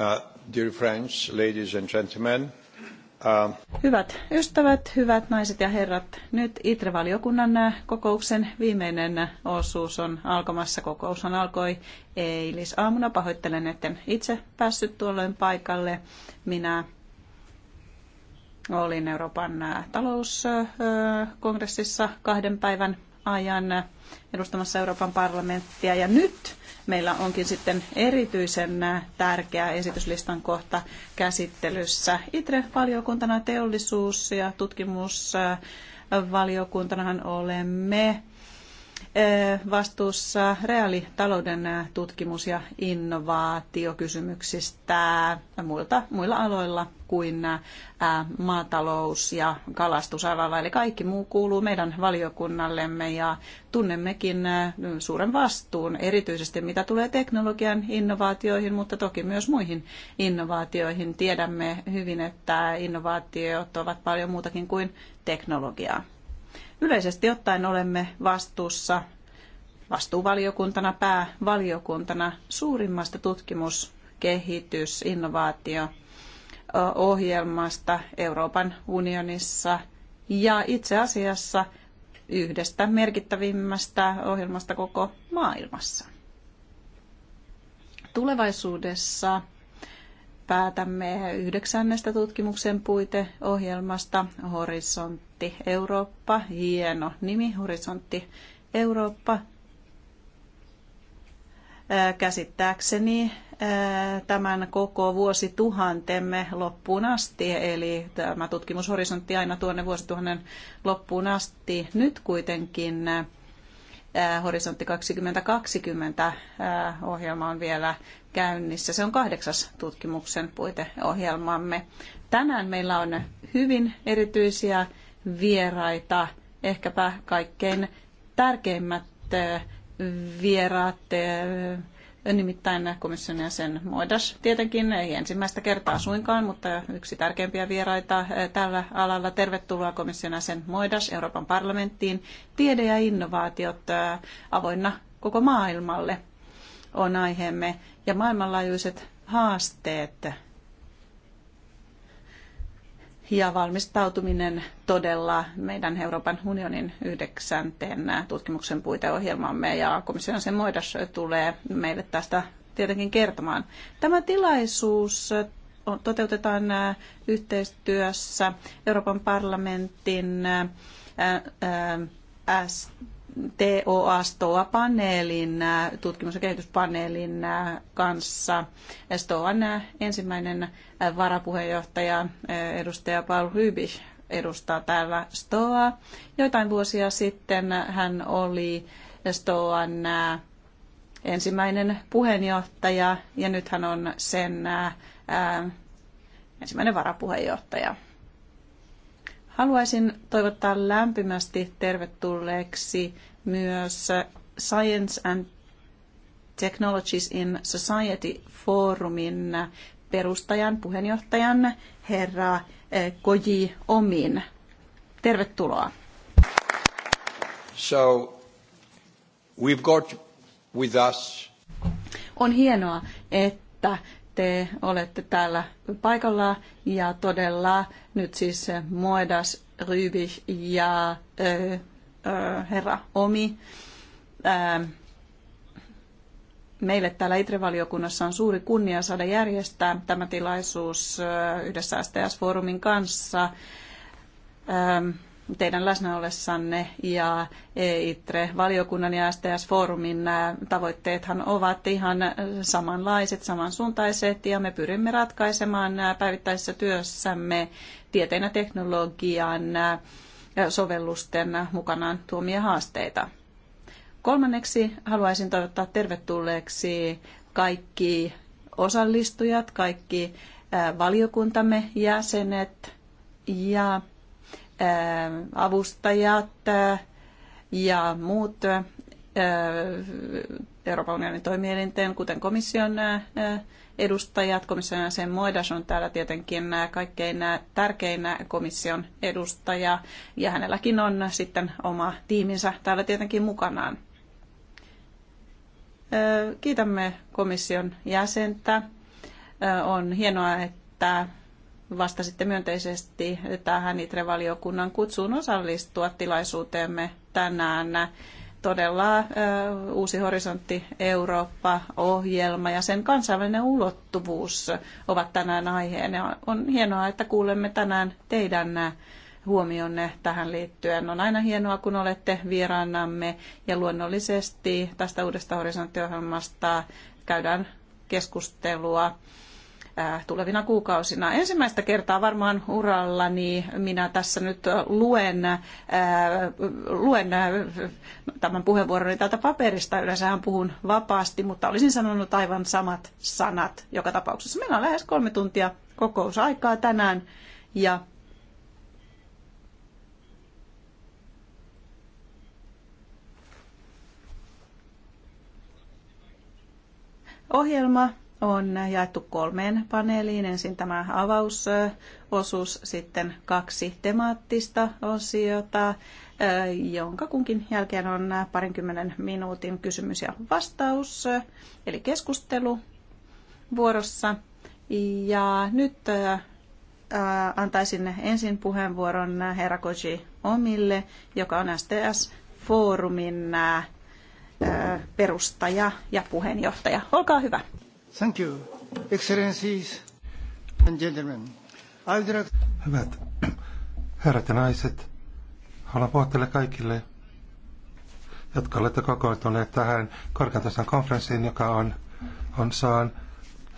Uh, dear friends, ladies and gentlemen. Um, hyvät ystävät, hyvät naiset ja herrat, nyt ITRE-valiokunnan uh, kokouksen viimeinen uh, osuus on alkamassa. Kokous on alkoi eilisaamuna. Pahoittelen, etten itse päässyt tuolloin paikalle. Minä olin Euroopan talouskongressissa kahden päivän ajan edustamassa Euroopan parlamenttia ja nyt Meillä onkin sitten erityisen tärkeä esityslistan kohta käsittelyssä. ITRE-valiokuntana teollisuus- ja tutkimusvaliokuntanahan olemme vastuussa reaalitalouden tutkimus- ja innovaatiokysymyksistä muilta, muilla aloilla kuin maatalous ja kalastusala. Eli kaikki muu kuuluu meidän valiokunnallemme ja tunnemmekin suuren vastuun, erityisesti mitä tulee teknologian innovaatioihin, mutta toki myös muihin innovaatioihin. Tiedämme hyvin, että innovaatiot ovat paljon muutakin kuin teknologiaa. Yleisesti ottaen olemme vastuussa vastuuvaliokuntana, päävaliokuntana suurimmasta tutkimus-, kehitys-, innovaatio- ohjelmasta Euroopan unionissa ja itse asiassa yhdestä merkittävimmästä ohjelmasta koko maailmassa. Tulevaisuudessa päätämme yhdeksännestä tutkimuksen puiteohjelmasta Horisontti Eurooppa, hieno nimi Horisontti Eurooppa. Äh, käsittääkseni äh, tämän koko vuosituhantemme loppuun asti, eli tämä tutkimushorisontti aina tuonne vuosituhannen loppuun asti. Nyt kuitenkin äh, Horisontti 2020 ohjelma on vielä käynnissä. Se on kahdeksas tutkimuksen puiteohjelmamme. Tänään meillä on hyvin erityisiä vieraita, ehkäpä kaikkein tärkeimmät eh, vieraat, eh, nimittäin komission jäsen Moidas tietenkin, ei ensimmäistä kertaa suinkaan, mutta yksi tärkeimpiä vieraita eh, tällä alalla. Tervetuloa komission jäsen Moidas Euroopan parlamenttiin. Tiede ja innovaatiot avoinna koko maailmalle on aiheemme ja maailmanlaajuiset haasteet ja valmistautuminen todella meidän Euroopan unionin yhdeksänteen tutkimuksen puiteohjelmamme ja komission sen muodossa tulee meille tästä tietenkin kertomaan. Tämä tilaisuus toteutetaan yhteistyössä Euroopan parlamentin TOA-STOA-paneelin, äh, tutkimus- ja kehityspaneelin äh, kanssa. STOAn äh, ensimmäinen varapuheenjohtaja, edustaja Paul Rybich, edustaa täällä STOA. Joitain vuosia sitten hän oli STOAn ensimmäinen puheenjohtaja ja nyt hän on sen ensimmäinen varapuheenjohtaja. Haluaisin toivottaa lämpimästi tervetulleeksi myös Science and Technologies in Society forumin perustajan, puheenjohtajan, herra eh, Koji Omin. Tervetuloa. So, we've got with us... On hienoa, että te olette täällä paikalla ja todella nyt siis Moedas, Ryby ja ö, ö, herra Omi. Ö, ähm, meille täällä ITRE-valiokunnassa on suuri kunnia saada järjestää tämä tilaisuus yhdessä STS-foorumin kanssa. Ö, ähm, teidän läsnäolessanne ja EITRE-valiokunnan ja STS-foorumin tavoitteethan ovat ihan samanlaiset, samansuuntaiset ja me pyrimme ratkaisemaan päivittäisessä työssämme tieteen ja teknologian sovellusten mukanaan tuomia haasteita. Kolmanneksi haluaisin toivottaa tervetulleeksi kaikki osallistujat, kaikki valiokuntamme jäsenet ja Äh, avustajat äh, ja muut äh, Euroopan unionin toimielinten, kuten komission edustajat, komission sen Moidas on täällä tietenkin kaikkein tärkein komission edustaja, ja hänelläkin on sitten oma tiiminsä täällä tietenkin mukanaan. Kiitämme komission jäsentä. On hienoa, että vastasitte myönteisesti tähän ITRE-valiokunnan kutsuun osallistua tilaisuuteemme tänään. Todella Uusi horisontti Eurooppa-ohjelma ja sen kansainvälinen ulottuvuus ovat tänään aiheena. On hienoa, että kuulemme tänään teidän huomionne tähän liittyen. On aina hienoa, kun olette vieraanamme ja luonnollisesti tästä uudesta horisonttiohjelmasta käydään keskustelua Äh, tulevina kuukausina. Ensimmäistä kertaa varmaan urallani minä tässä nyt luen, äh, luen äh, tämän puheenvuoroni täältä paperista. Yleensähän puhun vapaasti, mutta olisin sanonut aivan samat sanat joka tapauksessa. Meillä on lähes kolme tuntia kokousaikaa tänään ja ohjelma on jaettu kolmeen paneeliin. Ensin tämä avausosuus, sitten kaksi temaattista osiota, jonka kunkin jälkeen on parinkymmenen minuutin kysymys ja vastaus, eli keskustelu vuorossa. Ja nyt antaisin ensin puheenvuoron herra Koji Omille, joka on STS-foorumin perustaja ja puheenjohtaja. Olkaa hyvä. Hyvät herrat ja naiset, haluan puhua teille kaikille, jotka olette kokoontuneet tähän korkeantason konferenssiin, joka on, on saan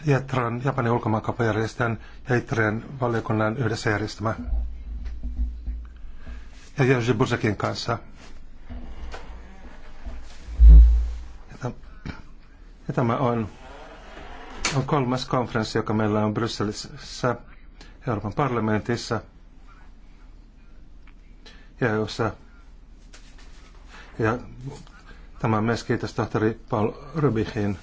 Jetran, Japanin ulkomaankauppajärjestön ja Itrien valiokunnan yhdessä järjestämä. Ja Jerzy Busekin kanssa. Ja tämä on on kolmas konferenssi, joka meillä on Brysselissä Euroopan parlamentissa, ja jossa ja tämä myös kiitos tohtori Paul Rubichin.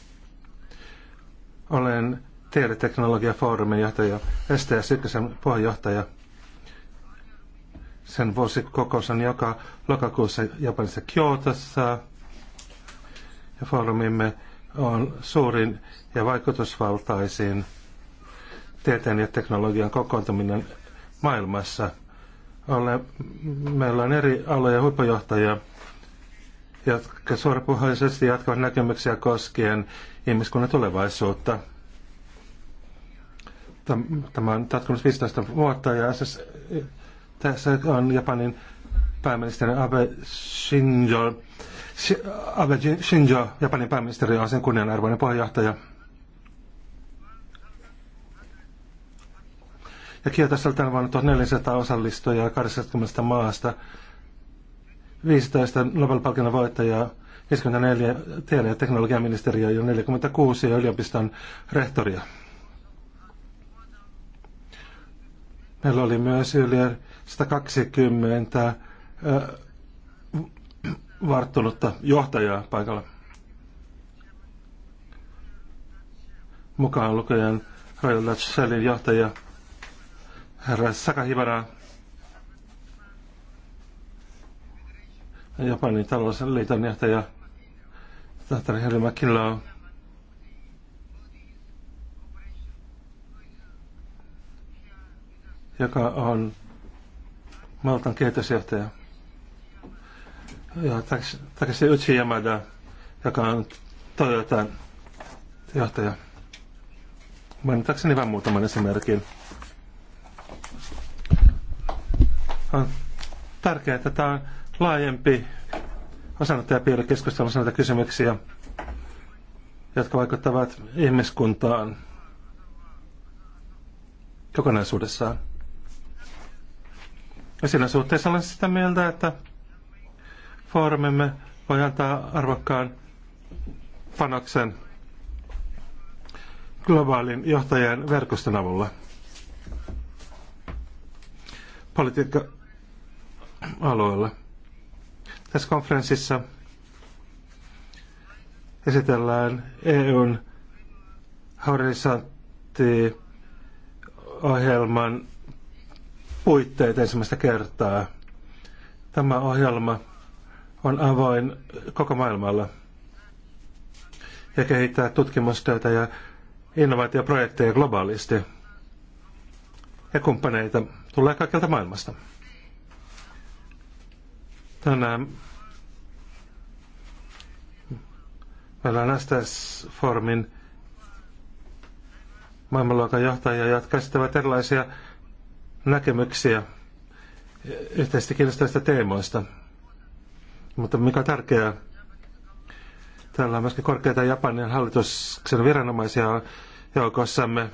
Olen Tiedeteknologiafoorumin johtaja, STS 1 puheenjohtaja. Sen vuosikokous on joka lokakuussa Japanissa Kyotossa. Ja foorumimme on suurin ja vaikutusvaltaisin tieteen ja teknologian kokoontuminen maailmassa. Ole, meillä on eri alojen huippujohtajia, jotka suorapuheisesti jatkavat näkemyksiä koskien ihmiskunnan tulevaisuutta. Tämä on jatkunut 15 vuotta ja tässä on Japanin pääministeri Abe Shinjo. Abe Shinjo, Japanin pääministeri, on sen kunnianarvoinen puheenjohtaja. Ja Kiotossa on vuonna 1400 osallistujaa 80 maasta, 15 Nobel-palkinnon voittajaa, 54 tiede- ja teknologiaministeriä ja 46 ja yliopiston rehtoria. Meillä oli myös yli 120 varttunutta johtajaa paikalla. Mukaan lukujen Royal Dutch Shellin johtaja herra Sakahibara. Japanin liiton johtaja tohtori Harry McKinlow. joka on Maltan kehitysjohtaja. Joo, Ja se Uchi Yamada, joka on Toyotan johtaja. Mainitakseni vain muutaman esimerkin. On tärkeää, että tämä on laajempi osanottajapiirre keskustelussa näitä kysymyksiä, jotka vaikuttavat ihmiskuntaan kokonaisuudessaan. Ja siinä suhteessa olen sitä mieltä, että foorumimme voi antaa arvokkaan panoksen globaalin johtajien verkoston avulla. Politiikka-alueella. Tässä konferenssissa esitellään EUn horisontti-ohjelman puitteet ensimmäistä kertaa. Tämä ohjelma – on avoin koko maailmalla ja kehittää tutkimustyötä ja innovaatioprojekteja globaalisti. Ja kumppaneita tulee kaikilta maailmasta. Tänään meillä on STS-formin maailmanluokan johtajia, jotka esittävät erilaisia näkemyksiä yhteisesti kiinnostavista teemoista. Mutta mikä tärkeää, täällä on myöskin korkeita Japanin hallituksen viranomaisia joukossamme,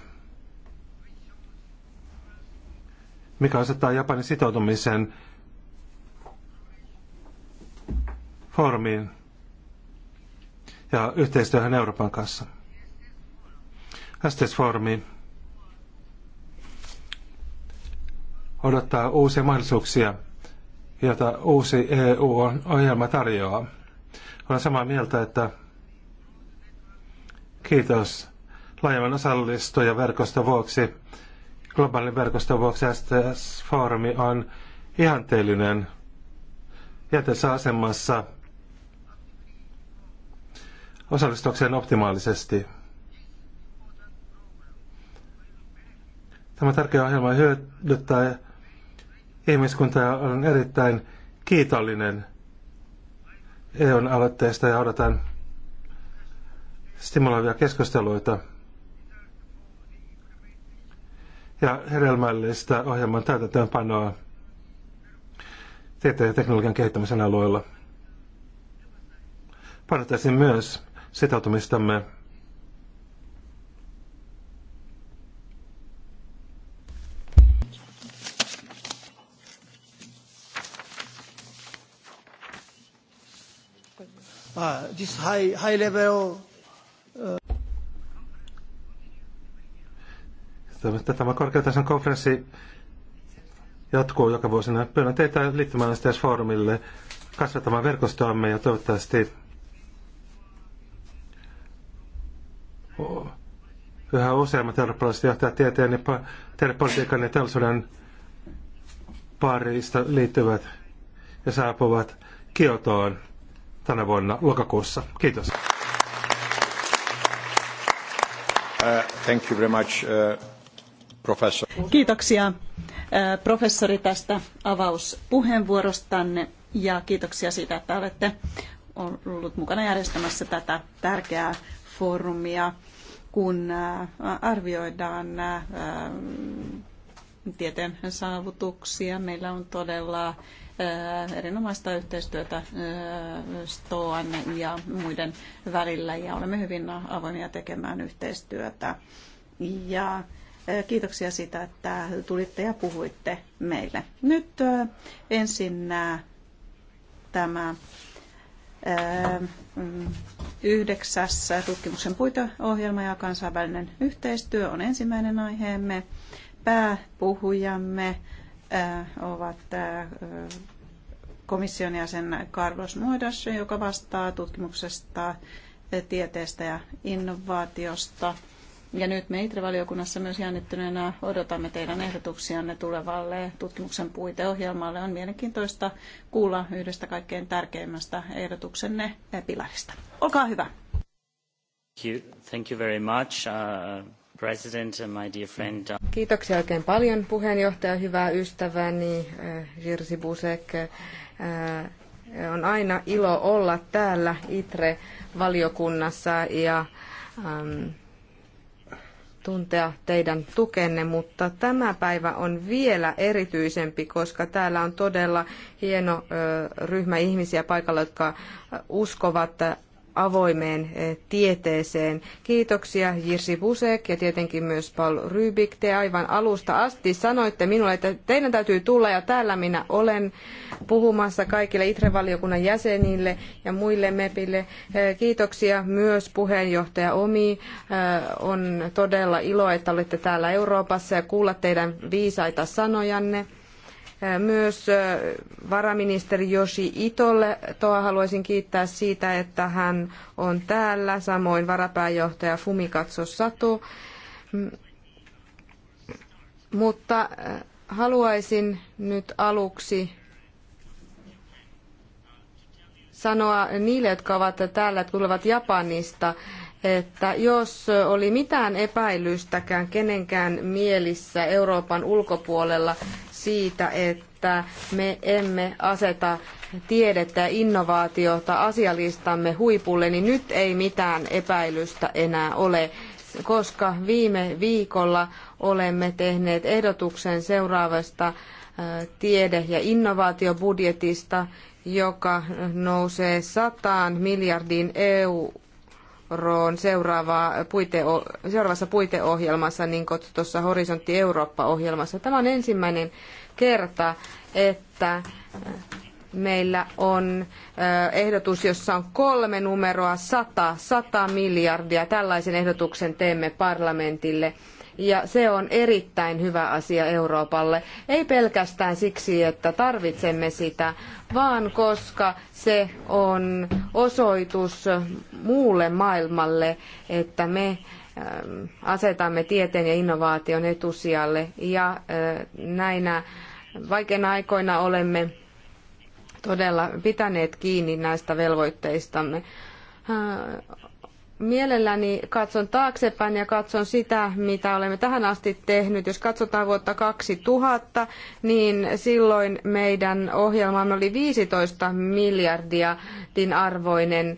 mikä asettaa Japanin sitoutumisen foorumiin ja yhteistyöhön Euroopan kanssa. STS-foorumi odottaa uusia mahdollisuuksia – jota uusi EU-ohjelma tarjoaa. Olen samaa mieltä, että kiitos laajemman verkosta vuoksi, globaalin verkoston vuoksi STS-foorumi on ihanteellinen jätessä asemassa osallistukseen optimaalisesti. Tämä tärkeä ohjelma hyödyttää ihmiskunta on erittäin kiitollinen EUn aloitteesta ja odotan stimuloivia keskusteluita ja hedelmällistä ohjelman täytäntöönpanoa tieteen ja teknologian kehittämisen alueella. Painottaisin myös sitoutumistamme this high, high level Tämä korkeatason konferenssi jatkuu joka vuosina. Pyydän teitä liittymään STS-foorumille kasvattamaan verkostoamme ja toivottavasti yhä useammat eurooppalaiset johtajat tieteen ja tiedepolitiikan ja teollisuuden parista liittyvät ja saapuvat Kiotoon tänä vuonna lokakuussa. Kiitos. Uh, thank you very much, uh, professor. Kiitoksia uh, professori tästä avauspuheenvuorostanne ja kiitoksia siitä, että olette ollut mukana järjestämässä tätä tärkeää foorumia, kun uh, arvioidaan uh, tieteen saavutuksia. Meillä on todella Äh, erinomaista yhteistyötä äh, STOAN ja muiden välillä ja olemme hyvin avoimia tekemään yhteistyötä. Ja äh, kiitoksia siitä, että tulitte ja puhuitte meille. Nyt ensin tämä yhdeksäs tutkimuksen puiteohjelma ja kansainvälinen yhteistyö on ensimmäinen aiheemme. Pääpuhujamme Äh, ovat äh, komission jäsen Carlos Moedas, joka vastaa tutkimuksesta, äh, tieteestä ja innovaatiosta. Ja nyt me ITRE-valiokunnassa myös jännittyneenä odotamme teidän ehdotuksianne tulevalle tutkimuksen puiteohjelmalle. On mielenkiintoista kuulla yhdestä kaikkein tärkeimmästä ehdotuksenne pilarista. Olkaa hyvä. Thank you, Thank you very much. Uh... President, my dear friend. Uh, Kiitoksia oikein paljon puheenjohtaja, hyvää ystäväni äh, Jirsi Busek. Äh, äh, on aina ilo olla täällä ITRE-valiokunnassa ja ähm, tuntea teidän tukenne, mutta tämä päivä on vielä erityisempi, koska täällä on todella hieno ryhmä ihmisiä paikalla, jotka uskovat avoimeen eh, tieteeseen. Kiitoksia Jirsi Busek ja tietenkin myös Paul Rybik. Te aivan alusta asti sanoitte minulle, että teidän täytyy tulla ja täällä minä olen puhumassa kaikille ITRE-valiokunnan jäsenille ja muille MEPille. Eh, kiitoksia myös puheenjohtaja Omi. Eh, on todella ilo, että olette täällä Euroopassa ja kuulla teidän viisaita sanojanne myös varaministeri Joshi Itolle toa haluaisin kiittää siitä, että hän on täällä, samoin varapääjohtaja Fumikatso Satu. Mm. Mutta haluaisin nyt aluksi sanoa niille, jotka ovat täällä, että tulevat Japanista, että jos oli mitään epäilystäkään kenenkään mielissä Euroopan ulkopuolella siitä, että me emme aseta tiedettä ja innovaatiota asialistamme huipulle, niin nyt ei mitään epäilystä enää ole, koska viime viikolla olemme tehneet ehdotuksen seuraavasta äh, tiede- ja innovaatiobudjetista, joka nousee sataan miljardiin euroon Roon seuraavassa puiteohjelmassa, niin kutsutussa Horisontti Eurooppa-ohjelmassa. Tämä on ensimmäinen kerta, että meillä on eh, ehdotus, jossa on kolme numeroa, 100, 100 miljardia. Tällaisen ehdotuksen teemme parlamentille ja se on erittäin hyvä asia Euroopalle. Ei pelkästään siksi, että tarvitsemme sitä, vaan koska se on osoitus muulle maailmalle, että me ähm, asetamme tieteen ja innovaation etusijalle ja äh, näinä vaikeina aikoina olemme todella pitäneet kiinni näistä velvoitteistamme. Äh, mielelläni katson taaksepäin ja katson sitä, mitä olemme tähän asti tehnyt. Jos katsotaan vuotta 2000, niin silloin meidän ohjelmamme oli 15 miljardia arvoinen.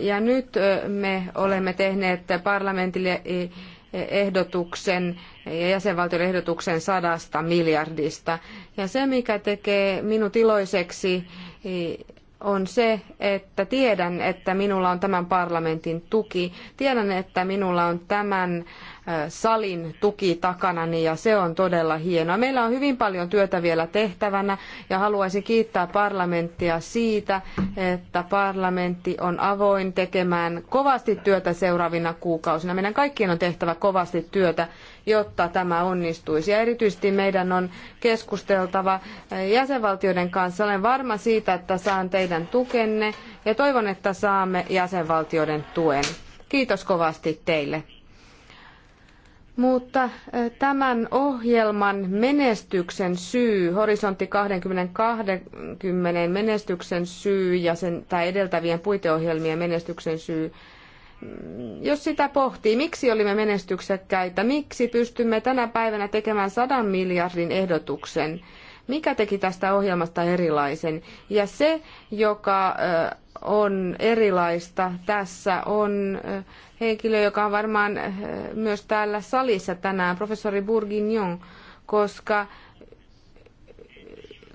Ja nyt me olemme tehneet parlamentille e, ehdotuksen ja jäsenvaltioiden ehdotuksen sadasta miljardista. Ja se, mikä tekee minut iloiseksi, on se, että tiedän, että minulla on tämän parlamentin tuki. Tiedän, että minulla on tämän salin tuki takanani ja se on todella hienoa. Meillä on hyvin paljon työtä vielä tehtävänä ja haluaisin kiittää parlamenttia siitä, että parlamentti on avoin tekemään kovasti työtä seuraavina kuukausina. Meidän kaikkien on tehtävä kovasti työtä jotta tämä onnistuisi. Ja erityisesti meidän on keskusteltava jäsenvaltioiden kanssa. Olen varma siitä, että saan teidän tukenne ja toivon, että saamme jäsenvaltioiden tuen. Kiitos kovasti teille. Mutta tämän ohjelman menestyksen syy, horisontti 2020 menestyksen syy ja sen, tai edeltävien puiteohjelmien menestyksen syy jos sitä pohtii, miksi olimme menestyksekkäitä, miksi pystymme tänä päivänä tekemään sadan miljardin ehdotuksen, mikä teki tästä ohjelmasta erilaisen. Ja se, joka on erilaista tässä, on henkilö, joka on varmaan myös täällä salissa tänään, professori Bourguignon, koska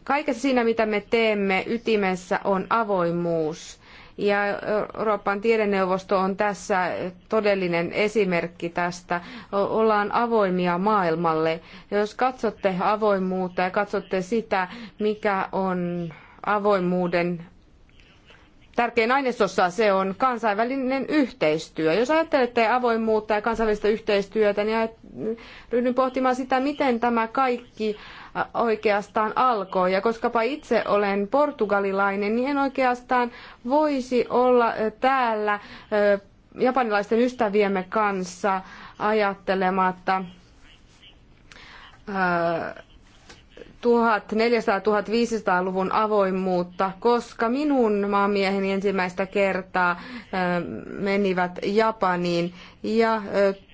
kaikessa siinä, mitä me teemme, ytimessä on avoimuus. Ja Euroopan tiedeneuvosto on tässä todellinen esimerkki tästä. Ollaan avoimia maailmalle. ja Jos katsotte avoimuutta ja katsotte sitä, mikä on avoimuuden tärkein ainesosa se on kansainvälinen yhteistyö. Jos ajattelette avoimuutta ja kansainvälistä yhteistyötä, niin ryhdyin pohtimaan sitä, miten tämä kaikki oikeastaan alkoi. Ja koskapa itse olen portugalilainen, niin en oikeastaan voisi olla täällä japanilaisten ystäviemme kanssa ajattelematta 1400-1500-luvun avoimuutta, koska minun maamieheni ensimmäistä kertaa menivät Japaniin ja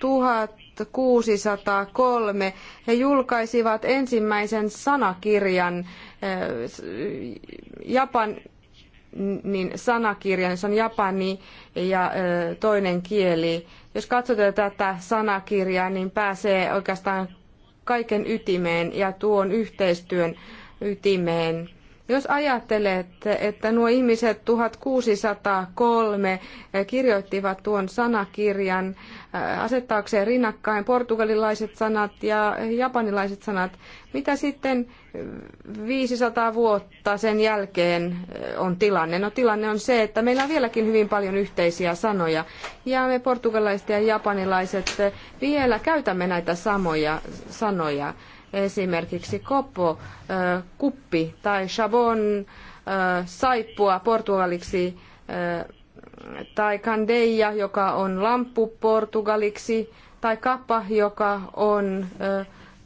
1000 1603 he julkaisivat ensimmäisen sanakirjan, eh, Japanin sanakirjan, jossa on japani ja eh, toinen kieli. Jos katsotaan tätä sanakirjaa, niin pääsee oikeastaan kaiken ytimeen ja tuon yhteistyön ytimeen jos ajattelet, että nuo ihmiset 1603 kirjoittivat tuon sanakirjan äh, asettaakseen rinnakkain portugalilaiset sanat ja japanilaiset sanat, mitä sitten 500 vuotta sen jälkeen äh, on tilanne? No tilanne on se, että meillä on vieläkin hyvin paljon yhteisiä sanoja ja me portugalilaiset ja japanilaiset äh, vielä käytämme näitä samoja sanoja esimerkiksi koppo, kuppi tai chabon, saippua portugaliksi tai candeia, joka on lamppu portugaliksi tai kappa, joka on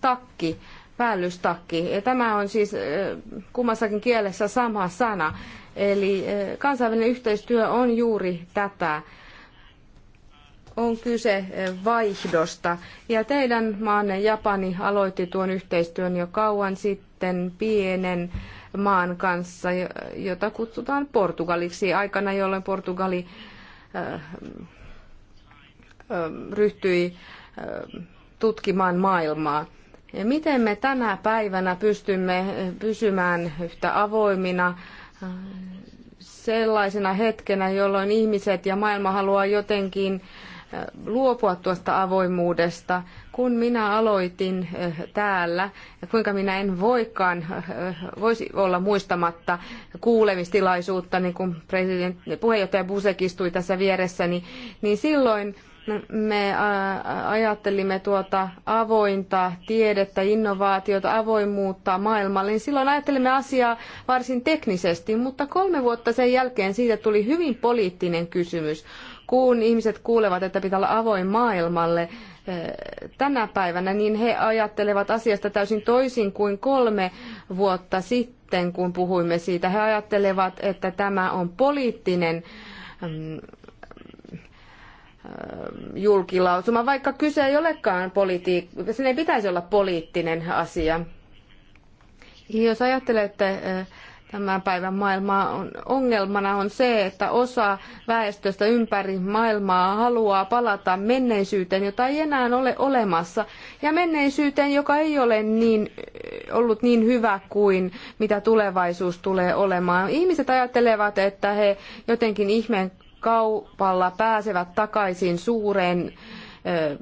takki päällystakki. Tämä on siis kummassakin kielessä sama sana. Eli kansainvälinen yhteistyö on juuri tätä on kyse eh, vaihdosta. Ja teidän maanne Japani aloitti tuon yhteistyön jo kauan sitten pienen maan kanssa, jota kutsutaan Portugaliksi aikana, jolloin Portugali eh, eh, ryhtyi tutkimaan maailmaa. Ja miten me tänä päivänä pystymme pysymään yhtä avoimina sellaisena hetkenä, jolloin ihmiset ja maailma haluaa jotenkin äh, luopua tuosta avoimuudesta. Kun minä aloitin eh, täällä, kuinka minä en voikaan, eh, voisi olla muistamatta kuulemistilaisuutta, niin kun president, puheenjohtaja Busek istui tässä vieressäni, niin silloin me eh, ajattelimme tuota avointa tiedettä, innovaatiota, avoimuutta maailmalle, niin silloin ajattelimme asiaa varsin teknisesti, mutta kolme vuotta sen jälkeen siitä tuli hyvin poliittinen kysymys kun ihmiset kuulevat, että pitää olla avoin maailmalle eh, tänä päivänä, niin he ajattelevat asiasta täysin toisin kuin kolme vuotta sitten, kun puhuimme siitä. He ajattelevat, että tämä on poliittinen mm, eh, julkilausuma, vaikka kyse ei olekaan politiikka, sen ei pitäisi olla poliittinen asia. Jos ajattelette eh, tämän päivän maailmaa on, ongelmana on se, että osa väestöstä ympäri maailmaa haluaa palata menneisyyteen, jota ei enää ole olemassa, ja menneisyyteen, joka ei ole niin, ollut niin hyvä kuin mitä tulevaisuus tulee olemaan. Ihmiset ajattelevat, että he jotenkin ihmeen kaupalla pääsevät takaisin suureen ö,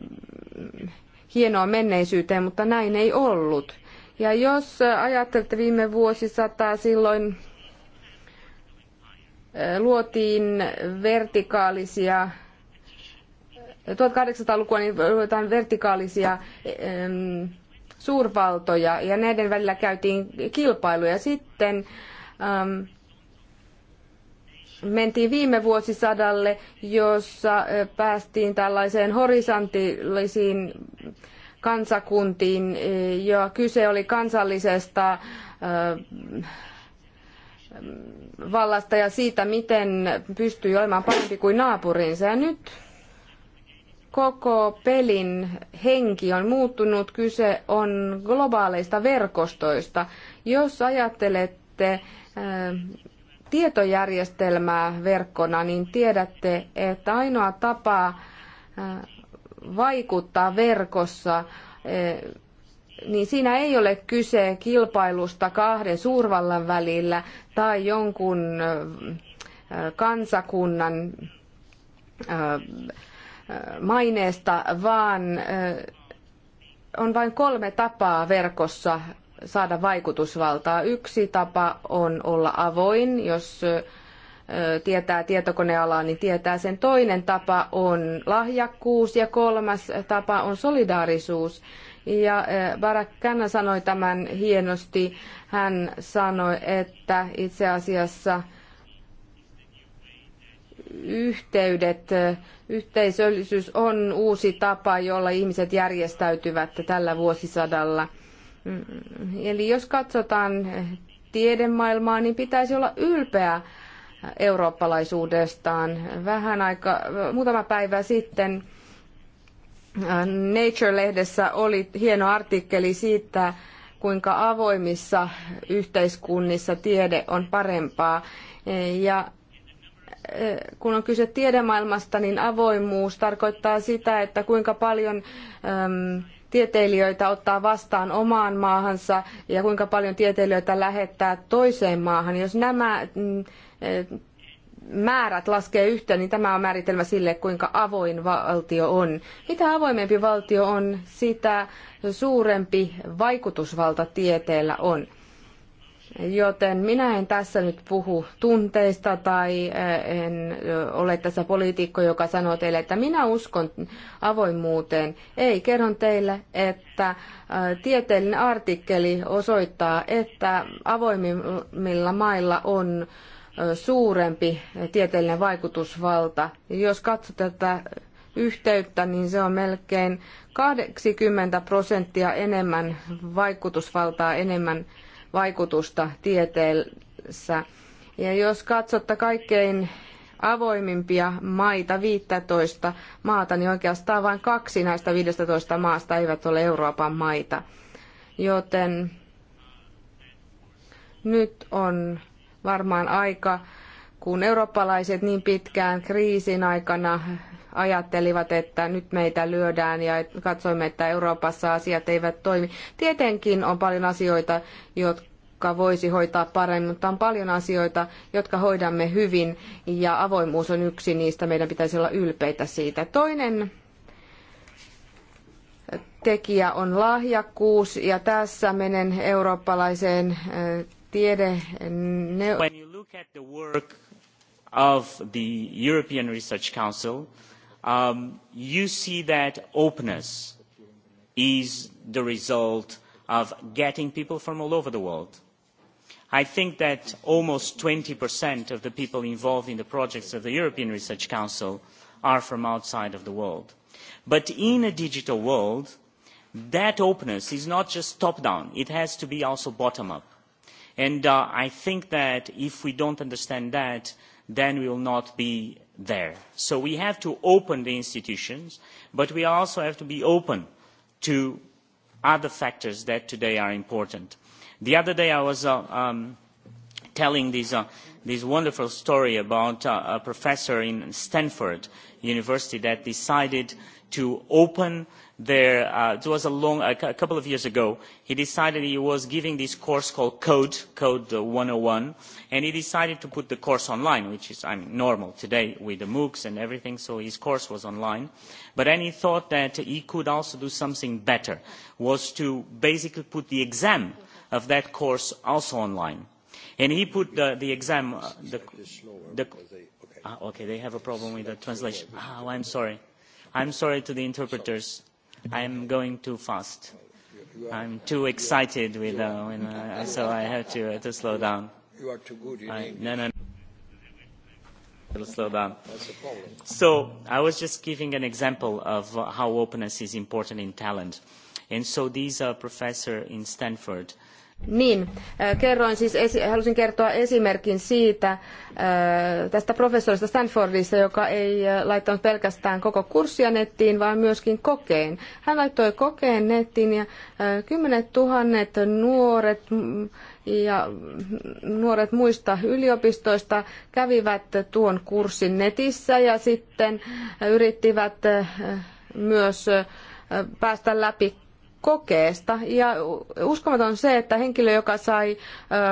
hienoa menneisyyteen, mutta näin ei ollut ja jos ajattelette viime vuosisataa, silloin eh, luotiin vertikaalisia 1800-lukua eh, niin luetaan vertikaalisia suurvaltoja ja näiden välillä käytiin kilpailuja. Sitten äm, mentiin viime vuosisadalle, jossa eh, päästiin tällaiseen horisontillisiin kansakuntiin e, ja kyse oli kansallisesta vallasta ja siitä, miten pystyy olemaan parempi kuin naapurinsa. Ja nyt koko pelin henki on muuttunut. Kyse on globaaleista verkostoista. Jos ajattelette tietojärjestelmää verkkona, niin tiedätte, että ainoa tapa vaikuttaa verkossa, eh, niin siinä ei ole kyse kilpailusta kahden suurvallan välillä tai jonkun eh, kansakunnan eh, maineesta, vaan on vain kolme tapaa verkossa saada vaikutusvaltaa. Yksi tapa on olla avoin, jos tietää tietokonealaa, niin tietää sen. Toinen tapa on lahjakkuus ja kolmas tapa on solidaarisuus. Ja Barack Kanna sanoi tämän hienosti. Hän sanoi, että itse asiassa yhteydet, yhteisöllisyys on uusi tapa, jolla ihmiset järjestäytyvät tällä vuosisadalla. Mm, eli jos katsotaan tiedemaailmaa, niin pitäisi olla ylpeä eurooppalaisuudestaan. Vähän aika, muutama päivä sitten äh, Nature-lehdessä oli hieno artikkeli siitä, kuinka avoimissa yhteiskunnissa tiede on parempaa. Ja äh, kun on kyse tiedemaailmasta, niin avoimuus tarkoittaa sitä, että kuinka paljon ähm, tieteilijöitä ottaa vastaan omaan maahansa ja kuinka paljon tieteilijöitä lähettää toiseen maahan. Jos nämä mm, määrät laskee yhteen, niin tämä on määritelmä sille, kuinka avoin valtio on. Mitä avoimempi valtio on, sitä suurempi vaikutusvalta tieteellä on. Joten minä en tässä nyt puhu tunteista tai eh, en eh, ole tässä poliitikko, joka sanoo teille, että minä uskon avoimuuteen. Ei, kerron teille, että eh, tieteellinen artikkeli osoittaa, että avoimilla mailla on suurempi tieteellinen vaikutusvalta. Jos katsot tätä yhteyttä, niin se on melkein 80 prosenttia enemmän vaikutusvaltaa, enemmän vaikutusta tieteessä. Ja jos katsotte kaikkein avoimimpia maita, 15 maata, niin oikeastaan vain kaksi näistä 15 maasta eivät ole Euroopan maita. Joten nyt on varmaan aika, kun eurooppalaiset niin pitkään kriisin aikana ajattelivat, että nyt meitä lyödään ja katsoimme, että Euroopassa asiat eivät toimi. Tietenkin on paljon asioita, jotka voisi hoitaa paremmin, mutta on paljon asioita, jotka hoidamme hyvin ja avoimuus on yksi niistä. Meidän pitäisi olla ylpeitä siitä. Toinen tekijä on lahjakkuus ja tässä menen eurooppalaiseen eh, tiede... Ne... When you look at the work of the European Research Council, um, you see that openness is the result of getting people from all over the world. I think that almost 20% of the people involved in the projects of the European Research Council are from outside of the world. But in a digital world, that openness is not just top-down, it has to be also bottom-up And uh, I think that if we don't understand that, then we will not be there. So we have to open the institutions, but we also have to be open to other factors that today are important. The other day I was uh, um, telling uh, this, wonderful story about a professor in Stanford University that decided to open there uh, it was a long a couple of years ago he decided he was giving this course called code code uh, one hundred oh and one and he decided to put the course online which is i mean normal today with the moocs and everything so his course was online but then he thought that he could also do something better was to basically put the exam of that course also online and he put the, the exam uh, the, the ah, okay they have a problem with the translation oh, i'm sorry i'm sorry to the interpreters I'm going too fast. I'm too excited with uh, when, uh, so I have to uh, to slow down. You are too good. You I, no, no, no. It'll slow down. That's a problem. So I was just giving an example of how openness is important in talent, and so these are professor in Stanford niin, kerroin siis, halusin kertoa esimerkin siitä äh, tästä professorista Stanfordista, joka ei äh, laittanut pelkästään koko kurssia nettiin, vaan myöskin kokeen. Hän laittoi kokeen nettiin ja kymmenet tuhannet nuoret ja nuoret muista yliopistoista kävivät tuon kurssin netissä ja sitten yrittivät myös päästä läpi kokeesta. Ja uskomaton se, että henkilö, joka sai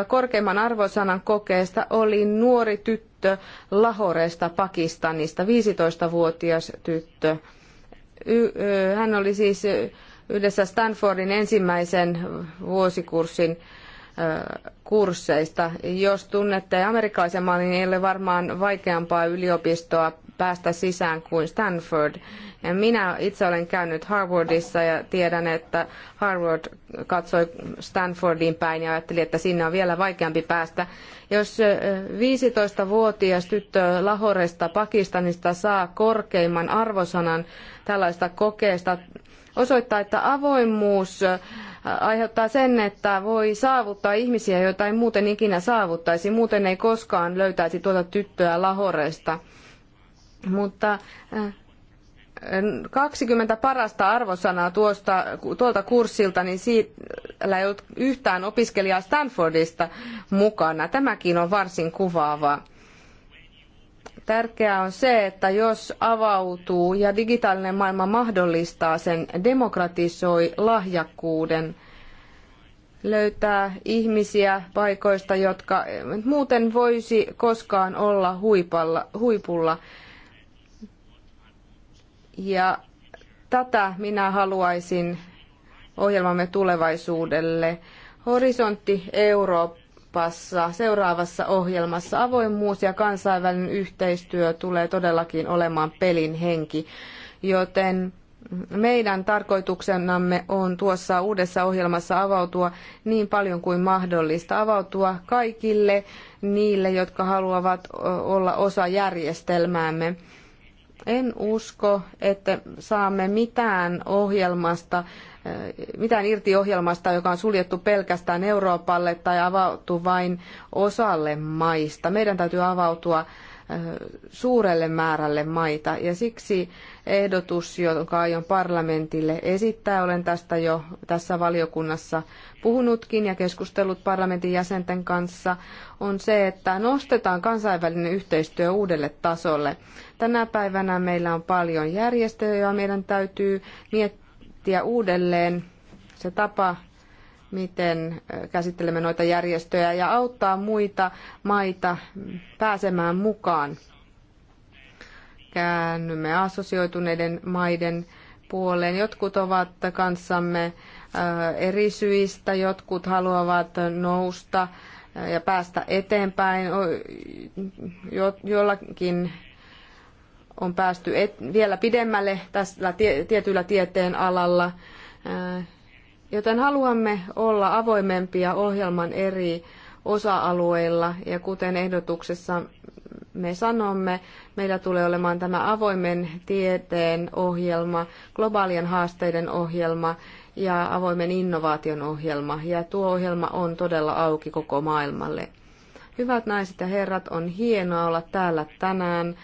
korkeimman arvosanan kokeesta, oli nuori tyttö Lahoresta Pakistanista, 15-vuotias tyttö. Hän oli siis yhdessä Stanfordin ensimmäisen vuosikurssin kursseista. Jos tunnette amerikkalaisen mallin, niin ei ole varmaan vaikeampaa yliopistoa päästä sisään kuin Stanford. Ja minä itse olen käynyt Harvardissa ja tiedän, että Harvard katsoi Stanfordiin päin ja ajatteli, että sinne on vielä vaikeampi päästä. Jos 15-vuotias tyttö Lahoresta Pakistanista saa korkeimman arvosanan tällaista kokeesta, osoittaa, että avoimuus aiheuttaa sen, että voi saavuttaa ihmisiä, joita ei muuten ikinä saavuttaisi. Muuten ei koskaan löytäisi tuota tyttöä Lahoresta. Mutta 20 äh, parasta arvosanaa tuosta, tuolta kurssilta, niin siellä ei ollut yhtään opiskelijaa Stanfordista mukana. Tämäkin on varsin kuvaavaa. Tärkeää on se, että jos avautuu ja digitaalinen maailma mahdollistaa sen, demokratisoi lahjakkuuden, löytää ihmisiä paikoista, jotka muuten voisi koskaan olla huipalla, huipulla ja tätä minä haluaisin ohjelmamme tulevaisuudelle. Horisontti Euroopassa seuraavassa ohjelmassa avoimuus ja kansainvälinen yhteistyö tulee todellakin olemaan pelin henki, joten meidän tarkoituksenamme on tuossa uudessa ohjelmassa avautua niin paljon kuin mahdollista, avautua kaikille niille, jotka haluavat olla osa järjestelmäämme. En usko, että saamme mitään ohjelmasta, eh, mitään irti ohjelmasta, joka on suljettu pelkästään Euroopalle tai avautu vain osalle maista. Meidän täytyy avautua eh, suurelle määrälle maita ja siksi ehdotus, jonka aion parlamentille esittää, olen tästä jo tässä valiokunnassa puhunutkin ja keskustellut parlamentin jäsenten kanssa, on se, että nostetaan kansainvälinen yhteistyö uudelle tasolle. Tänä päivänä meillä on paljon järjestöjä ja meidän täytyy miettiä uudelleen se tapa, miten käsittelemme noita järjestöjä ja auttaa muita maita pääsemään mukaan. Käännymme assosioituneiden maiden puoleen. Jotkut ovat kanssamme eri syistä, jotkut haluavat nousta ja päästä eteenpäin. Jollakin on päästy et, vielä pidemmälle tässä tie, tietyllä tieteen alalla, äh, joten haluamme olla avoimempia ohjelman eri osa-alueilla ja kuten ehdotuksessa me sanomme, meillä tulee olemaan tämä avoimen tieteen ohjelma, globaalien haasteiden ohjelma ja avoimen innovaation ohjelma. Ja tuo ohjelma on todella auki koko maailmalle. Hyvät naiset ja herrat, on hienoa olla täällä tänään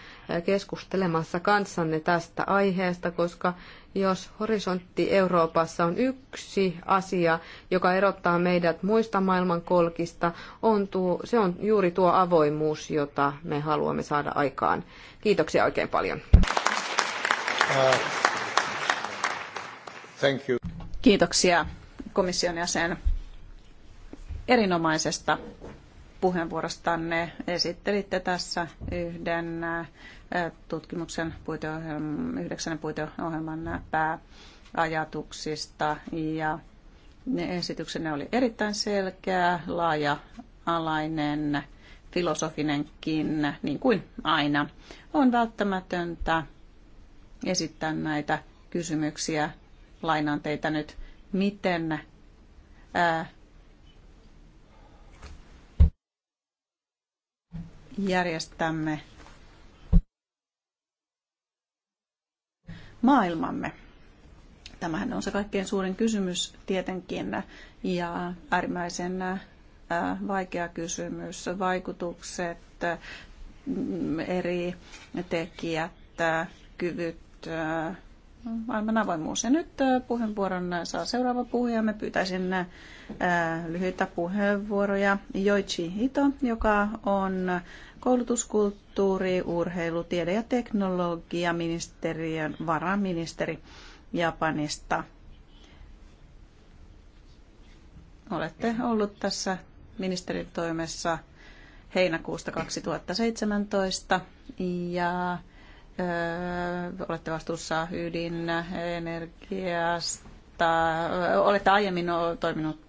keskustelemassa kanssanne tästä aiheesta, koska jos horisontti Euroopassa on yksi asia, joka erottaa meidät muista maailmankolkista, on tuo, se on juuri tuo avoimuus, jota me haluamme saada aikaan. Kiitoksia oikein paljon. thank you. Kiitoksia komission jäsen erinomaisesta puheenvuorostanne. Esittelitte tässä yhden tutkimuksen yhdeksän puiteohjelman pääajatuksista ja esityksenne oli erittäin selkeä, laaja-alainen, filosofinenkin, niin kuin aina. On välttämätöntä esittää näitä kysymyksiä. Lainaan teitä nyt, miten järjestämme maailmamme. Tämähän on se kaikkein suurin kysymys tietenkin ja äärimmäisen äh, vaikea kysymys. Vaikutukset, äh, eri tekijät, äh, kyvyt, maailman mm, avoimuus. Ja nyt puheenvuoron saa seuraava puhuja. Me pyytäisin lyhyitä puheenvuoroja Joichi Hito, joka on koulutuskulttuuri, urheilu, tiede ja teknologia ministeriön varaministeri Japanista. Olette ollut tässä ministerin toimessa heinäkuusta 2017 ja olette vastuussa ydinenergiasta, olette aiemmin toiminut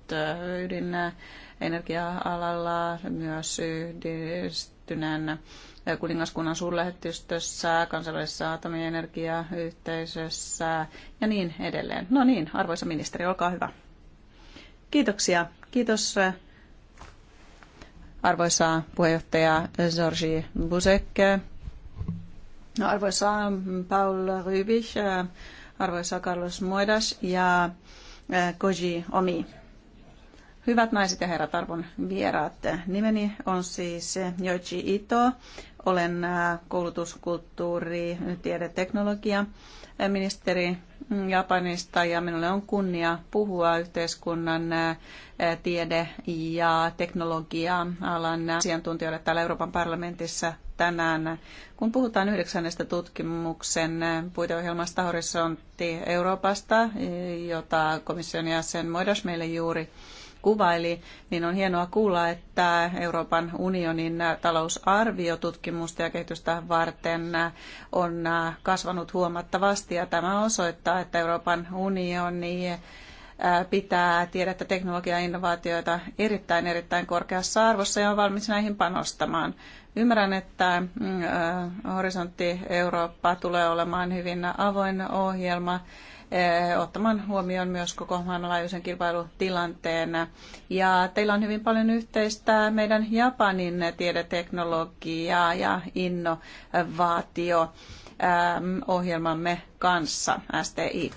ydinenergia-alalla myös yhdistyneen kuningaskunnan suurlähetystössä, kansallisessa atomienergiayhteisössä ja niin edelleen. No niin, arvoisa ministeri, olkaa hyvä. Kiitoksia. Kiitos arvoisa puheenjohtaja Georgi Busek Arvoisa Paul Rybich, arvoisa Carlos Moedas ja eh, Koji Omi. Hyvät naiset ja herrat, arvon vieraat. Nimeni on siis Joichi Ito. Olen eh, koulutuskulttuuri, kulttuuri, tiede, teknologia eh, ministeri Japanista ja minulle on kunnia puhua yhteiskunnan tiede- ja teknologia-alan asiantuntijoille täällä Euroopan parlamentissa tänään. Kun puhutaan yhdeksännestä tutkimuksen puiteohjelmasta Horisontti Euroopasta, jota komission jäsen Moidas meille juuri kuvaili, niin on hienoa kuulla, että Euroopan unionin talousarvio tutkimusta ja kehitystä varten on kasvanut huomattavasti ja tämä osoittaa, että Euroopan unioni pitää tiedettä, teknologiaa ja innovaatioita erittäin erittäin korkeassa arvossa ja on valmis näihin panostamaan. Ymmärrän, että mm, äh, Horisontti Eurooppa tulee olemaan hyvin avoin ohjelma eh, ottamaan huomioon myös koko maailmanlaajuisen kilpailutilanteen. Ja teillä on hyvin paljon yhteistä meidän Japanin tiedeteknologia ja innovaatio ähm, ohjelmamme kanssa, STI.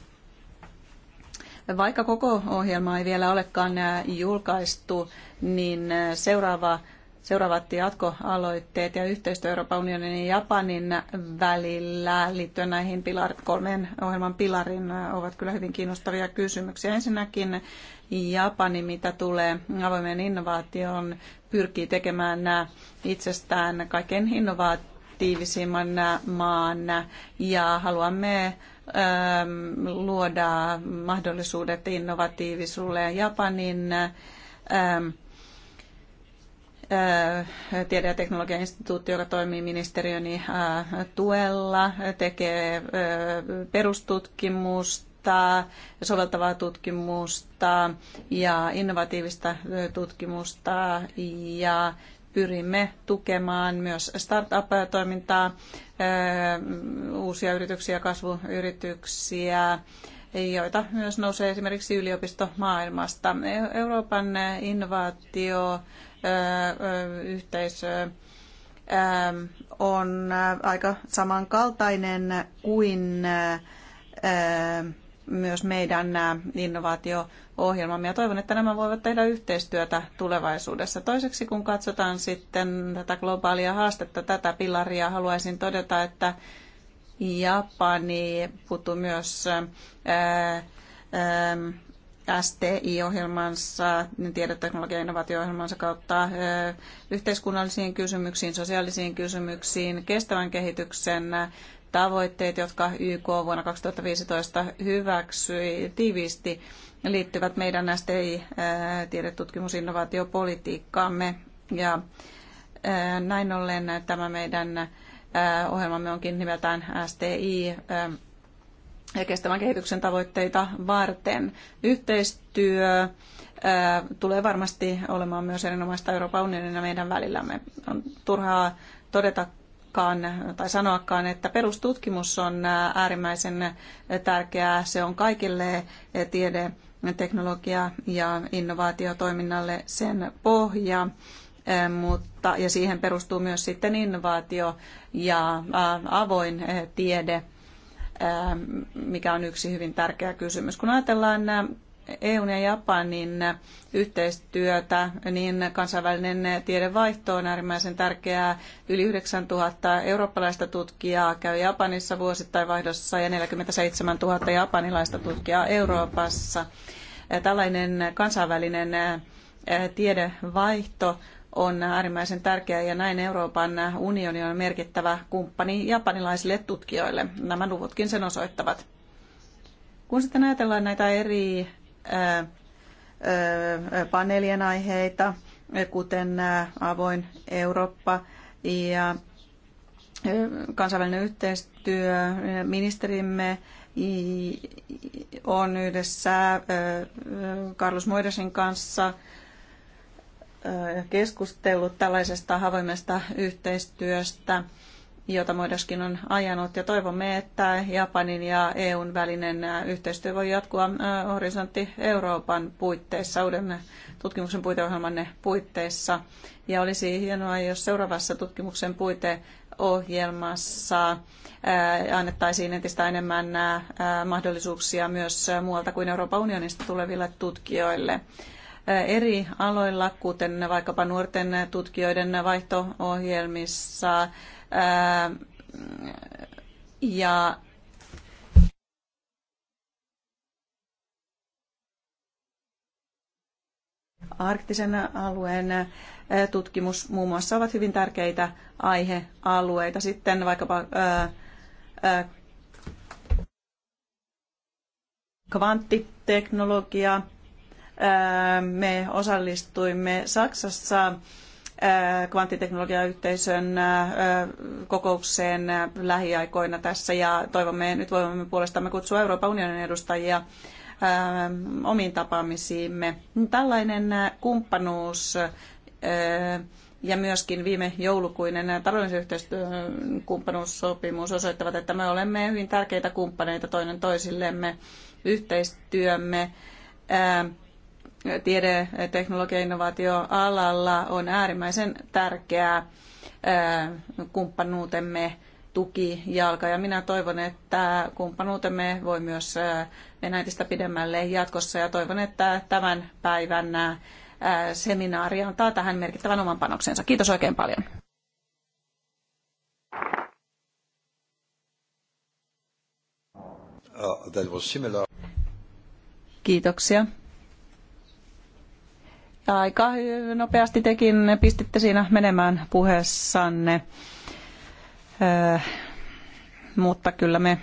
Vaikka koko ohjelma ei vielä olekaan äh, julkaistu, niin äh, seuraava seuraavat jatkoaloitteet ja yhteistyö Euroopan unionin ja Japanin välillä liittyen näihin pilar, kolmeen ohjelman pilarin ovat kyllä hyvin kiinnostavia kysymyksiä. Ensinnäkin Japani, mitä tulee avoimen innovaatioon, pyrkii tekemään itsestään kaiken innovatiivisimman maan ja haluamme ähm, luoda mahdollisuudet innovatiivisuudelle Japanin ähm, tiede- ja teknologiainstituutti, joka toimii ministeriöni tuella, tekee perustutkimusta, soveltavaa tutkimusta ja innovatiivista tutkimusta ja pyrimme tukemaan myös startup-toimintaa, uusia yrityksiä, kasvuyrityksiä, joita myös nousee esimerkiksi yliopistomaailmasta. E- Euroopan innovaatio yhteisö on aika samankaltainen kuin myös meidän innovaatio-ohjelmamme. Ja toivon, että nämä voivat tehdä yhteistyötä tulevaisuudessa. Toiseksi, kun katsotaan sitten tätä globaalia haastetta, tätä pilaria, haluaisin todeta, että Japani puuttuu myös ää, ää, STI-ohjelmansa, niin tiedeteknologian innovaatio-ohjelmansa kautta yhteiskunnallisiin kysymyksiin, sosiaalisiin kysymyksiin, kestävän kehityksen tavoitteet, jotka YK vuonna 2015 hyväksyi tiiviisti, liittyvät meidän STI-tiedetutkimusinnovaatiopolitiikkaamme. Ja näin ollen tämä meidän ohjelmamme onkin nimeltään STI kestävän kehityksen tavoitteita varten. Yhteistyö tulee varmasti olemaan myös erinomaista Euroopan unionin ja meidän välillämme. On turhaa todeta tai sanoakaan, että perustutkimus on äärimmäisen tärkeää. Se on kaikille tiede, teknologia ja innovaatiotoiminnalle sen pohja mutta, ja siihen perustuu myös sitten innovaatio ja avoin tiede – Ähm, mikä on yksi hyvin tärkeä kysymys. Kun ajatellaan äh, EUn ja Japanin äh, yhteistyötä, niin kansainvälinen tiedevaihto on äärimmäisen tärkeää. Yli 9000 eurooppalaista tutkijaa käy Japanissa vuosittain vaihdossa ja 47 000 japanilaista tutkijaa Euroopassa. Äh, tällainen kansainvälinen tiedevaihto on äärimmäisen tärkeä ja näin Euroopan unioni on merkittävä kumppani japanilaisille tutkijoille. Nämä luvutkin sen osoittavat. Kun sitten ajatellaan näitä eri paneelien aiheita, kuten avoin Eurooppa ja kansainvälinen yhteistyö, ministerimme on yhdessä Carlos Moidasin kanssa keskustellut tällaisesta havoimesta yhteistyöstä, jota Moidaskin on ajanut. Ja toivomme, että Japanin ja EUn välinen yhteistyö voi jatkua horisontti Euroopan puitteissa, uuden tutkimuksen puiteohjelmanne puitteissa. Ja olisi hienoa, jos seuraavassa tutkimuksen puiteohjelmassa annettaisiin entistä enemmän mahdollisuuksia myös muualta kuin Euroopan unionista tuleville tutkijoille eri aloilla, kuten vaikkapa nuorten tutkijoiden vaihto-ohjelmissa ja arktisen alueen tutkimus muun muassa ovat hyvin tärkeitä aihealueita. Sitten vaikkapa kvanttiteknologia, me osallistuimme Saksassa kvanttiteknologiayhteisön kokoukseen lähiaikoina tässä ja toivomme, nyt voimme puolestamme kutsua Euroopan unionin edustajia omiin tapaamisiimme. Tällainen kumppanuus ja myöskin viime joulukuinen taloudellisen yhteistyön kumppanuussopimus osoittavat, että me olemme hyvin tärkeitä kumppaneita toinen toisillemme yhteistyömme tiede, teknologia- innovaatio innovaatioalalla on äärimmäisen tärkeää kumppanuutemme tukijalka. Ja minä toivon, että kumppanuutemme voi myös mennä entistä pidemmälle jatkossa ja toivon, että tämän päivän seminaari antaa tähän merkittävän oman panoksensa. Kiitos oikein paljon. Ah, Kiitoksia aika nopeasti tekin pistitte siinä menemään puheessanne. Äh, mutta kyllä me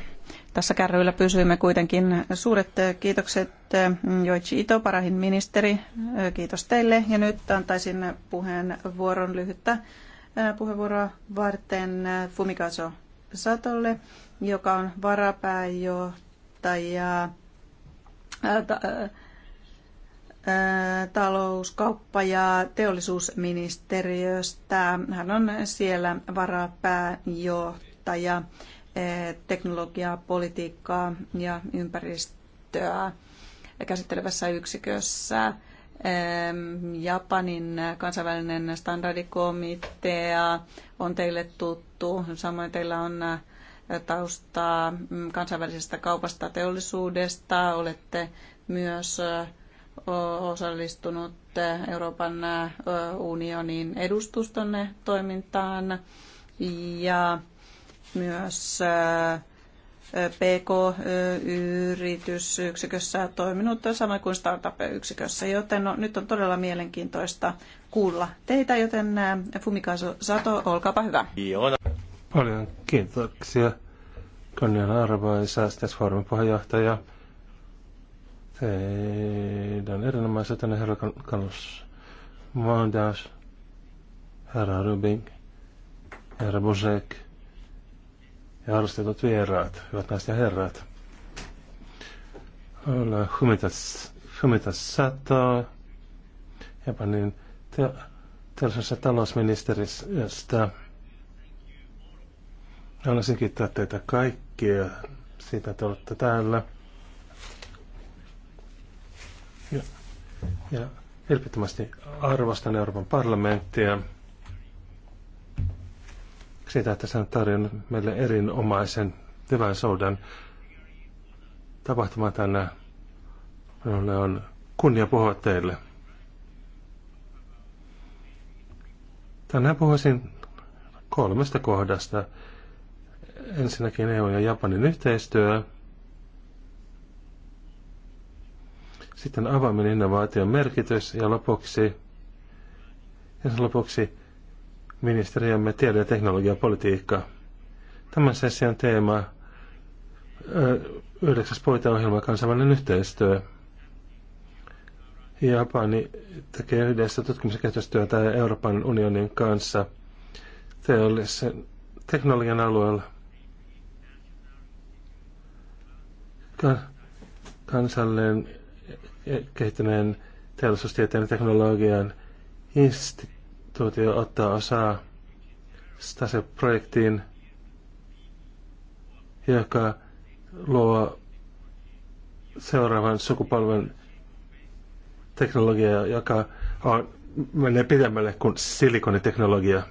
tässä kärryillä pysyimme kuitenkin. Suuret kiitokset äh, Joichi Ito, parahin ministeri. Äh, kiitos teille. Ja nyt antaisin puheenvuoron lyhyttä puheenvuoroa varten Fumikaso Satolle, joka on varapääjohtaja talous-, kauppa- ja teollisuusministeriöstä. Hän on siellä varapääjohtaja teknologiaa, politiikkaa ja ympäristöä käsittelevässä yksikössä. Japanin kansainvälinen standardikomitea on teille tuttu. Samoin teillä on taustaa mm, kansainvälisestä kaupasta teollisuudesta. Olette myös osallistunut Euroopan unionin edustustonne toimintaan ja myös PK-yritysyksikössä toiminut samoin kuin startup-yksikössä, joten no, nyt on todella mielenkiintoista kuulla teitä, joten Fumikasu Sato, olkaapa hyvä. Joo. Paljon kiitoksia. Kunnian arvoisa Säästäisfoorumin puheenjohtaja. Teidän erinomaiset tänne herra Kalus Mondas, herra Rubink, herra Bosek ja arvostetut vieraat, hyvät naiset ja herrat. Olen humitas sataa Japanin niin te, teollisessa talousministeristä. Haluaisin kiittää teitä kaikkia siitä, että olette täällä. Ja, ja vilpittömästi arvostan Euroopan parlamenttia siitä, että se on tarjonnut meille erinomaisen hyvän soudan tapahtuma tänään. Minulle on kunnia puhua teille. Tänään puhuisin kolmesta kohdasta. Ensinnäkin EU ja Japanin yhteistyö, Sitten avaaminen innovaation merkitys ja lopuksi, ja lopuksi ministeriömme tiede- ja teknologiapolitiikka. Tämän session teema yhdeksäs puiteohjelma kansainvälinen yhteistyö. Japani tekee yhdessä tutkimus- ja kehitystyötä Euroopan unionin kanssa teollisen teknologian alueella. kansallinen kehittyneen teollisuustieteen ja teknologian instituutio ottaa osaa STASE-projektiin, joka luo seuraavan sukupolven teknologiaa, joka on, menee pidemmälle kuin silikoniteknologia.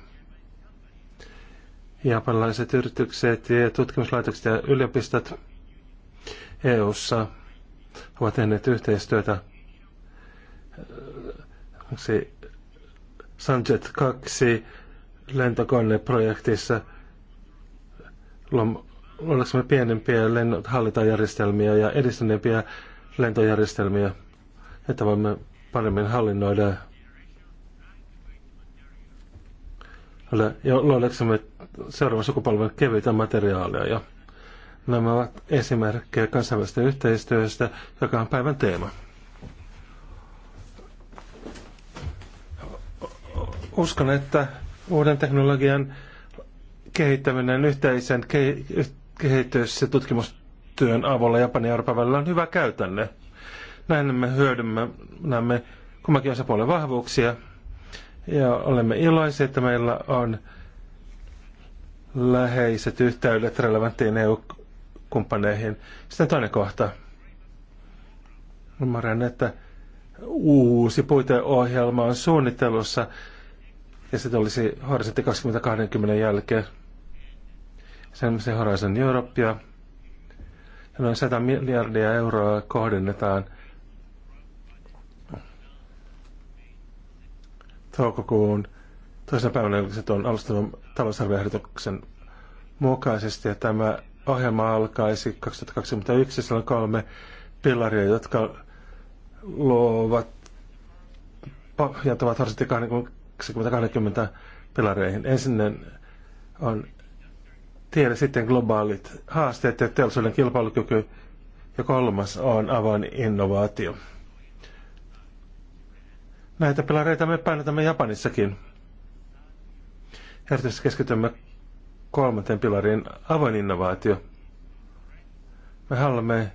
Japanilaiset yritykset ja tutkimuslaitokset ja yliopistot eu ssa ovat tehneet yhteistyötä se Sanjet 2 lentokoneprojektissa luodaksemme pienempiä hallintajärjestelmiä ja edistyneempiä lentojärjestelmiä, että voimme paremmin hallinnoida ja luodaksemme seuraavan sukupolven kevyitä materiaaleja. Nämä ovat esimerkkejä kansainvälisestä yhteistyöstä, joka on päivän teema. Uskon, että uuden teknologian kehittäminen yhteisen ke- kehitys- ja tutkimustyön avulla Japanin ja Euroopan välillä on hyvä käytänne. Näin me hyödymme näemme kummankin osapuolen vahvuuksia ja olemme iloisia, että meillä on läheiset yhteydet relevanttiin EU- kumppaneihin. Sitten toinen kohta. Ymmärrän, että uusi puiteohjelma on suunnittelussa ja se olisi Horisontti 2020 jälkeen. Sen se Horizon Europe ja noin 100 miljardia euroa kohdennetaan toukokuun toisena päivänä, kun se on alustavan talousarvioehdotuksen mukaisesti ja tämä ohjelma alkaisi 2021. Siellä on kolme pilaria, jotka luovat pohjautuvat varsinkin 2020 pilareihin. Ensinnäkin on tiede, sitten globaalit haasteet ja teollisuuden kilpailukyky. Ja kolmas on avoin innovaatio. Näitä pilareita me painotamme Japanissakin. Erityisesti keskitymme kolmanteen pilariin avoin innovaatio. Me haluamme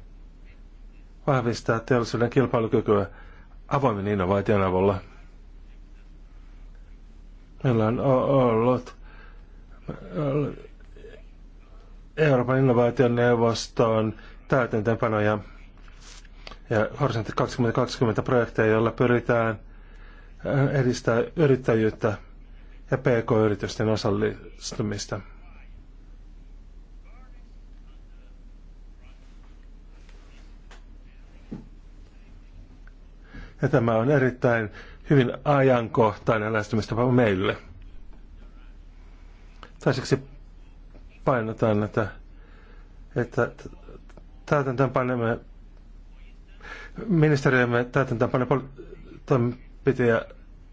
vahvistaa teollisuuden kilpailukykyä avoimen innovaation avulla. Meillä on ollut Euroopan neuvoston täytäntöönpanoja ja Horisontti 2020 projekteja, joilla pyritään edistää yrittäjyyttä ja pk-yritysten osallistumista. Ja tämä on erittäin hyvin ajankohtainen lähestymistapa meille. Toiseksi painotan, että, että täytäntöönpanemme ministeriömme täytäntöön toimenpiteitä,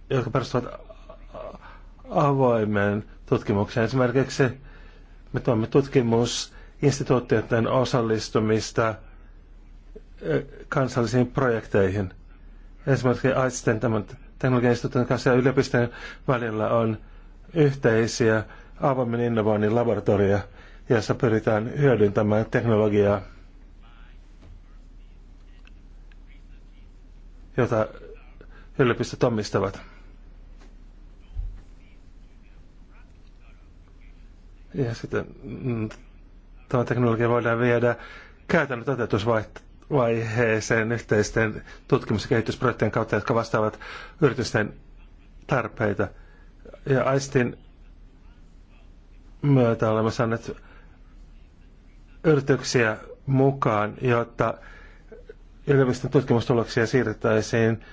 jotka perustuvat avoimeen tutkimukseen. Esimerkiksi me tuomme tutkimusinstituutioiden osallistumista kansallisiin projekteihin – esimerkiksi AITSten tämän teknologian instituutin kanssa ja yliopistojen välillä on yhteisiä avoimen innovoinnin laboratorioja, jossa pyritään hyödyntämään teknologiaa, jota yliopistot omistavat. Ja sitten mm, tämä teknologia voidaan viedä käytännön toteutusvaihtoehtoon vaiheeseen yhteisten tutkimus- ja kehitysprojektien kautta, jotka vastaavat yritysten tarpeita. Ja Aistin myötä olemme saaneet yrityksiä mukaan, jotta yliopiston tutkimustuloksia siirrettäisiin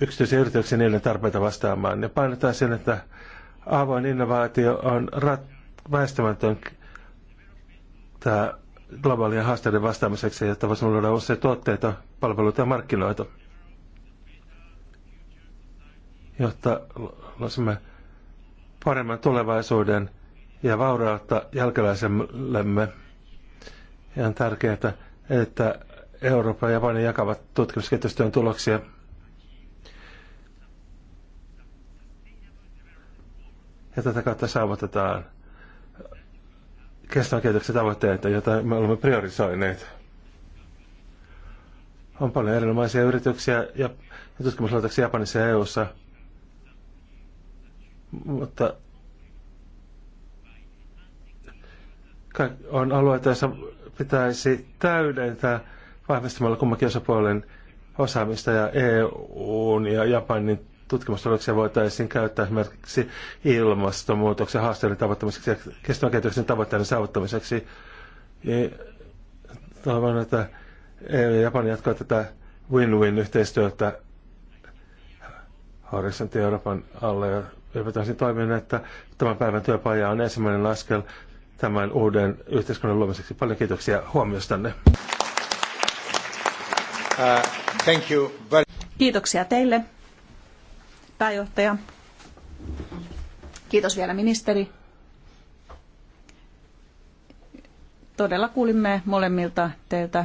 yksityisiä yrityksiä niille tarpeita vastaamaan. Ja painotaan sen, että avoin innovaatio on rat- väistämätön tämä globaalien haasteiden vastaamiseksi, jotta voisimme luoda uusia tuotteita, palveluita ja markkinoita, jotta loisimme paremman tulevaisuuden ja vaurautta jälkeläisellemme. Ja on tärkeää, että Eurooppa ja Japani jakavat tutkimuskehitystyön tuloksia. Ja tätä kautta saavutetaan kestävän kehityksen tavoitteita, joita me olemme priorisoineet. On paljon erinomaisia yrityksiä ja tutkimuslaitoksia Japanissa ja EU:ssa, mutta on alueita, joissa pitäisi täydentää vahvistamalla kummankin osapuolen osaamista ja EUn ja Japanin tutkimustuloksia voitaisiin käyttää esimerkiksi ilmastonmuutoksen haasteiden tavoittamiseksi ja kestävän kehityksen tavoitteiden saavuttamiseksi. Ja toivon, että EU ja Japani jatkaa tätä win-win-yhteistyötä horisontti Euroopan alle. Ja ylipäätään toimin, että tämän päivän työpaja on ensimmäinen askel tämän uuden yhteiskunnan luomiseksi. Paljon kiitoksia huomiostanne. Uh, thank you very... Kiitoksia teille pääjohtaja. Kiitos vielä ministeri. Todella kuulimme molemmilta teiltä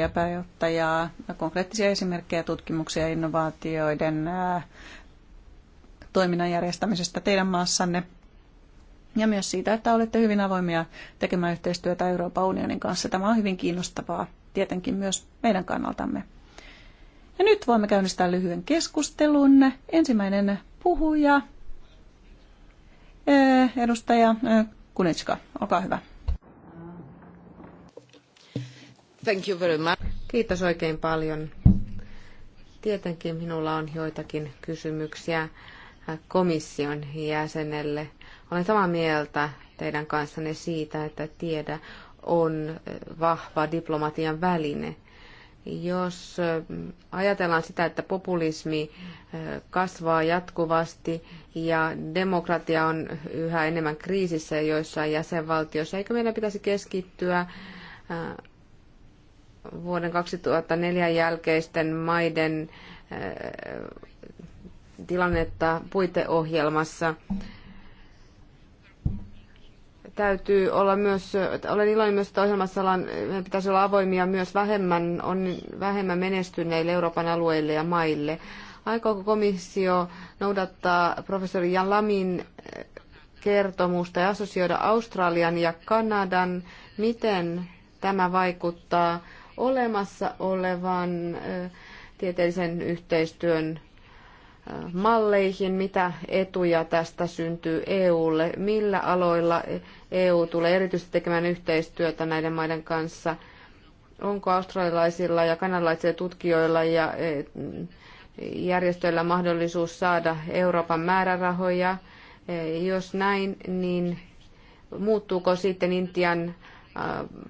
ja pääjohtajaa konkreettisia esimerkkejä tutkimuksia ja innovaatioiden toiminnan järjestämisestä teidän maassanne ja myös siitä, että olette hyvin avoimia tekemään yhteistyötä Euroopan unionin kanssa. Tämä on hyvin kiinnostavaa tietenkin myös meidän kannaltamme. Ja nyt voimme käynnistää lyhyen keskustelun. Ensimmäinen puhuja, eh, edustaja eh, Kunitska, olkaa hyvä. Thank you very much. Kiitos oikein paljon. Tietenkin minulla on joitakin kysymyksiä komission jäsenelle. Olen samaa mieltä teidän kanssanne siitä, että tiedä on vahva diplomatian väline – jos äh, ajatellaan sitä, että populismi äh, kasvaa jatkuvasti ja demokratia on yhä enemmän kriisissä joissain jäsenvaltioissa, eikö meidän pitäisi keskittyä äh, vuoden 2004 jälkeisten maiden tilannetta puiteohjelmassa? täytyy olla myös, olen iloinen myös, että ohjelmassa ollaan, pitäisi olla avoimia myös vähemmän, on vähemmän menestyneille Euroopan alueille ja maille. Aikooko komissio noudattaa professori Jan Lamin eh, kertomusta ja assosioida Australian ja Kanadan? Miten tämä vaikuttaa olemassa olevan eh, tieteellisen yhteistyön malleihin, mitä etuja tästä syntyy EUlle, millä aloilla EU tulee erityisesti tekemään yhteistyötä näiden maiden kanssa, onko australialaisilla ja kanadalaisilla tutkijoilla ja eh, järjestöillä mahdollisuus saada Euroopan määrärahoja. Eh, jos näin, niin muuttuuko sitten Intian, eh,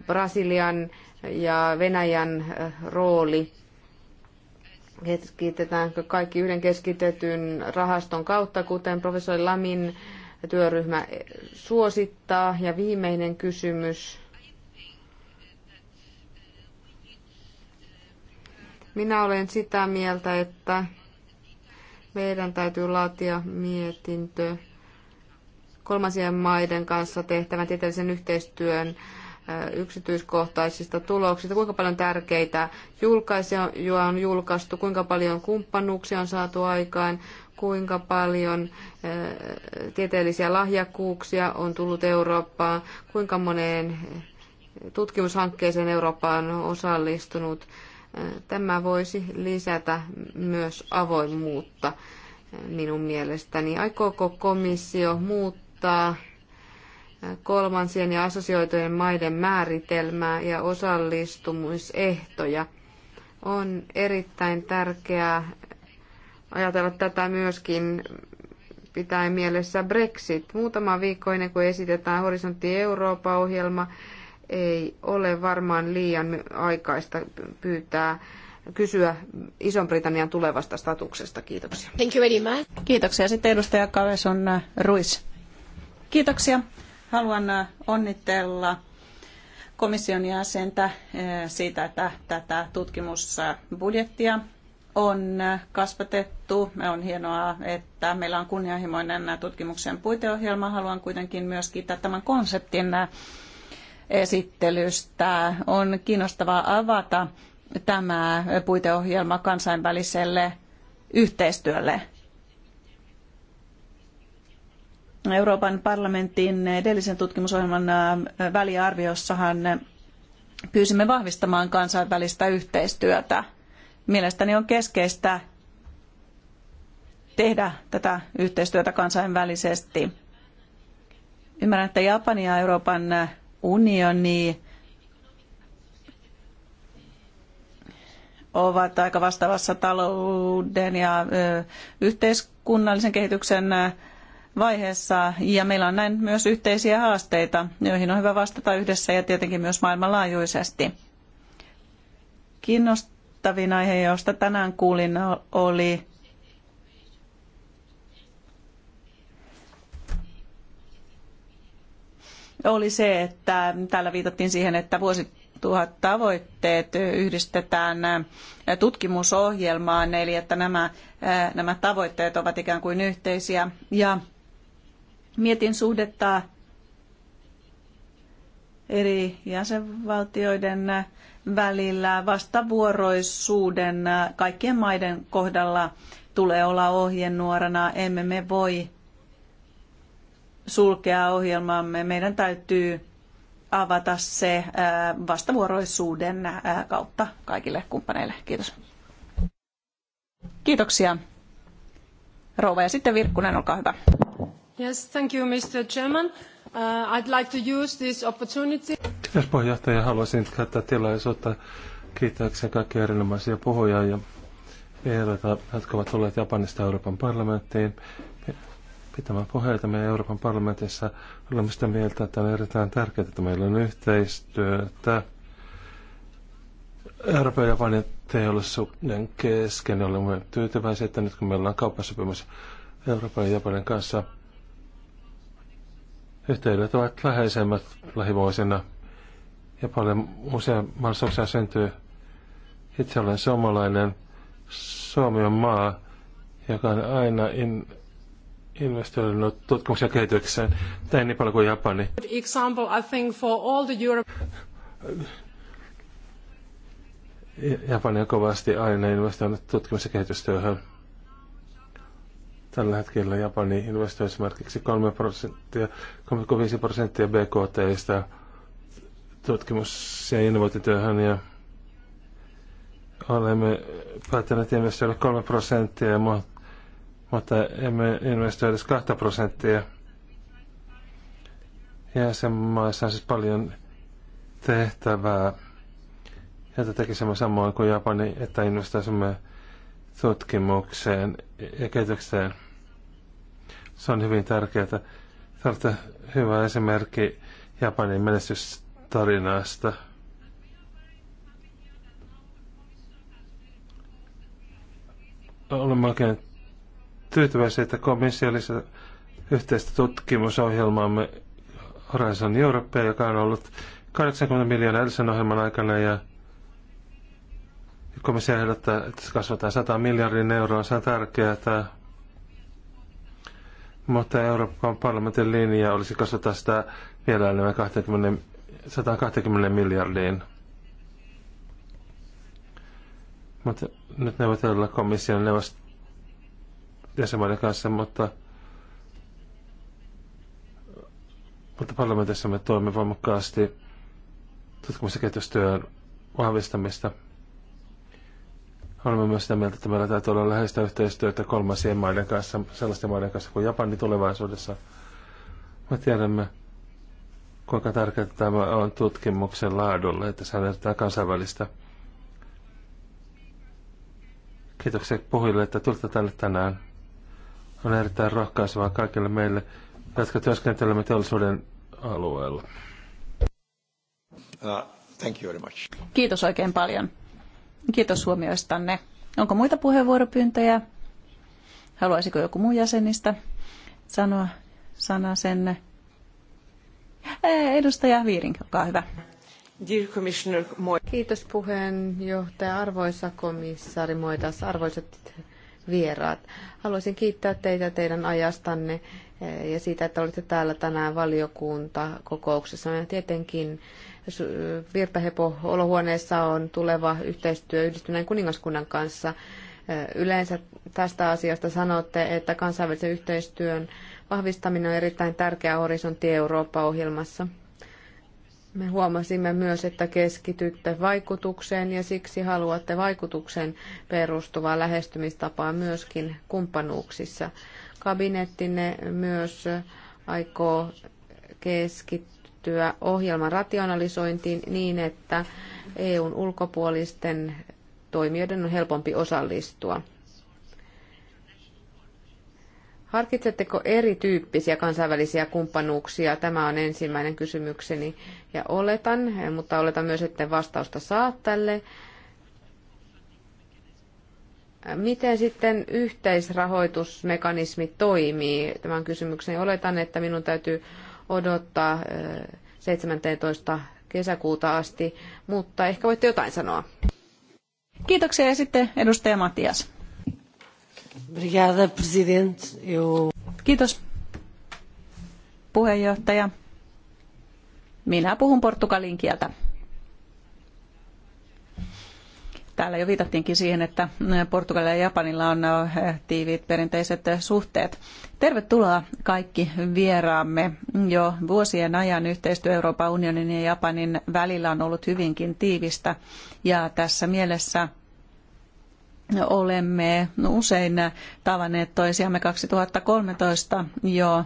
Brasilian ja Venäjän rooli keskitetäänkö kaikki yhden keskitetyn rahaston kautta, kuten professori Lamin työryhmä suosittaa. Ja viimeinen kysymys. Minä olen sitä mieltä, että meidän täytyy laatia mietintö kolmansien maiden kanssa tehtävän tieteellisen yhteistyön yksityiskohtaisista tuloksista, kuinka paljon tärkeitä julkaisijoja on julkaistu, kuinka paljon kumppanuuksia on saatu aikaan, kuinka paljon tieteellisiä lahjakkuuksia on tullut Eurooppaan, kuinka moneen tutkimushankkeeseen Eurooppaan on osallistunut. Tämä voisi lisätä myös avoimuutta minun mielestäni. Aikooko komissio muuttaa kolmansien ja assosioitujen maiden määritelmää ja osallistumisehtoja. On erittäin tärkeää ajatella tätä myöskin pitäen mielessä Brexit. Muutama viikko ennen kuin esitetään Horisontti Eurooppa-ohjelma, ei ole varmaan liian aikaista pyytää kysyä Ison-Britannian tulevasta statuksesta. Kiitoksia. Thank you very much. Kiitoksia. Sitten edustaja Kaveson Ruiz. Kiitoksia. Haluan äh, onnitella komission jäsentä äh, siitä, että tätä tutkimusbudjettia on äh, kasvatettu. On hienoa, että meillä on kunnianhimoinen tutkimuksen puiteohjelma. Haluan kuitenkin myös kiittää tämän konseptin esittelystä. On kiinnostavaa avata tämä puiteohjelma kansainväliselle yhteistyölle Euroopan parlamentin edellisen tutkimusohjelman väliarviossahan pyysimme vahvistamaan kansainvälistä yhteistyötä. Mielestäni on keskeistä tehdä tätä yhteistyötä kansainvälisesti. Ymmärrän, että Japani ja Euroopan unioni ovat aika vastaavassa talouden ja yhteiskunnallisen kehityksen vaiheessa ja meillä on näin myös yhteisiä haasteita, joihin on hyvä vastata yhdessä ja tietenkin myös maailmanlaajuisesti. Kiinnostavin aihe, josta tänään kuulin, oli oli se, että täällä viitattiin siihen, että vuosituhat tavoitteet yhdistetään tutkimusohjelmaan, eli että nämä, nämä tavoitteet ovat ikään kuin yhteisiä. Ja Mietin suhdetta eri jäsenvaltioiden välillä vastavuoroisuuden kaikkien maiden kohdalla tulee olla ohjenuorana. Emme me voi sulkea ohjelmaamme. Meidän täytyy avata se vastavuoroisuuden kautta kaikille kumppaneille. Kiitos. Kiitoksia. Rouva ja sitten Virkkunen, olkaa hyvä. Yes, thank you, Mr. Chairman. Uh, I'd like to use this opportunity. Kiitos puheenjohtaja. Haluaisin käyttää tilaisuutta kiittääkseni kaikkia erinomaisia puhujia ja vieraita, jotka ovat tulleet Japanista Euroopan parlamenttiin pitämään puheita meidän Euroopan parlamentissa. Olemme sitä mieltä, että on erittäin tärkeää, että meillä on yhteistyötä Euroopan ja Japanin teollisuuden kesken. Olemme tyytyväisiä, että nyt kun meillä on kauppasopimus Euroopan ja Japanin kanssa – Yhteydet ovat läheisemmät lähivuosina ja paljon uusia mahdollisuuksia syntyy. Itse olen suomalainen. Suomi on maa, joka on aina in, investoinut tutkimus- ja kehitykseen. Tämä niin paljon kuin Japani. Example, I think for all the Europe... Japani on kovasti aina investoinut tutkimus- ja kehitystyöhön. Tällä hetkellä Japani investoi esimerkiksi 3 prosenttia, 35 prosenttia BKTistä tutkimus- ja innovointityöhön ja olemme päättäneet investoida 3 prosenttia, mutta emme investoi edes 2 prosenttia. Jäsenmaissa on siis paljon tehtävää, jota tekisimme samoin kuin Japani, että investoisimme tutkimukseen ja kehitykseen. Se on hyvin tärkeää. Täältä hyvä esimerkki Japanin menestystarinasta. Olen oikein tyytyväisiä, että komissio lisää yhteistä tutkimusohjelmaamme Horizon Europe, joka on ollut 80 miljoonaa edellisen ohjelman aikana ja komissio ehdottaa, että se kasvataan 100 miljardin euroa. Se on tärkeää. Mutta Euroopan parlamentin linja olisi kasvattaa sitä vielä enemmän 20, 120 miljardiin. Mutta nyt neuvotella komission neuvost jäsenmaiden kanssa, mutta, mutta parlamentissa me toimimme voimakkaasti tutkimus- ja kehitystyön vahvistamista – Olemme myös sitä mieltä, että meillä täytyy olla läheistä yhteistyötä kolmansien maiden kanssa, sellaisten maiden kanssa kuin Japani tulevaisuudessa. Me tiedämme, kuinka tärkeää tämä on tutkimuksen laadulle, että säilytetään kansainvälistä. Kiitoksia puhujille, että tulitte tänne tänään. On erittäin rohkaisevaa kaikille meille, jotka työskentelemme teollisuuden alueella. Uh, thank you very much. Kiitos oikein paljon. Kiitos huomioistanne. Onko muita puheenvuoropyyntöjä? Haluaisiko joku muu jäsenistä sanoa sana senne? Eh, edustaja Viirin, olkaa hyvä. Kiitos puheenjohtaja, arvoisa komissaari Moitas, arvoisat vieraat. Haluaisin kiittää teitä teidän ajastanne eh, ja siitä, että olette täällä tänään valiokuntakokouksessa, Ja tietenkin Virtahepo-olohuoneessa on tuleva yhteistyö yhdistyneen kuningaskunnan kanssa. Yleensä tästä asiasta sanotte, että kansainvälisen yhteistyön vahvistaminen on erittäin tärkeä horisontti Eurooppa-ohjelmassa. Me huomasimme myös, että keskitytte vaikutukseen ja siksi haluatte vaikutukseen perustuvaa lähestymistapaa myöskin kumppanuuksissa. Kabinettinne myös aikoo keskittyä ryhtyä ohjelman rationalisointiin niin, että EUn ulkopuolisten toimijoiden on helpompi osallistua. Harkitsetteko erityyppisiä kansainvälisiä kumppanuuksia? Tämä on ensimmäinen kysymykseni ja oletan, mutta oletan myös, että vastausta saa tälle. Miten sitten yhteisrahoitusmekanismi toimii? Tämän kysymyksen oletan, että minun täytyy odottaa 17. kesäkuuta asti, mutta ehkä voitte jotain sanoa. Kiitoksia ja sitten edustaja Matias. Brigada, president. Kiitos, puheenjohtaja. Minä puhun portugalin kieltä. Täällä jo viitattiinkin siihen, että Portugalilla ja Japanilla on tiiviit perinteiset suhteet. Tervetuloa kaikki vieraamme. Jo vuosien ajan yhteistyö Euroopan unionin ja Japanin välillä on ollut hyvinkin tiivistä ja tässä mielessä – olemme usein tavanneet toisiamme 2013 jo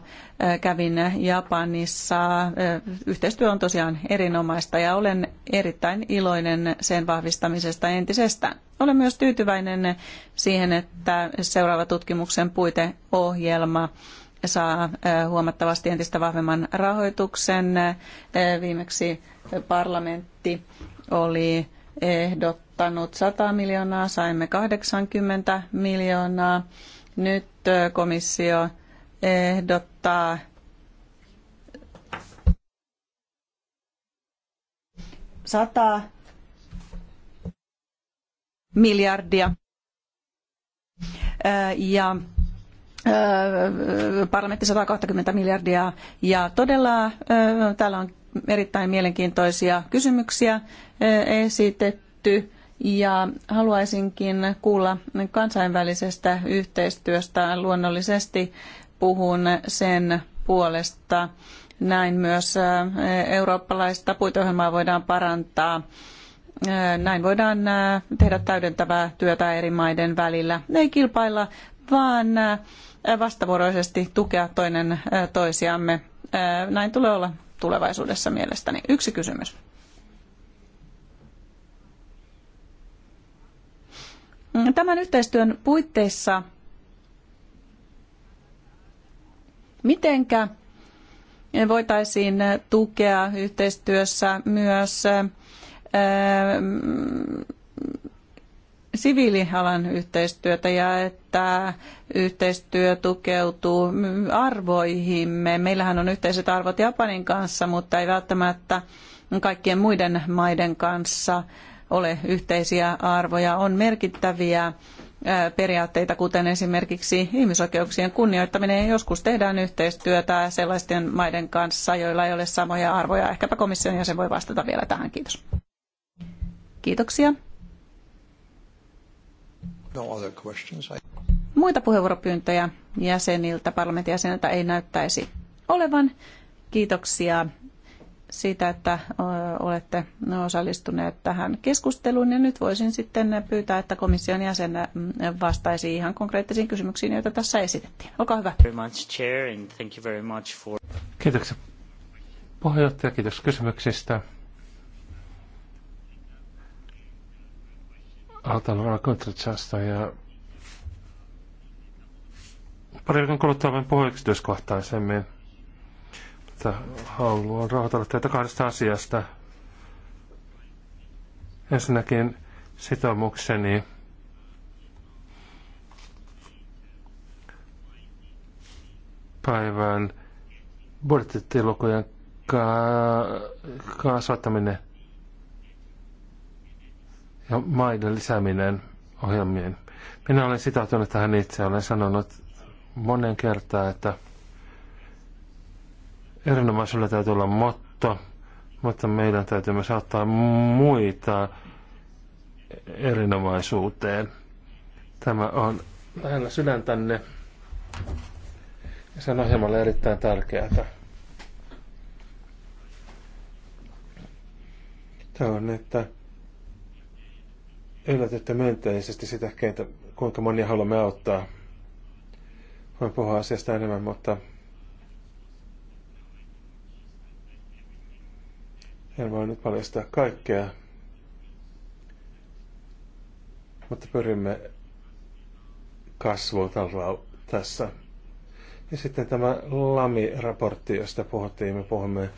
kävin Japanissa. Yhteistyö on tosiaan erinomaista ja olen erittäin iloinen sen vahvistamisesta entisestään. Olen myös tyytyväinen siihen, että seuraava tutkimuksen puiteohjelma saa huomattavasti entistä vahvemman rahoituksen. Viimeksi parlamentti oli ehdottanut ehdottanut 100 miljoonaa, saimme 80 miljoonaa. Nyt komissio ehdottaa sata miljardia. Ja parlamentti 120 miljardia. Ja todella täällä on erittäin mielenkiintoisia kysymyksiä esitetty ja haluaisinkin kuulla kansainvälisestä yhteistyöstä. Luonnollisesti puhun sen puolesta. Näin myös eurooppalaista puitohjelmaa voidaan parantaa. Näin voidaan tehdä täydentävää työtä eri maiden välillä. Ei kilpailla, vaan vastavuoroisesti tukea toinen toisiamme. Näin tulee olla tulevaisuudessa mielestäni. Yksi kysymys. Tämän yhteistyön puitteissa mitenkä voitaisiin tukea yhteistyössä myös siviilialan yhteistyötä ja että yhteistyö tukeutuu arvoihimme. Meillähän on yhteiset arvot Japanin kanssa, mutta ei välttämättä kaikkien muiden maiden kanssa ole yhteisiä arvoja. On merkittäviä periaatteita, kuten esimerkiksi ihmisoikeuksien kunnioittaminen. Joskus tehdään yhteistyötä sellaisten maiden kanssa, joilla ei ole samoja arvoja. Ehkäpä komission jäsen voi vastata vielä tähän. Kiitos. Kiitoksia. No Muita puheenvuoropyyntöjä jäseniltä, parlamentin jäseniltä ei näyttäisi olevan. Kiitoksia siitä, että olette osallistuneet tähän keskusteluun. Ja nyt voisin sitten pyytää, että komission jäsen vastaisi ihan konkreettisiin kysymyksiin, joita tässä esitettiin. Olkaa hyvä. Kiitoksia puheenjohtaja, kiitos kysymyksistä. Aloitan ja pari viikon kuluttua vain puhua että haluan rahoitella teitä kahdesta asiasta. Ensinnäkin sitoumukseni päivän budjettilukujen ka- kasvattaminen ja maiden lisääminen ohjelmien. Minä olen sitoutunut tähän itse, olen sanonut monen kertaa, että – Erinomaisella täytyy olla motto, mutta meidän täytyy myös auttaa muita erinomaisuuteen. Tämä on lähellä sydäntänne ja se on ohjelmalle erittäin tärkeää. Tämä on, että yllätytte myönteisesti sitä, keitä, kuinka monia haluamme auttaa. Voin puhua asiasta enemmän, mutta En voi nyt paljastaa kaikkea, mutta pyrimme kasvulta tässä. Ja sitten tämä LAMI-raportti, josta puhuttiin, me puhumme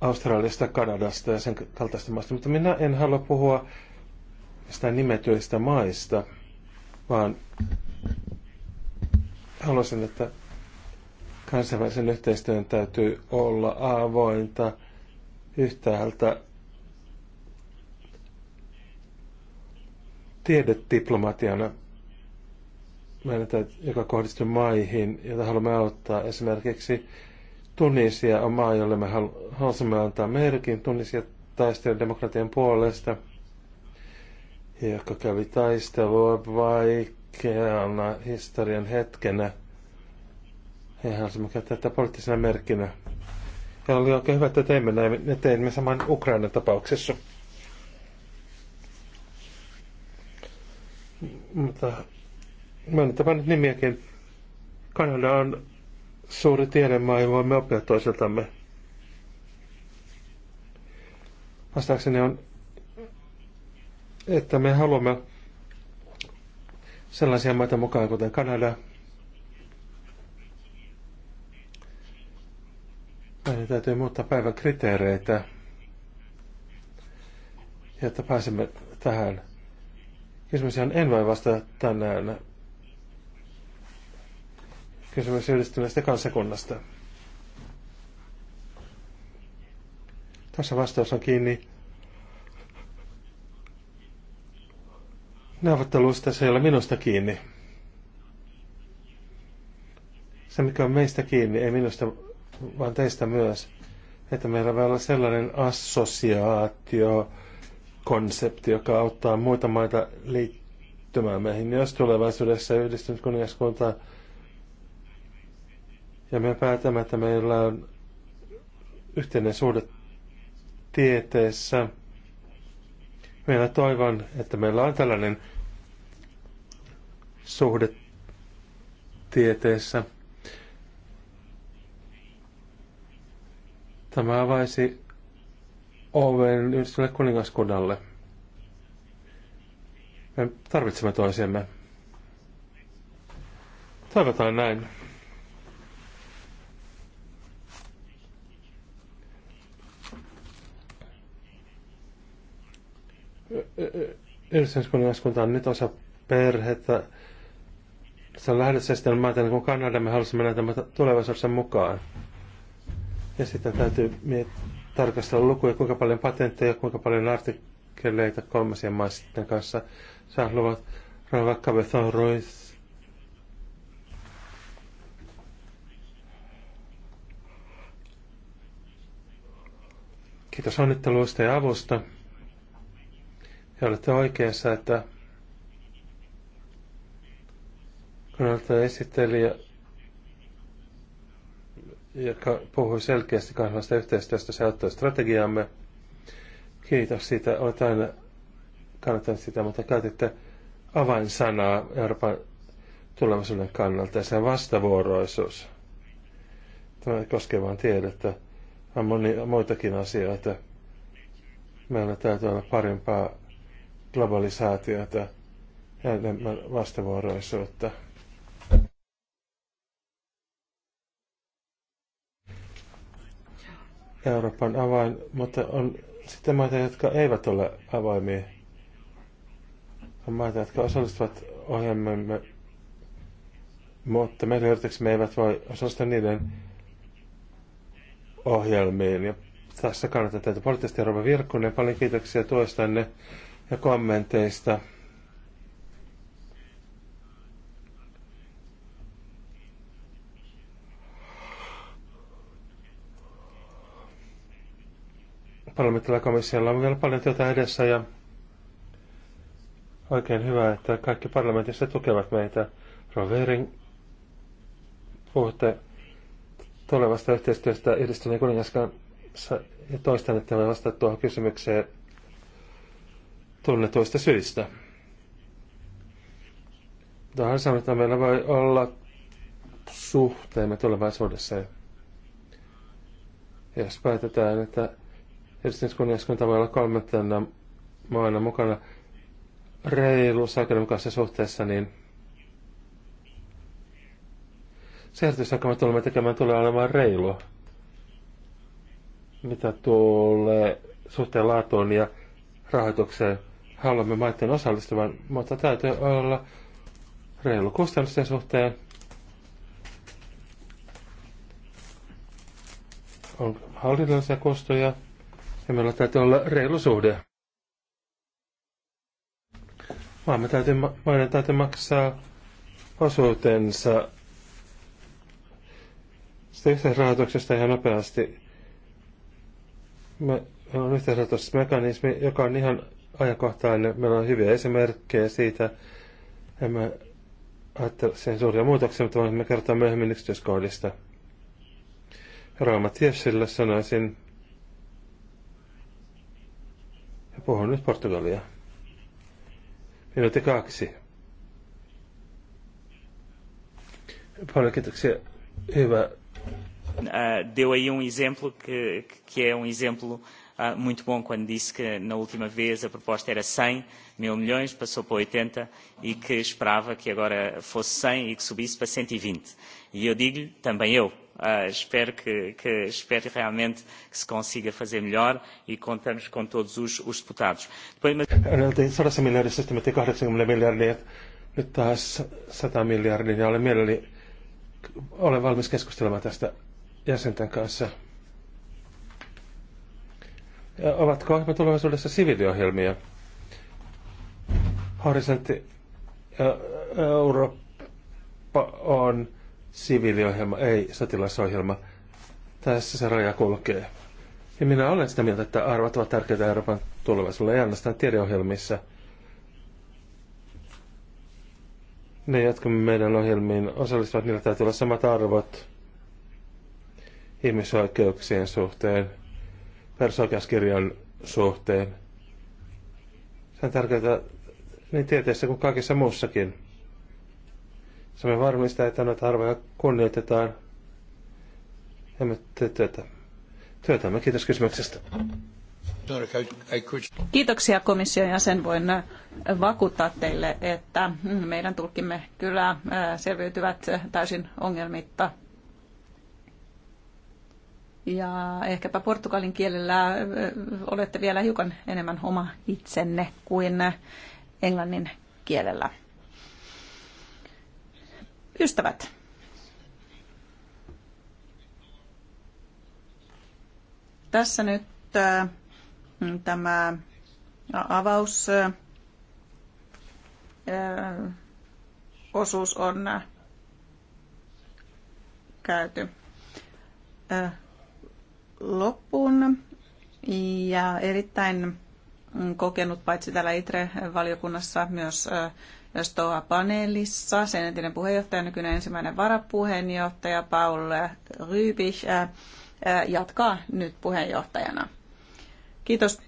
Australiasta, Kanadasta ja sen kaltaista maista, mutta minä en halua puhua mistään nimetyistä maista, vaan haluaisin, että Kansainvälisen yhteistyön täytyy olla avointa yhtäältä tiedediplomatiana, joka kohdistuu maihin, joita haluamme auttaa. Esimerkiksi Tunisia on maa, jolle me haluamme antaa merkin. Tunisia taisteli demokratian puolesta, joka kävi taistelua vaikeana historian hetkenä – he halusimme käyttää tätä poliittisena merkkinä. Ja oli oikein hyvä, että teimme näin. Me teimme saman Ukrainan tapauksessa. Mutta myönnettävä nyt nimiäkin. Kanada on suuri tiedemaa ja voimme oppia toisiltamme. Vastaakseni on, että me haluamme sellaisia maita mukaan, kuten Kanada, Meidän niin täytyy muuttaa päivän kriteereitä, jotta pääsemme tähän. Kysymys on en voi vastata tänään. Kysymys yhdistyneestä kansakunnasta. Tässä vastaus on kiinni neuvotteluista, se ei ole minusta kiinni. Se, mikä on meistä kiinni, ei minusta vaan teistä myös, että meillä voi olla sellainen assosiaatio, konsepti, joka auttaa muita maita liittymään meihin. Jos tulevaisuudessa yhdistynyt kuningaskunta ja me päätämme, että meillä on yhteinen suhde tieteessä, Meillä toivon, että meillä on tällainen suhde tieteessä – Tämä avaisi oven yhdistyneelle kuningaskunnalle. Me tarvitsemme toisemme. Toivotaan näin. Yhdistyskuningaskunta on nyt osa perhettä. Se on lähdössä sitten, mä ajattelin, niin kun Kanada me halusimme näitä tulevaisuudessa mukaan. Ja sitten täytyy tarkastella lukuja, kuinka paljon patentteja, kuinka paljon artikkeleita kolmasien maisten kanssa saavat Rava Cabezon Ruiz. Kiitos onnitteluista ja avusta. Ja olette oikeassa, että kun olette esittelijä joka puhui selkeästi kahdenlaista yhteistyöstä. Se auttoi strategiaamme. Kiitos siitä. Olet aina kannattanut sitä, mutta käytitte avainsanaa Euroopan tulevaisuuden kannalta ja sen vastavuoroisuus. Tämä koskee vain tiedettä. On moni, muitakin asioita. Meillä täytyy olla parempaa globalisaatiota ja enemmän vastavuoroisuutta. Euroopan avain, mutta on sitten maita, jotka eivät ole avaimia. On maita, jotka osallistuvat ohjelmamme, mutta meidän me eivät voi osallistua niiden ohjelmiin. Ja tässä kannattaa teitä poliittisesti Rova Virkkunen. Paljon kiitoksia tuestanne ja kommenteista. parlamentilla komissiolla on vielä paljon työtä edessä ja oikein hyvä, että kaikki parlamentissa tukevat meitä. Roverin puhutte tulevasta yhteistyöstä yhdistyneen kuningaskanssa ja toistan, että me vastaa tuohon kysymykseen tunnetuista syistä. Tähän sanotaan, että meillä voi olla suhteemme tulevaisuudessa. Jos päätetään, että yhdistyskuningaskunta voi olla kolmantena maana mukana reilussa oikeudenmukaisessa suhteessa, niin se järjestys, jonka me tulemme tekemään, tulee olemaan reilu, Mitä tulee suhteen laatuun ja rahoitukseen, haluamme maiden osallistuvan, mutta täytyy olla reilu kustannusten suhteen. On hallinnollisia kustoja. Ja meillä täytyy olla reilu suhde. Maamme täytyy, maiden täytyy maksaa osuutensa sitä yhteisrahoituksesta ihan nopeasti. Me, meillä on yhteisrahoitusmekanismi, joka on ihan ajankohtainen. Meillä on hyviä esimerkkejä siitä. Emme ajattele sen suuria muutoksia, mutta voimme kertoa myöhemmin yksityiskohdista. Raama Tiesillä sanoisin, Puhun nyt Portugalia. Minuutti kaksi. Paljon kiitoksia. Hyvä. Uh, deu aí um exemplo que, que é um exemplo uh, muito bom quando disse que na última vez a proposta era 100 mil milhões, passou para 80 e que esperava que agora fosse 100 e que subisse para 120. E, e eu digo-lhe, também eu, Ah, espero, que, que, espero realmente que se consiga fazer melhor e contamos com todos os, os deputados. Depois, mas... Näiltiin 100 se sitten 80 miljardia, nyt taas 100 miljardia, ja olen mielelläni olen valmis keskustelemaan tästä jäsenten kanssa. Ja ovatko me tulevaisuudessa siviiliohjelmia? Horisontti Eurooppa on siviiliohjelma, ei sotilasohjelma. Tässä se raja kulkee. Ja minä olen sitä mieltä, että arvot ovat tärkeitä Euroopan tulevaisuudelle, ei ainoastaan tiedeohjelmissa. Ne, jotka meidän ohjelmiin osallistuvat, niillä täytyy olla samat arvot ihmisoikeuksien suhteen, perusoikeuskirjan suhteen. Se on tärkeää niin tieteessä kuin kaikessa muussakin. Se me varmistaa, että näitä arvoja kunnioitetaan. Emme tee työtä. Työtämme. Kiitos kysymyksestä. Kiitoksia komission jäsen. Voin äh, vakuuttaa teille, että mm, meidän tulkimme kyllä äh, selviytyvät äh, täysin ongelmitta. Ja ehkäpä portugalin kielellä olette vielä hiukan enemmän oma itsenne kuin englannin kielellä. Ystävät, tässä nyt äh, tämä avaus äh, osuus on äh, käyty loppuun. Ja erittäin kokenut paitsi täällä ITRE-valiokunnassa myös STOA-paneelissa. Sen entinen puheenjohtaja, nykyinen ensimmäinen varapuheenjohtaja Paul Rybich jatkaa nyt puheenjohtajana. Kiitos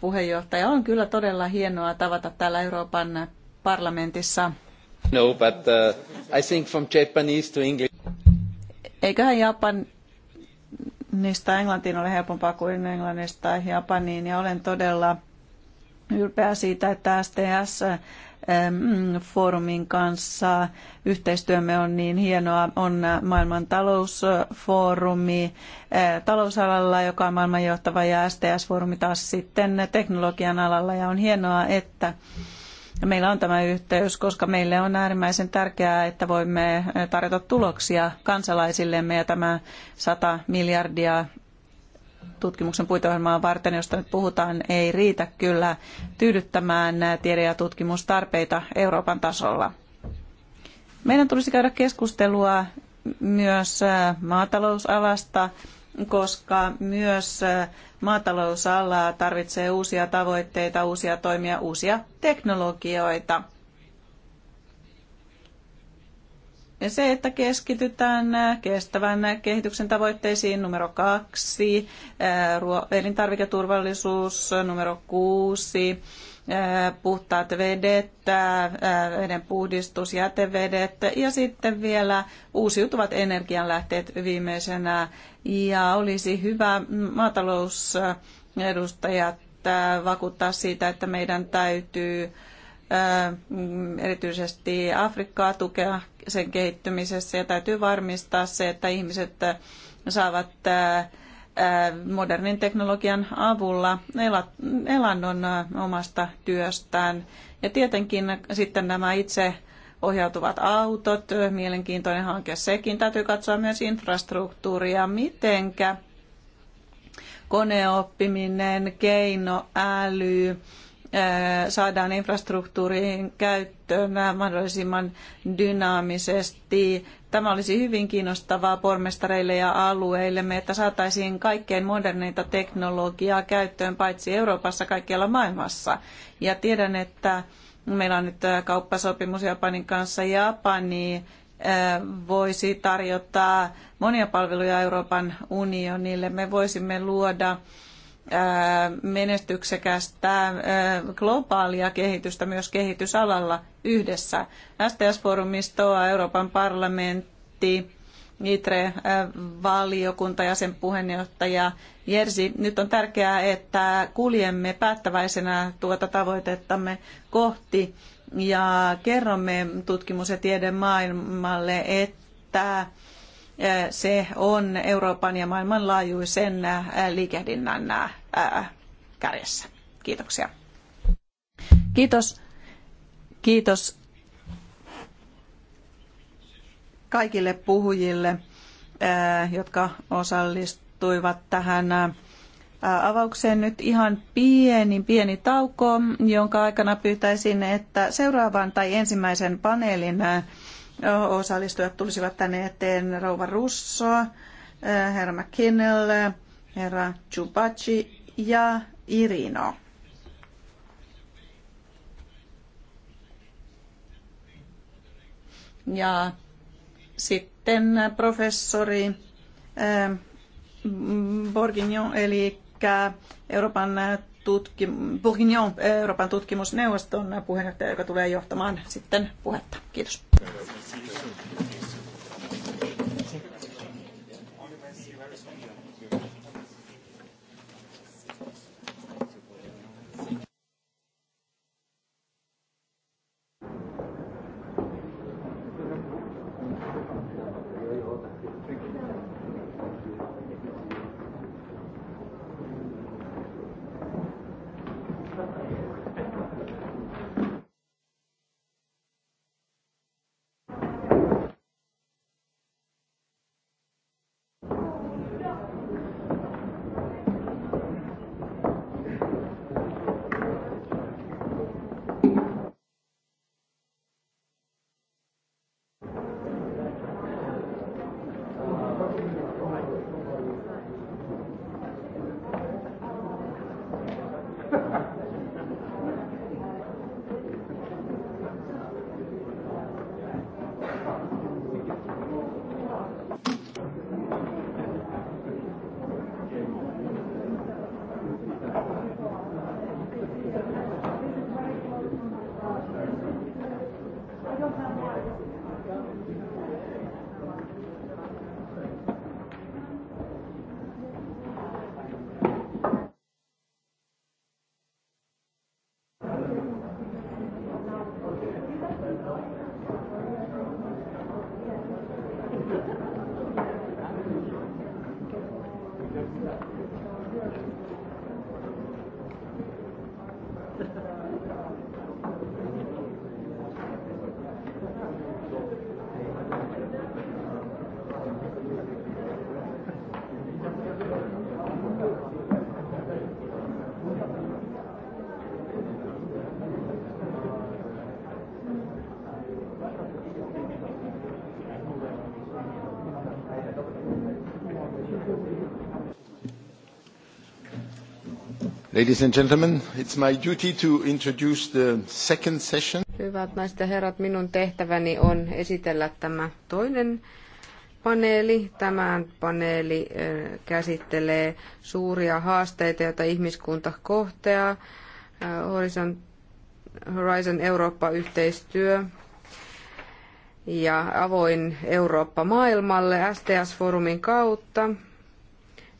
puheenjohtaja. On kyllä todella hienoa tavata täällä Euroopan parlamentissa. No, but uh, I think from Japanese to English. Eiköhän Japan, niistä englantiin ole helpompaa kuin englannista japaniin ja olen todella ylpeä siitä, että STS foorumin kanssa. Yhteistyömme on niin hienoa. On maailman talousfoorumi eh, talousalalla, joka on maailman johtava, ja STS-foorumi taas sitten teknologian alalla. Ja on hienoa, että meillä on tämä yhteys, koska meille on äärimmäisen tärkeää, että voimme tarjota tuloksia kansalaisillemme ja tämä 100 miljardia tutkimuksen puiteohjelmaa varten, josta nyt puhutaan, ei riitä kyllä tyydyttämään tiede- ja tutkimustarpeita Euroopan tasolla. Meidän tulisi käydä keskustelua myös äh, maatalousalasta, koska myös äh, maatalousala tarvitsee uusia tavoitteita, uusia toimia, uusia teknologioita – se, että keskitytään kestävän kehityksen tavoitteisiin numero kaksi, elintarviketurvallisuus numero kuusi, puhtaat vedet, veden puhdistus, jätevedet ja sitten vielä uusiutuvat energianlähteet viimeisenä. Ja olisi hyvä maatalousedustajat vakuuttaa siitä, että meidän täytyy mm, erityisesti Afrikkaa tukea sen kehittymisessä ja täytyy varmistaa se, että ihmiset äh, saavat äh, äh, modernin teknologian avulla elannon omasta työstään. Ja tietenkin sitten nämä itse ohjautuvat autot, mielenkiintoinen hanke sekin. Täytyy katsoa myös infrastruktuuria, mitenkä koneoppiminen, keinoäly, saadaan infrastruktuuriin käyttöön mahdollisimman dynaamisesti. Tämä olisi hyvin kiinnostavaa pormestareille ja alueille, että saataisiin kaikkein moderneita teknologiaa käyttöön paitsi Euroopassa, kaikkialla maailmassa. Ja tiedän, että meillä on nyt kauppasopimus Japanin kanssa. Japani voisi tarjota monia palveluja Euroopan unionille. Me voisimme luoda Äh, menestyksekästä äh, globaalia kehitystä myös kehitysalalla yhdessä. STS-foorumistoa, Euroopan parlamentti, ITRE-valiokunta äh, ja sen puheenjohtaja Jersi. Nyt on tärkeää, että kuljemme päättäväisenä tuota tavoitettamme kohti ja kerromme tutkimus- ja tiedemaailmalle, että se on Euroopan ja maailmanlaajuisen liikehdinnän kärjessä. Kiitoksia. Kiitos. Kiitos kaikille puhujille, jotka osallistuivat tähän avaukseen nyt ihan pieni, pieni tauko, jonka aikana pyytäisin, että seuraavan tai ensimmäisen paneelin osallistujat tulisivat tänne eteen Rouva Russo, eh, herra McKinnell, herra Chubachi ja Irino. Ja sitten professori eh, Borgignon, eli Euroopan tutkim- Bourguignon, Euroopan tutkimusneuvoston puheenjohtaja, joka tulee johtamaan sitten puhetta. Kiitos. Ladies and gentlemen, it's my duty to introduce the second session. Hyvät naiset ja herrat, minun tehtäväni on esitellä tämä toinen paneeli. Tämä paneeli käsittelee suuria haasteita, joita ihmiskunta kohtaa. Horizon, Horizon Eurooppa-yhteistyö ja avoin Eurooppa maailmalle STS-foorumin kautta.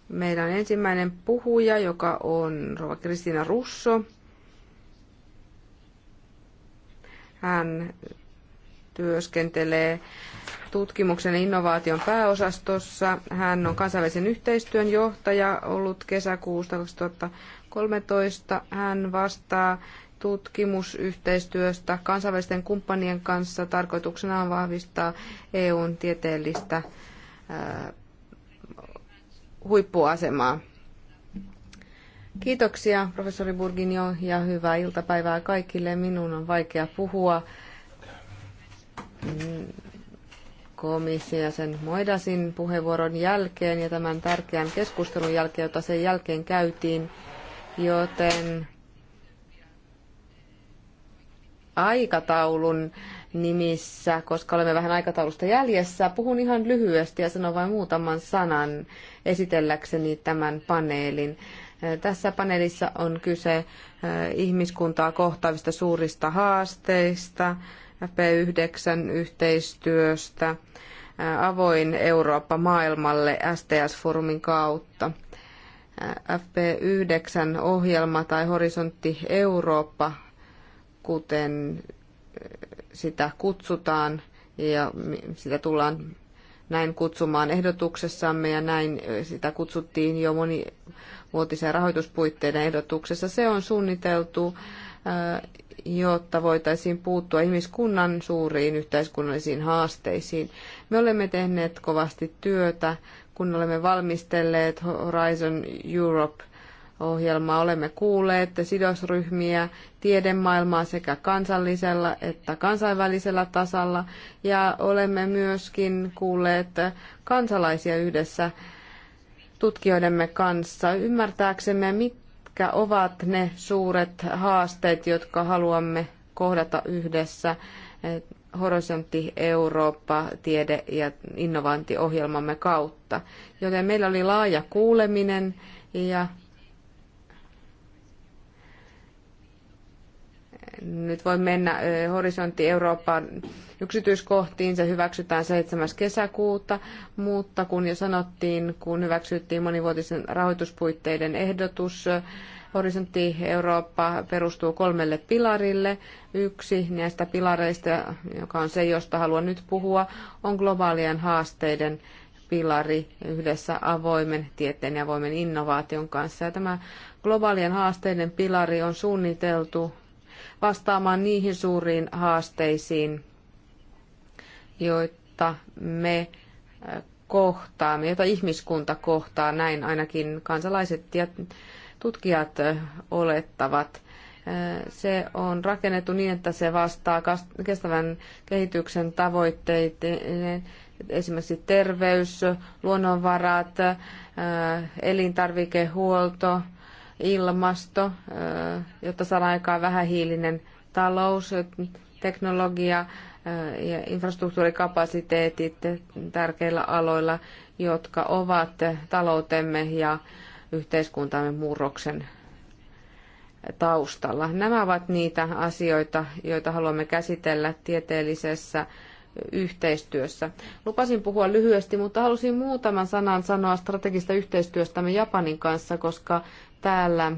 Meillä on ensimmäinen puhuja, joka on Rova Kristina Russo. Hän työskentelee tutkimuksen ja innovaation pääosastossa. Hän on kansainvälisen yhteistyön johtaja ollut kesäkuusta 2013. Hän vastaa tutkimusyhteistyöstä kansainvälisten kumppanien kanssa. Tarkoituksena on vahvistaa EUn tieteellistä huippuasemaa. Kiitoksia professori Burginio ja hyvää iltapäivää kaikille. Minun on vaikea puhua komissio sen Moidasin puheenvuoron jälkeen ja tämän tärkeän keskustelun jälkeen, jota sen jälkeen käytiin, joten aikataulun nimissä, koska olemme vähän aikataulusta jäljessä. Puhun ihan lyhyesti ja sanon vain muutaman sanan esitelläkseni tämän paneelin. Tässä paneelissa on kyse ihmiskuntaa kohtaavista suurista haasteista, FP9-yhteistyöstä, avoin Eurooppa maailmalle STS-foorumin kautta. FP9-ohjelma tai Horisontti Eurooppa, kuten sitä kutsutaan ja sitä tullaan näin kutsumaan ehdotuksessamme ja näin sitä kutsuttiin jo monivuotisen rahoituspuitteiden ehdotuksessa. Se on suunniteltu, jotta voitaisiin puuttua ihmiskunnan suuriin yhteiskunnallisiin haasteisiin. Me olemme tehneet kovasti työtä, kun olemme valmistelleet Horizon Europe – ohjelmaa. Olemme kuulleet sidosryhmiä, tiedemaailmaa sekä kansallisella että kansainvälisellä tasalla ja olemme myöskin kuulleet kansalaisia yhdessä tutkijoidemme kanssa ymmärtääksemme, mitkä ovat ne suuret haasteet, jotka haluamme kohdata yhdessä Horisontti Eurooppa tiede- ja innovaantiohjelmamme kautta. Joten meillä oli laaja kuuleminen ja nyt voi mennä horisontti Euroopan yksityiskohtiin, se hyväksytään 7. kesäkuuta, mutta kun jo sanottiin, kun hyväksyttiin monivuotisen rahoituspuitteiden ehdotus, Horisontti Eurooppa perustuu kolmelle pilarille. Yksi näistä pilareista, joka on se, josta haluan nyt puhua, on globaalien haasteiden pilari yhdessä avoimen tieteen ja avoimen innovaation kanssa. Ja tämä globaalien haasteiden pilari on suunniteltu vastaamaan niihin suuriin haasteisiin, joita me äh, kohtaamme, joita ihmiskunta kohtaa, näin ainakin kansalaiset ja tutkijat äh, olettavat. Äh, se on rakennettu niin, että se vastaa kestävän kehityksen tavoitteita, esimerkiksi terveys, luonnonvarat, elintarvikehuolto, ilmasto, jotta saadaan aikaan vähähiilinen talous, teknologia ja infrastruktuurikapasiteetit tärkeillä aloilla, jotka ovat taloutemme ja yhteiskuntamme murroksen taustalla. Nämä ovat niitä asioita, joita haluamme käsitellä tieteellisessä yhteistyössä. Lupasin puhua lyhyesti, mutta halusin muutaman sanan sanoa strategista yhteistyöstämme Japanin kanssa, koska täällä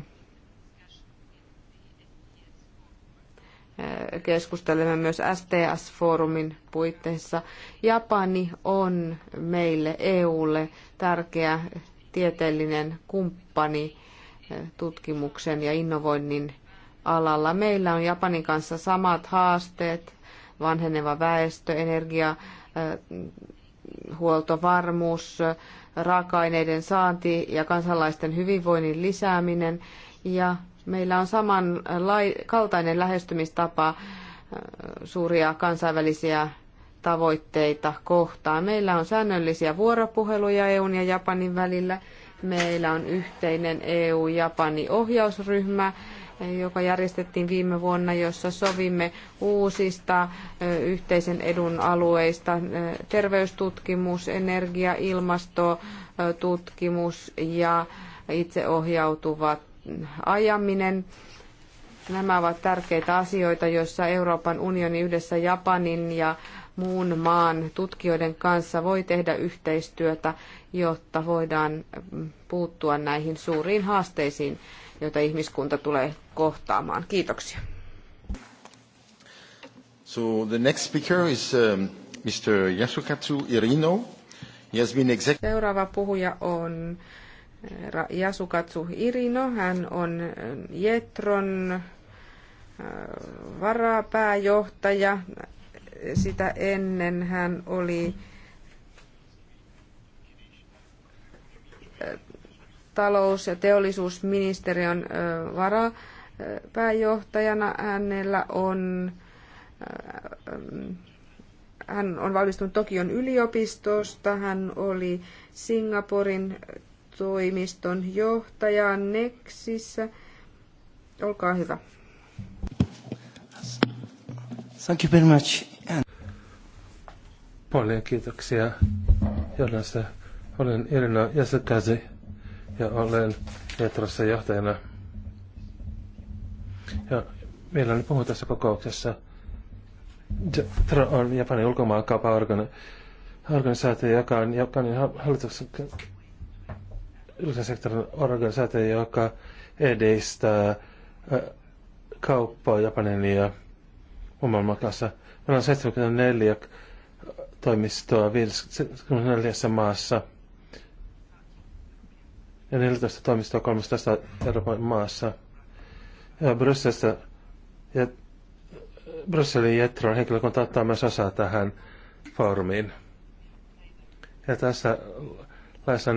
keskustelemme myös STS-foorumin puitteissa. Japani on meille, EUlle, tärkeä tieteellinen kumppani tutkimuksen ja innovoinnin alalla. Meillä on Japanin kanssa samat haasteet, vanheneva väestö, energia, huoltovarmuus, raaka-aineiden saanti ja kansalaisten hyvinvoinnin lisääminen. Ja meillä on samankaltainen lähestymistapa äh, suuria kansainvälisiä tavoitteita kohtaan. Meillä on säännöllisiä vuoropuheluja EUn ja Japanin välillä. Meillä on yhteinen EU-Japani ohjausryhmä joka järjestettiin viime vuonna, jossa sovimme uusista yhteisen edun alueista, terveystutkimus, energia, ilmasto, tutkimus ja itseohjautuva ajaminen. Nämä ovat tärkeitä asioita, joissa Euroopan unioni yhdessä Japanin ja muun maan tutkijoiden kanssa voi tehdä yhteistyötä, jotta voidaan puuttua näihin suuriin haasteisiin, joita ihmiskunta tulee kohtaamaan. Kiitoksia. So the next speaker is um, Mr. Yasukatsu Irino. He has been exec- Seuraava puhuja on Yasukatsu Irino. Hän on um, Jetron uh, varapääjohtaja. Sitä ennen hän oli uh, talous- ja teollisuusministeriön uh, vara pääjohtajana. Hänellä on, äh, hän on valmistunut Tokion yliopistosta. Hän oli Singaporin toimiston johtaja Nexissä. Olkaa hyvä. Thank you very much. Paljon kiitoksia, Jonas. Olen Irina Jäsekäsi ja olen Etrossa johtajana. Ja meillä on puhunut tässä kokouksessa. on Japanin ulkomaankaupan organisaatio, joka on Japanin hallituksen julkisen sektorin organisaatio, joka edistää kauppaa Japanin ja maailman kanssa. Meillä on 74 toimistoa 54 maassa ja 14 toimistoa 13 Euroopan maassa – ja Brysselissä ja Brysselin Jetron henkilökunta ottaa myös osaa tähän foorumiin. Ja tässä laissa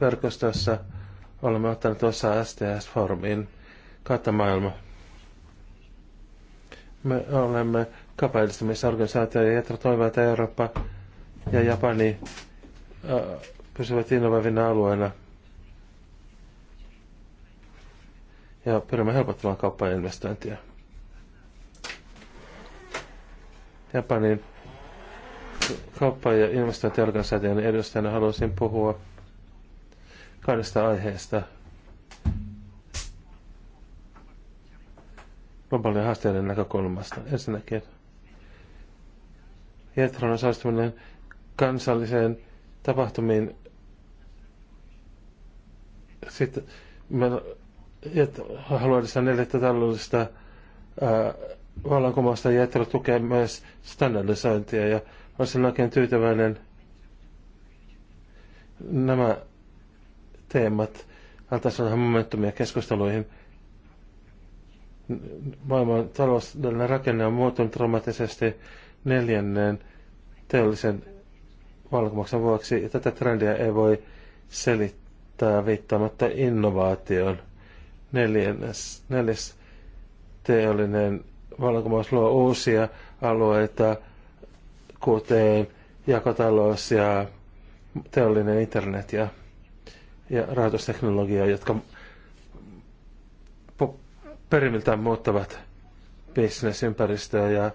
verkostossa olemme ottaneet osaa STS-foorumiin kautta maailma. Me olemme kapellistumisorganisaatio ja Jetro toivoo, että Eurooppa ja Japani äh, pysyvät innovoivina alueena – ja pyrimme helpottamaan kauppaa ja investointia. Japanin kauppa- ja investointiorganisaation edustajana haluaisin puhua kahdesta aiheesta. globaalien haasteiden näkökulmasta. Ensinnäkin Jetron osallistuminen kansalliseen tapahtumiin. Sitten meillä haluaisin että taloudellista vallankumousta ja Etro tukee myös standardisointia ja olisin oikein tyytyväinen nämä teemat antaisi vähän momentumia keskusteluihin. Maailman taloudellinen rakenne on muuttunut dramaattisesti neljänneen teollisen vallankumouksen vuoksi ja tätä trendiä ei voi selittää viittaamatta innovaatioon – neljännes neljäs teollinen vallankumous luo uusia alueita, kuten jakotalous ja teollinen internet ja, ja rahoitusteknologia, jotka perimiltään muuttavat bisnesympäristöä ja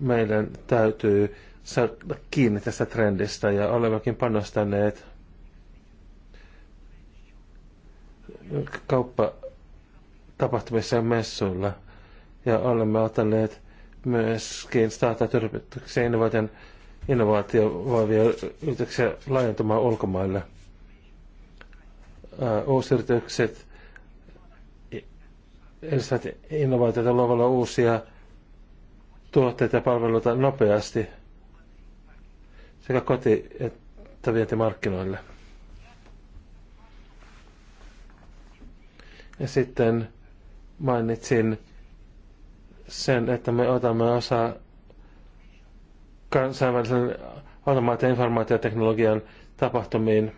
meidän täytyy saada kiinni tästä trendistä ja olemmekin panostaneet kauppa tapahtumissa ja messuilla. Ja olemme ottaneet myöskin startup-yrityksiä innovaation innovaatiovaavia yrityksiä laajentumaan ulkomaille. Äh, yritykset edistävät innovaatioita luovalla uusia tuotteita ja palveluita nopeasti sekä koti- että vientimarkkinoille. Ja sitten mainitsin sen, että me otamme osaa kansainvälisen automaation informaatioteknologian tapahtumiin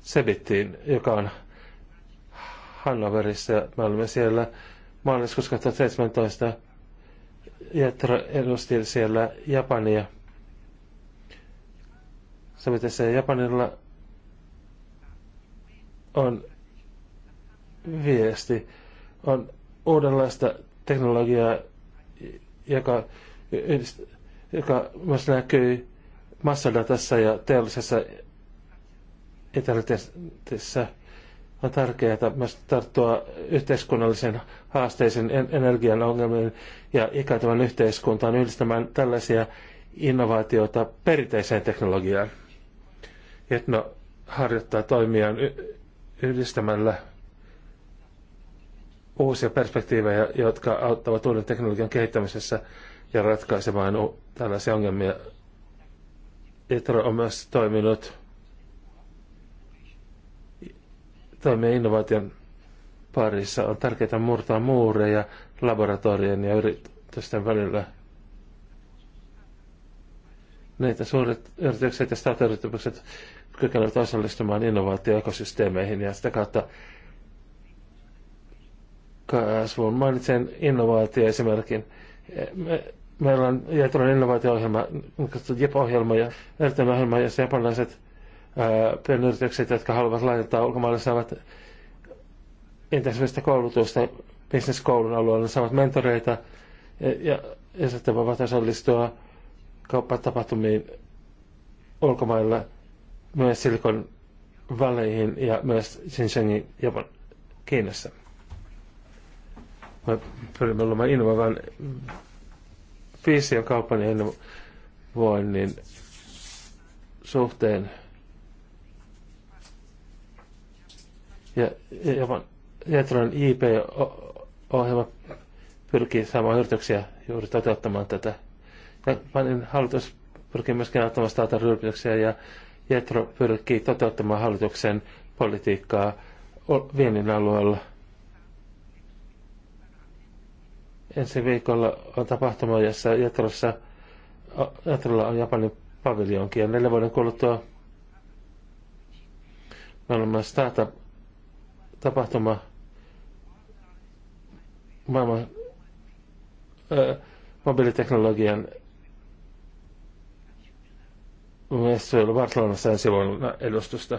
Sebittiin, joka on Hannoverissa. Me olemme siellä maaliskuussa 2017. Jetro edusti siellä Japania. Sebitissä Japanilla on viesti on uudenlaista teknologiaa, joka, joka myös näkyy massadatassa ja teollisessa internetissä on tärkeää myös tarttua yhteiskunnallisen haasteisen energian ongelmiin ja ikääntyvän yhteiskuntaan yhdistämään tällaisia innovaatioita perinteiseen teknologiaan. Etno harjoittaa toimiaan yhdistämällä uusia perspektiivejä, jotka auttavat uuden teknologian kehittämisessä ja ratkaisemaan tällaisia ongelmia. ITRO on myös toiminut toimia innovaation parissa. On tärkeää murtaa muureja laboratorien ja yritysten välillä. Niitä suuret yritykset ja startyritykset kykenevät osallistumaan innovaatioekosysteemeihin ja sitä kautta kasvuun. Mainitsen innovaatioesimerkin. Me, meillä on jäätelön innovaatio-ohjelma, niin JEP-ohjelma ja ohjelma, jossa japanilaiset pienyritykset, jotka haluavat laittaa ulkomaille, saavat intensiivistä koulutusta bisneskoulun alueella, saavat mentoreita ja, ja, ja sitten voivat osallistua kauppatapahtumiin ulkomailla myös Silikon väleihin ja myös Xinjiangin Japan, Kiinassa mä pyrin olemaan innovoivan fiisien kaupan innovoinnin suhteen. Ja, ja Jetron IP-ohjelma pyrkii saamaan yrityksiä juuri toteuttamaan tätä. Ja Panin hallitus pyrkii myöskin auttamaan startup yrityksiä ja Jetro pyrkii toteuttamaan hallituksen politiikkaa viennin alueella – ensi viikolla on tapahtuma, jossa Jatrossa, Jatrolla on Japanin paviljonki ja neljä vuoden kuluttua meillä startup tapahtuma maailman ää, mobiiliteknologian messuilla Barcelonassa ensi vuonna edustusta.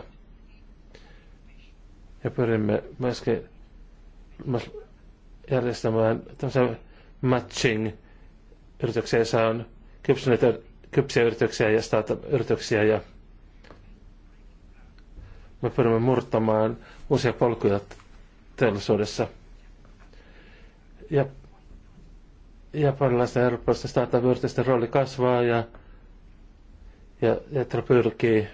Ja pyrimme myöskin myös järjestämään tämmöisen matching-yrityksiä, joissa on kypsyneitä, kypsiä yrityksiä ja startup-yrityksiä. Ja me pyrimme murtamaan uusia polkuja teollisuudessa. Ja japanilaisten ja eurooppalaisten startup-yritysten rooli kasvaa ja, ja Jetro pyrkii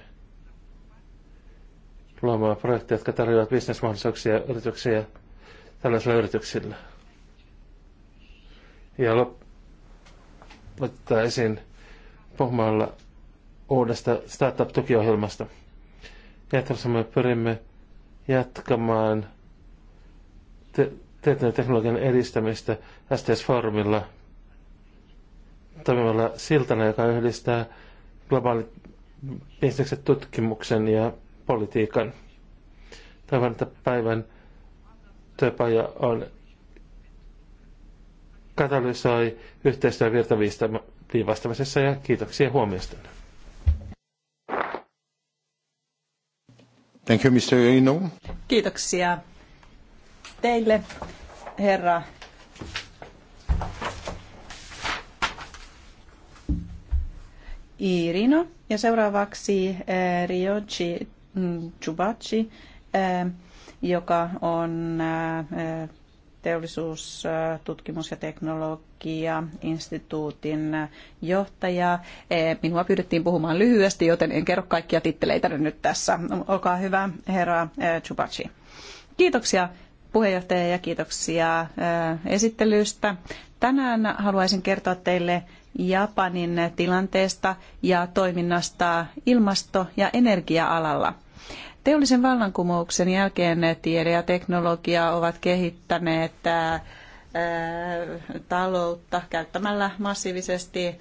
luomaan projekteja, jotka tarjoavat bisnesmahdollisuuksia yrityksiä tällaisille yrityksille ja esiin pohmailla uudesta Startup-tukiohjelmasta. Jatkossa me pyrimme jatkamaan te- tieteen teknologian edistämistä STS-foorumilla toimivalla siltana, joka yhdistää globaalit bisnekset tutkimuksen ja politiikan. Toivon, että päivän työpaja on katalysoi yhteistyön virtaviivastamisessa ja kiitoksia huomiosta. Thank you, Mr. Kiitoksia teille, herra Irino. Ja seuraavaksi eh, Ryoji mm, Chubachi, eh, joka on eh, teollisuus-, tutkimus- ja teknologia-instituutin johtaja. E, minua pyydettiin puhumaan lyhyesti, joten en kerro kaikkia titteleitä nyt tässä. Olkaa hyvä, herra Chubachi. Kiitoksia puheenjohtaja ja kiitoksia esittelystä. Tänään haluaisin kertoa teille Japanin tilanteesta ja toiminnasta ilmasto- ja energia-alalla – Teollisen vallankumouksen jälkeen tiede ja teknologia ovat kehittäneet taloutta käyttämällä massiivisesti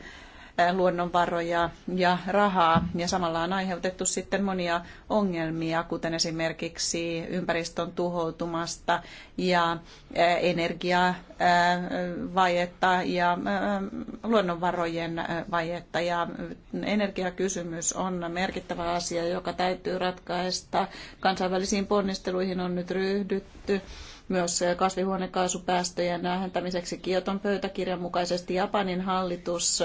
luonnonvaroja ja rahaa ja samalla on aiheutettu sitten monia ongelmia, kuten esimerkiksi ympäristön tuhoutumasta ja energiavajetta ja luonnonvarojen vajetta ja energiakysymys on merkittävä asia, joka täytyy ratkaista. Kansainvälisiin ponnisteluihin on nyt ryhdytty myös kasvihuonekaasupäästöjen vähentämiseksi Kioton pöytäkirjan mukaisesti Japanin hallitus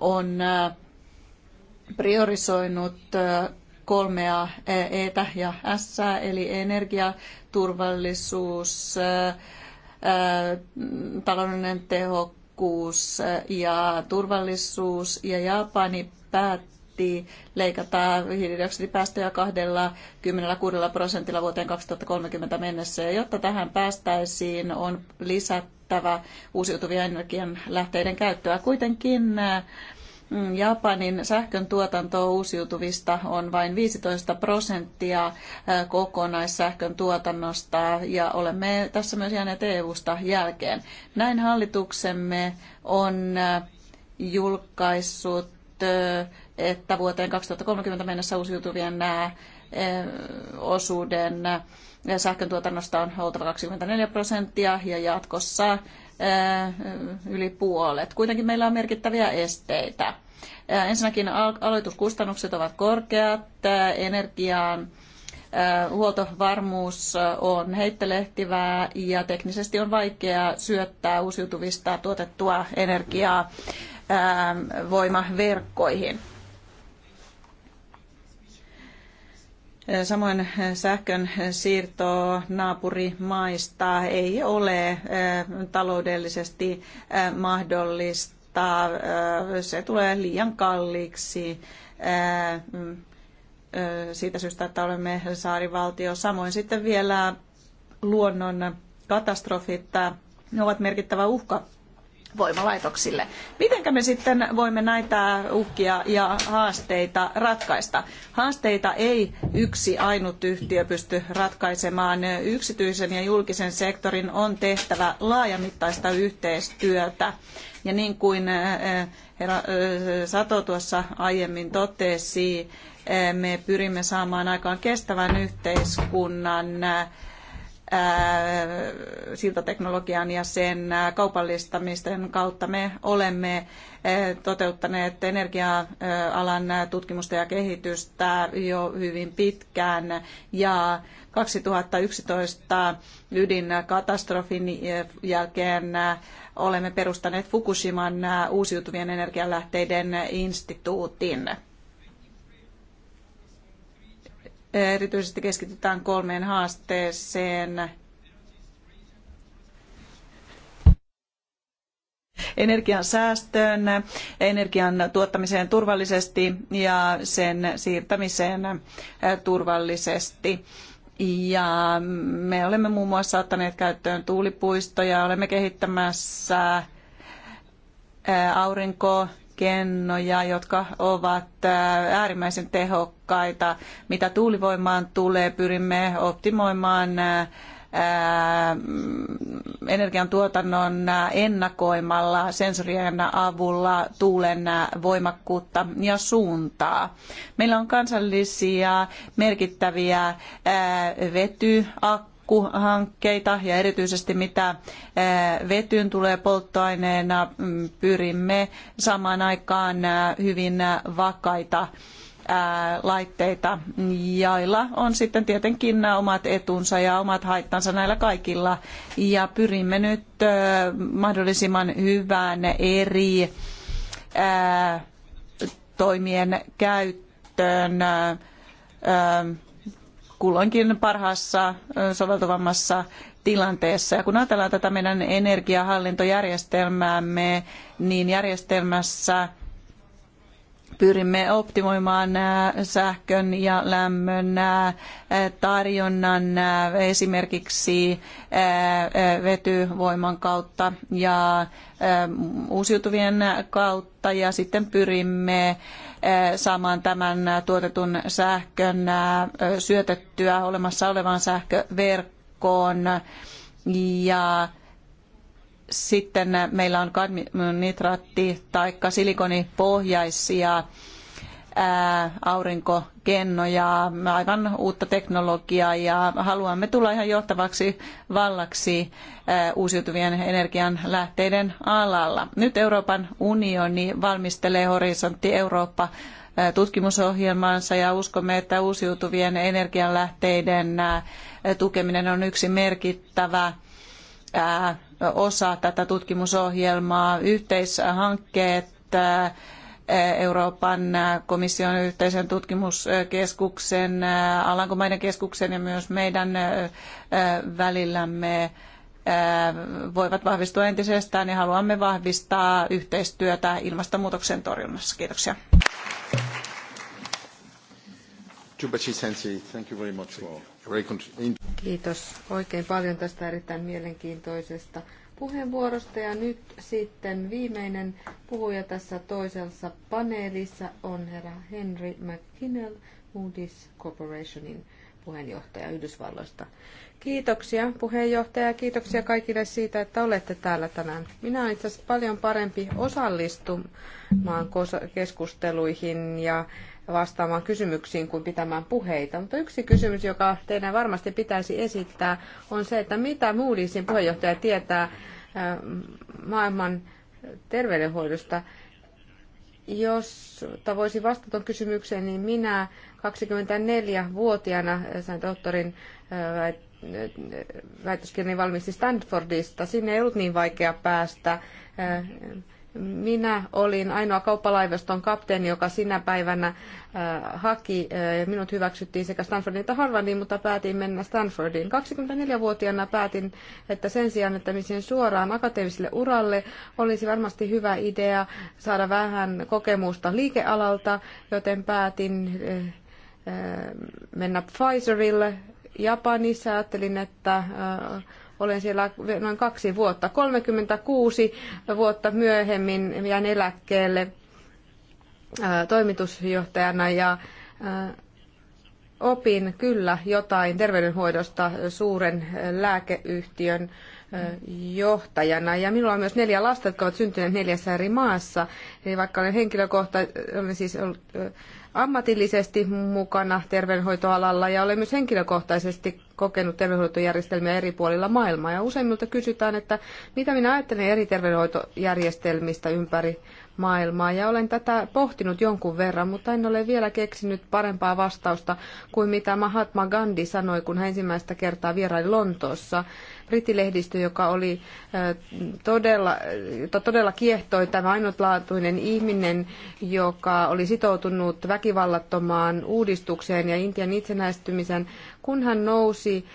on äh, priorisoinut äh, kolmea e -tä ja S, eli energiaturvallisuus, äh, taloudellinen tehokkuus ja turvallisuus, ja Japani päätti piti leikata hiilidioksidipäästöjä 26 prosentilla vuoteen 2030 mennessä. Ja jotta tähän päästäisiin, on lisättävä uusiutuvien energian lähteiden käyttöä. Kuitenkin mm, Japanin sähkön tuotanto uusiutuvista on vain 15 prosenttia äh, kokonaissähkön tuotannosta ja olemme tässä myös jääneet EU-sta jälkeen. Näin hallituksemme on äh, julkaissut että vuoteen 2030 mennessä uusiutuvien osuuden sähköntuotannosta on oltava 24 prosenttia ja jatkossa yli puolet. Kuitenkin meillä on merkittäviä esteitä. Ensinnäkin aloituskustannukset ovat korkeat, energiaan huoltovarmuus on heittelehtivää ja teknisesti on vaikea syöttää uusiutuvista tuotettua energiaa voimaverkkoihin. Samoin sähkön siirto naapurimaista ei ole taloudellisesti mahdollista. Se tulee liian kalliiksi siitä syystä, että olemme saarivaltio. Samoin sitten vielä luonnon katastrofit ne ovat merkittävä uhka voimalaitoksille. Miten me sitten voimme näitä uhkia ja haasteita ratkaista? Haasteita ei yksi ainut yhtiö pysty ratkaisemaan. Yksityisen ja julkisen sektorin on tehtävä laajamittaista yhteistyötä. Ja niin kuin äh, herra äh, Sato tuossa aiemmin totesi, äh, me pyrimme saamaan aikaan kestävän yhteiskunnan siltateknologian ja sen kaupallistamisten kautta me olemme toteuttaneet energia-alan tutkimusta ja kehitystä jo hyvin pitkään ja 2011 ydinkatastrofin jälkeen olemme perustaneet Fukushiman uusiutuvien energialähteiden instituutin. Erityisesti keskitytään kolmeen haasteeseen. energian säästöön, energian tuottamiseen turvallisesti ja sen siirtämiseen turvallisesti. Ja me olemme muun muassa ottaneet käyttöön tuulipuistoja, olemme kehittämässä aurinko- kennoja, jotka ovat äh, äärimmäisen tehokkaita. Mitä tuulivoimaan tulee, pyrimme optimoimaan äh, äh, energiantuotannon ennakoimalla, sensorien avulla tuulen voimakkuutta ja suuntaa. Meillä on kansallisia merkittäviä vetyakkuja akkuhankkeita ja erityisesti mitä vetyyn tulee polttoaineena, mm, pyrimme samaan aikaan hyvin vakaita laitteita, joilla on sitten tietenkin omat etunsa ja omat haittansa näillä kaikilla. Ja pyrimme nyt mahdollisimman hyvään eri toimien käyttöön kulloinkin parhaassa soveltuvammassa tilanteessa. Ja kun ajatellaan tätä meidän energiahallintojärjestelmäämme, niin järjestelmässä pyrimme optimoimaan sähkön ja lämmön tarjonnan esimerkiksi vetyvoiman kautta ja uusiutuvien kautta ja sitten pyrimme Eh, saamaan tämän tuotetun sähkön eh, syötettyä olemassa olevaan sähköverkkoon. Ja sitten meillä on kadmiumnitraatti tai silikonipohjaisia aurinkokennoja, aivan uutta teknologiaa ja haluamme tulla ihan johtavaksi vallaksi uusiutuvien energian lähteiden alalla. Nyt Euroopan unioni valmistelee Horisontti Eurooppa tutkimusohjelmaansa ja uskomme, että uusiutuvien energianlähteiden tukeminen on yksi merkittävä osa tätä tutkimusohjelmaa. Yhteishankkeet Euroopan komission yhteisen tutkimuskeskuksen, Alankomaiden keskuksen ja myös meidän välillämme voivat vahvistua entisestään ja haluamme vahvistaa yhteistyötä ilmastonmuutoksen torjunnassa. Kiitoksia. Kiitos oikein paljon tästä erittäin mielenkiintoisesta puheenvuorosta ja nyt sitten viimeinen puhuja tässä toisessa paneelissa on herra Henry McKinnell Moody's Corporationin puheenjohtaja Yhdysvalloista. Kiitoksia puheenjohtaja ja kiitoksia kaikille siitä, että olette täällä tänään. Minä olen itse asiassa paljon parempi osallistumaan keskusteluihin ja vastaamaan kysymyksiin kuin pitämään puheita. Mutta yksi kysymys, joka teidän varmasti pitäisi esittää, on se, että mitä Moodysin puheenjohtaja tietää äh, maailman terveydenhoidosta. Jos voisi vastata kysymykseen, niin minä 24-vuotiaana sain tohtorin äh, äh, väitöskirjani valmiiksi Stanfordista. Sinne ei ollut niin vaikea päästä. Minä olin ainoa kauppalaivaston kapteeni, joka sinä päivänä äh, haki. Äh, minut hyväksyttiin sekä Stanfordiin että Harvardiin, mutta päätin mennä Stanfordiin. 24-vuotiaana päätin, että sen sijaan, että menisin suoraan akateemiselle uralle, olisi varmasti hyvä idea saada vähän kokemusta liikealalta, joten päätin äh, mennä Pfizerille Japanissa. Ajattelin, että olen siellä noin kaksi vuotta. 36 vuotta myöhemmin jään eläkkeelle toimitusjohtajana ja opin kyllä jotain terveydenhoidosta suuren lääkeyhtiön johtajana. Ja minulla on myös neljä lasta, jotka ovat syntyneet neljässä eri maassa. Eli vaikka olen henkilökohtaisesti, olen siis ollut ammatillisesti mukana terveydenhoitoalalla ja olen myös henkilökohtaisesti kokenut terveydenhoitojärjestelmiä eri puolilla maailmaa. Ja kysytään, että mitä minä ajattelen eri terveydenhoitojärjestelmistä ympäri maailmaa. Ja olen tätä pohtinut jonkun verran, mutta en ole vielä keksinyt parempaa vastausta kuin mitä Mahatma Gandhi sanoi, kun hän ensimmäistä kertaa vieraili Lontoossa brittilehdistö, joka oli todella, jota todella kiehtoi tämä ainutlaatuinen ihminen, joka oli sitoutunut väkivallattomaan uudistukseen ja Intian itsenäistymisen. Kun hän nousi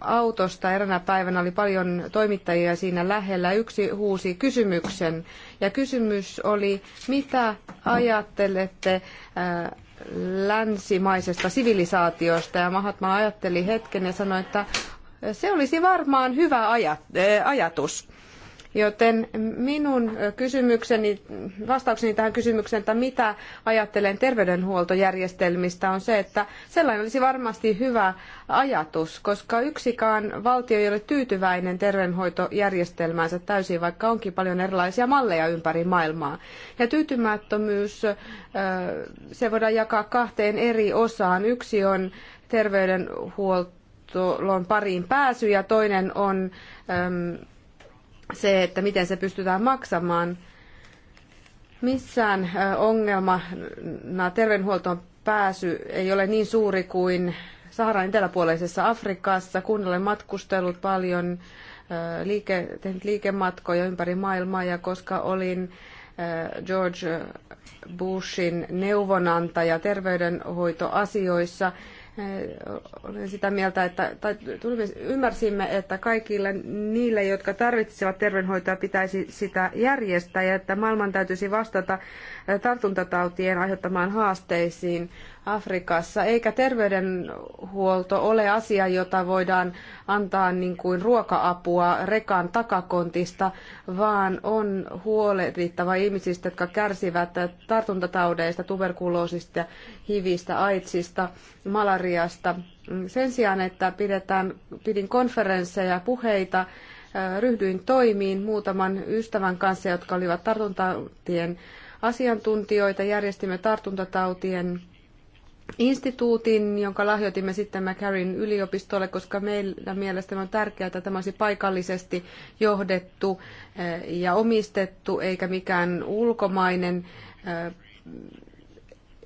autosta eräänä päivänä, oli paljon toimittajia siinä lähellä, yksi huusi kysymyksen. Ja kysymys oli, mitä ajattelette länsimaisesta sivilisaatiosta ja Mahatma ajatteli hetken ja sanoi, että se olisi varmaan hyvä eh, ajatus. Joten minun kysymykseni, vastaukseni tähän kysymykseen, että mitä ajattelen terveydenhuoltojärjestelmistä, on se, että sellainen olisi varmasti hyvä ajatus, koska yksikään valtio ei ole tyytyväinen terveydenhoitojärjestelmäänsä täysin, vaikka onkin paljon erilaisia malleja ympäri maailmaa. Ja tyytymättömyys, eh, se voidaan jakaa kahteen eri osaan. Yksi on terveydenhuolto on pariin pääsy ja toinen on ähm, se, että miten se pystytään maksamaan. Missään äh, ongelma terveydenhuoltoon pääsy ei ole niin suuri kuin Saharan eteläpuoleisessa Afrikassa, kun olen matkustellut paljon, äh, liike, tehnyt liikematkoja ympäri maailmaa ja koska olin äh, George Bushin neuvonantaja terveydenhoitoasioissa, olen sitä mieltä, että tai tulimme, ymmärsimme, että kaikille niille, jotka tarvitsisivat terveydenhoitoa, pitäisi sitä järjestää ja että maailman täytyisi vastata tartuntatautien aiheuttamaan haasteisiin Afrikassa, eikä terveydenhuolto ole asia, jota voidaan antaa niin kuin ruoka-apua rekan takakontista, vaan on huolehdittava ihmisistä, jotka kärsivät tartuntataudeista, tuberkuloosista, hivistä, aitsista, malariasta. Sen sijaan, että pidetään, pidin konferensseja, puheita, ryhdyin toimiin muutaman ystävän kanssa, jotka olivat tartuntatien asiantuntijoita. Järjestimme tartuntatautien instituutin, jonka lahjoitimme sitten McCarrin yliopistolle, koska meillä mielestämme on tärkeää, että tämä olisi paikallisesti johdettu eh, ja omistettu, eikä mikään ulkomainen eh,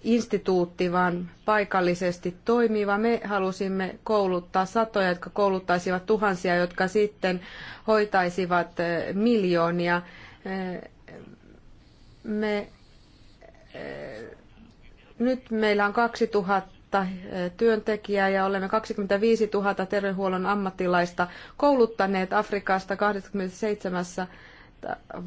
instituutti, vaan paikallisesti toimiva. Me halusimme kouluttaa satoja, jotka kouluttaisivat tuhansia, jotka sitten hoitaisivat eh, miljoonia. Me, eh, nyt meillä on 2000 eh, työntekijää ja olemme 25 000 terveydenhuollon ammattilaista kouluttaneet Afrikasta 27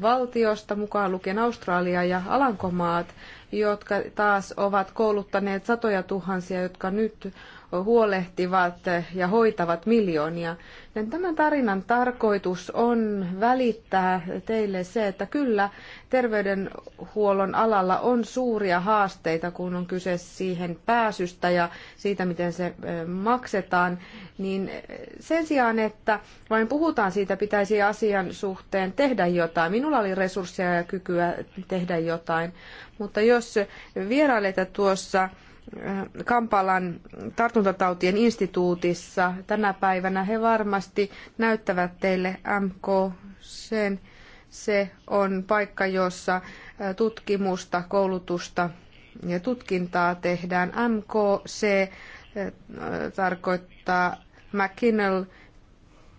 valtiosta, mukaan lukien Australia ja Alankomaat, jotka taas ovat kouluttaneet satoja tuhansia, jotka nyt huolehtivat ja hoitavat miljoonia. Ja niin tämän tarinan tarkoitus on välittää teille se, että kyllä terveydenhuollon alalla on suuria haasteita, kun on kyse siihen pääsystä ja siitä, miten se maksetaan, niin sen sijaan, että vain puhutaan siitä, pitäisi asian suhteen tehdä jotain. Minulla oli resursseja ja kykyä tehdä jotain, mutta jos vierailette tuossa Äh, Kampalan tartuntatautien instituutissa tänä päivänä. He varmasti näyttävät teille MK sen. Se on paikka, jossa äh, tutkimusta, koulutusta ja tutkintaa tehdään. MKC äh, tarkoittaa McKinnell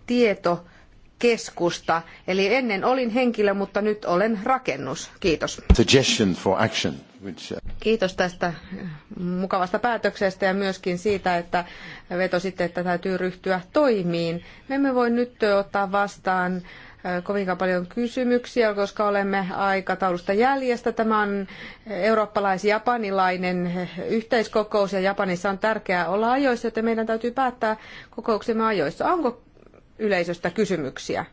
tietokeskusta. Eli ennen olin henkilö, mutta nyt olen rakennus. Kiitos. Suggestion for action. Kiitos tästä mukavasta päätöksestä ja myöskin siitä, että vetositte, että täytyy ryhtyä toimiin. Me emme voi nyt ottaa vastaan kovinkaan paljon kysymyksiä, koska olemme aikataulusta jäljestä. Tämä on eurooppalais-japanilainen yhteiskokous ja Japanissa on tärkeää olla ajoissa, joten meidän täytyy päättää kokouksemme ajoissa. Onko yleisöstä kysymyksiä?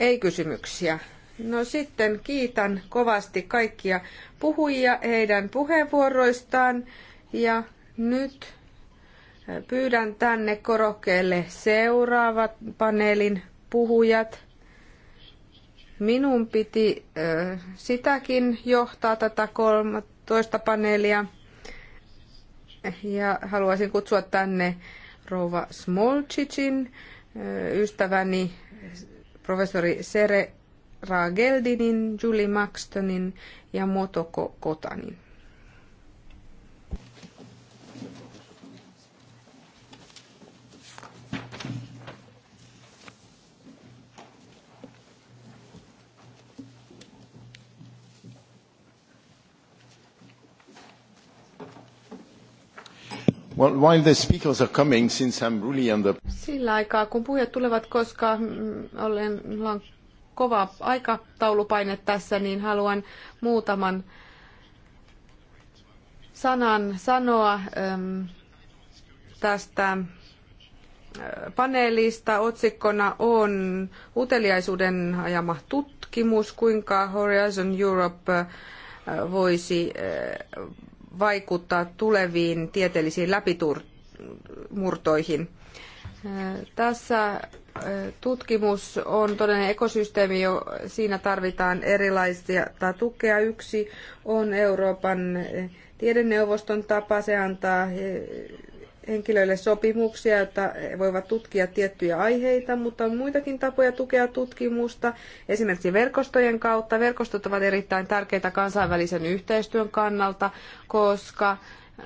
Ei kysymyksiä. No sitten kiitän kovasti kaikkia puhujia heidän puheenvuoroistaan ja nyt eh, pyydän tänne korokkeelle seuraavat paneelin puhujat. Minun piti eh, sitäkin johtaa tätä 13 paneelia ja haluaisin kutsua tänne rouva Smolcicin, eh, ystäväni professori Sere Rageldinin, Julie Maxtonin ja Motoko Kotanin. Sillä aikaa, kun puhujat tulevat, koska mm, olen kova aikataulupaine tässä, niin haluan muutaman sanan sanoa ähm, tästä äh, paneelista. Otsikkona on uteliaisuuden ajama tutkimus, kuinka Horizon Europe äh, voisi äh, vaikuttaa tuleviin tieteellisiin läpimurtoihin. Tässä tutkimus on todellinen ekosysteemi, jo siinä tarvitaan erilaisia tukea. Yksi on Euroopan tiedeneuvoston tapa, se antaa e, henkilöille sopimuksia, että he voivat tutkia tiettyjä aiheita, mutta on muitakin tapoja tukea tutkimusta, esimerkiksi verkostojen kautta. Verkostot ovat erittäin tärkeitä kansainvälisen yhteistyön kannalta, koska e,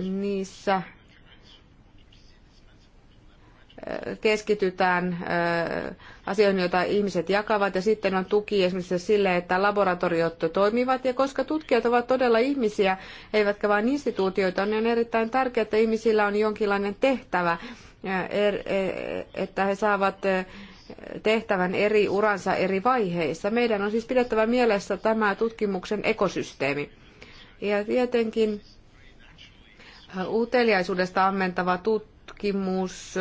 niissä keskitytään asioihin, joita ihmiset jakavat, ja sitten on tuki esimerkiksi sille, että laboratoriot toimivat, ja koska tutkijat ovat todella ihmisiä, eivätkä vain instituutioita, niin on erittäin tärkeää, että ihmisillä on jonkinlainen tehtävä, er, e, että he saavat tehtävän eri uransa eri vaiheissa. Meidän on siis pidettävä mielessä tämä tutkimuksen ekosysteemi. Ja tietenkin uteliaisuudesta ammentava tutkimus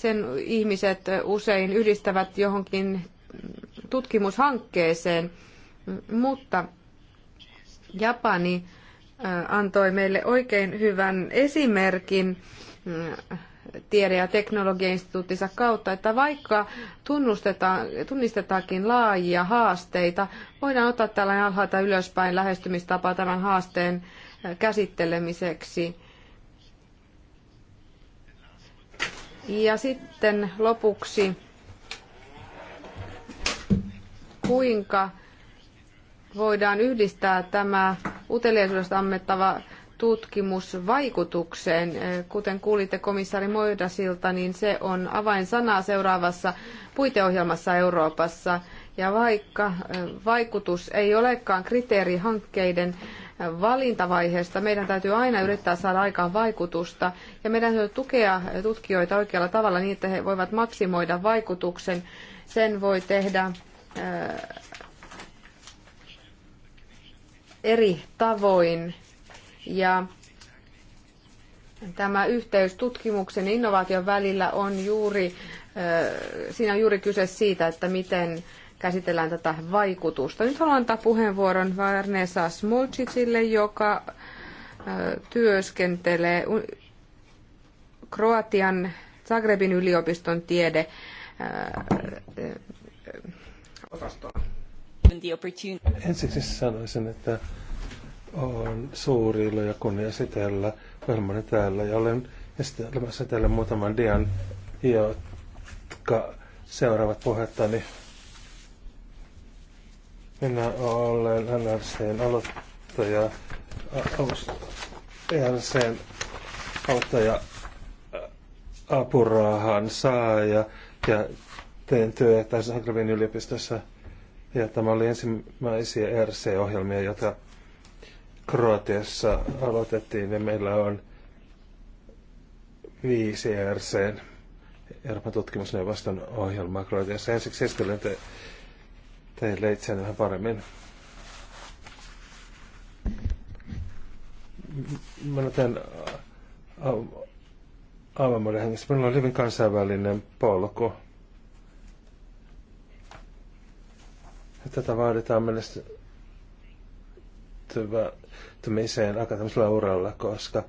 sen ihmiset usein yhdistävät johonkin tutkimushankkeeseen, mutta Japani antoi meille oikein hyvän esimerkin tiede- ja teknologiainstituuttinsa kautta, että vaikka tunnustetaan, tunnistetaankin laajia haasteita, voidaan ottaa tällainen alhaalta ylöspäin lähestymistapa tämän haasteen käsittelemiseksi Ja sitten lopuksi, kuinka voidaan yhdistää tämä uteliaisuudesta ammettava tutkimus vaikutukseen. Kuten kuulitte komissaari Moidasilta, niin se on avainsana seuraavassa puiteohjelmassa Euroopassa. Ja vaikka eh, vaikutus ei olekaan kriteeri hankkeiden valintavaiheesta. Meidän täytyy aina yrittää saada aikaan vaikutusta ja meidän täytyy tukea tutkijoita oikealla tavalla niin, että he voivat maksimoida vaikutuksen. Sen voi tehdä eri tavoin ja tämä yhteys tutkimuksen ja innovaation välillä on juuri, siinä on juuri kyse siitä, että miten käsitellään tätä vaikutusta. Nyt haluan antaa puheenvuoron Varnesa Smolcicille, joka työskentelee Kroatian Zagrebin yliopiston tiede Ensiksi sanoisin, että on suuri ilo ja kunnia esitellä ohjelmani täällä ja olen esittelemässä täällä muutaman dian, jotka seuraavat puhettani. Niin minä olen NRCn aloittaja, NRCn aloittaja apurahan saaja ja teen työtä Zagrebin yliopistossa. Ja tämä oli ensimmäisiä RC-ohjelmia, joita Kroatiassa aloitettiin ja meillä on viisi RC Euroopan tutkimusneuvoston ohjelmaa Kroatiassa. Ensiksi esittelen te teille itseänne vähän paremmin. Mä näytän äh, avoimuuden hengessä. Minulla on hyvin kansainvälinen polku. Ja tätä vaaditaan menestymiseen akateemisella uralla, koska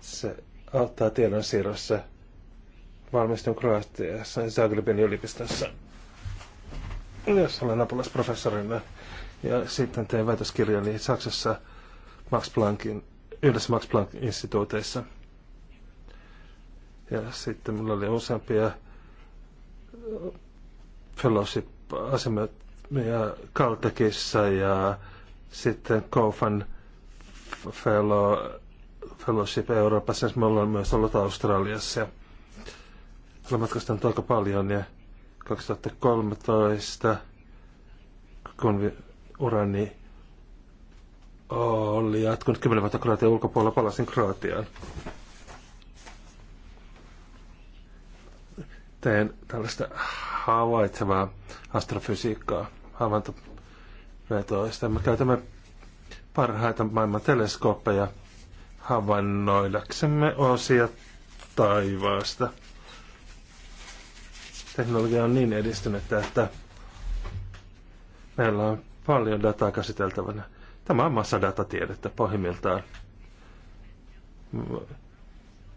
se auttaa tiedonsiirrossa valmistun Kroatiassa ja Zagrebin yliopistossa. No, jos olen apulaisprofessorina. Ja sitten tein väitöskirjani niin Saksassa Max Planckin, yhdessä Max Planck-instituuteissa. Ja sitten minulla oli useampia fellowship-asemia Kaltekissa ja sitten Kofan fellow, fellowship Euroopassa. Me ollaan myös ollut Australiassa ja olen matkustanut aika paljon ja 2013, kun urani oli jatkunut 10 vuotta Kroatian ulkopuolella, palasin Kroatiaan. Teen tällaista havaitsevaa astrofysiikkaa, havaintovetoista. Me käytämme parhaita maailman teleskooppeja havainnoidaksemme osia taivaasta – teknologia on niin edistynyt, että meillä on paljon dataa käsiteltävänä. Tämä on massadatatiedettä pohjimmiltaan.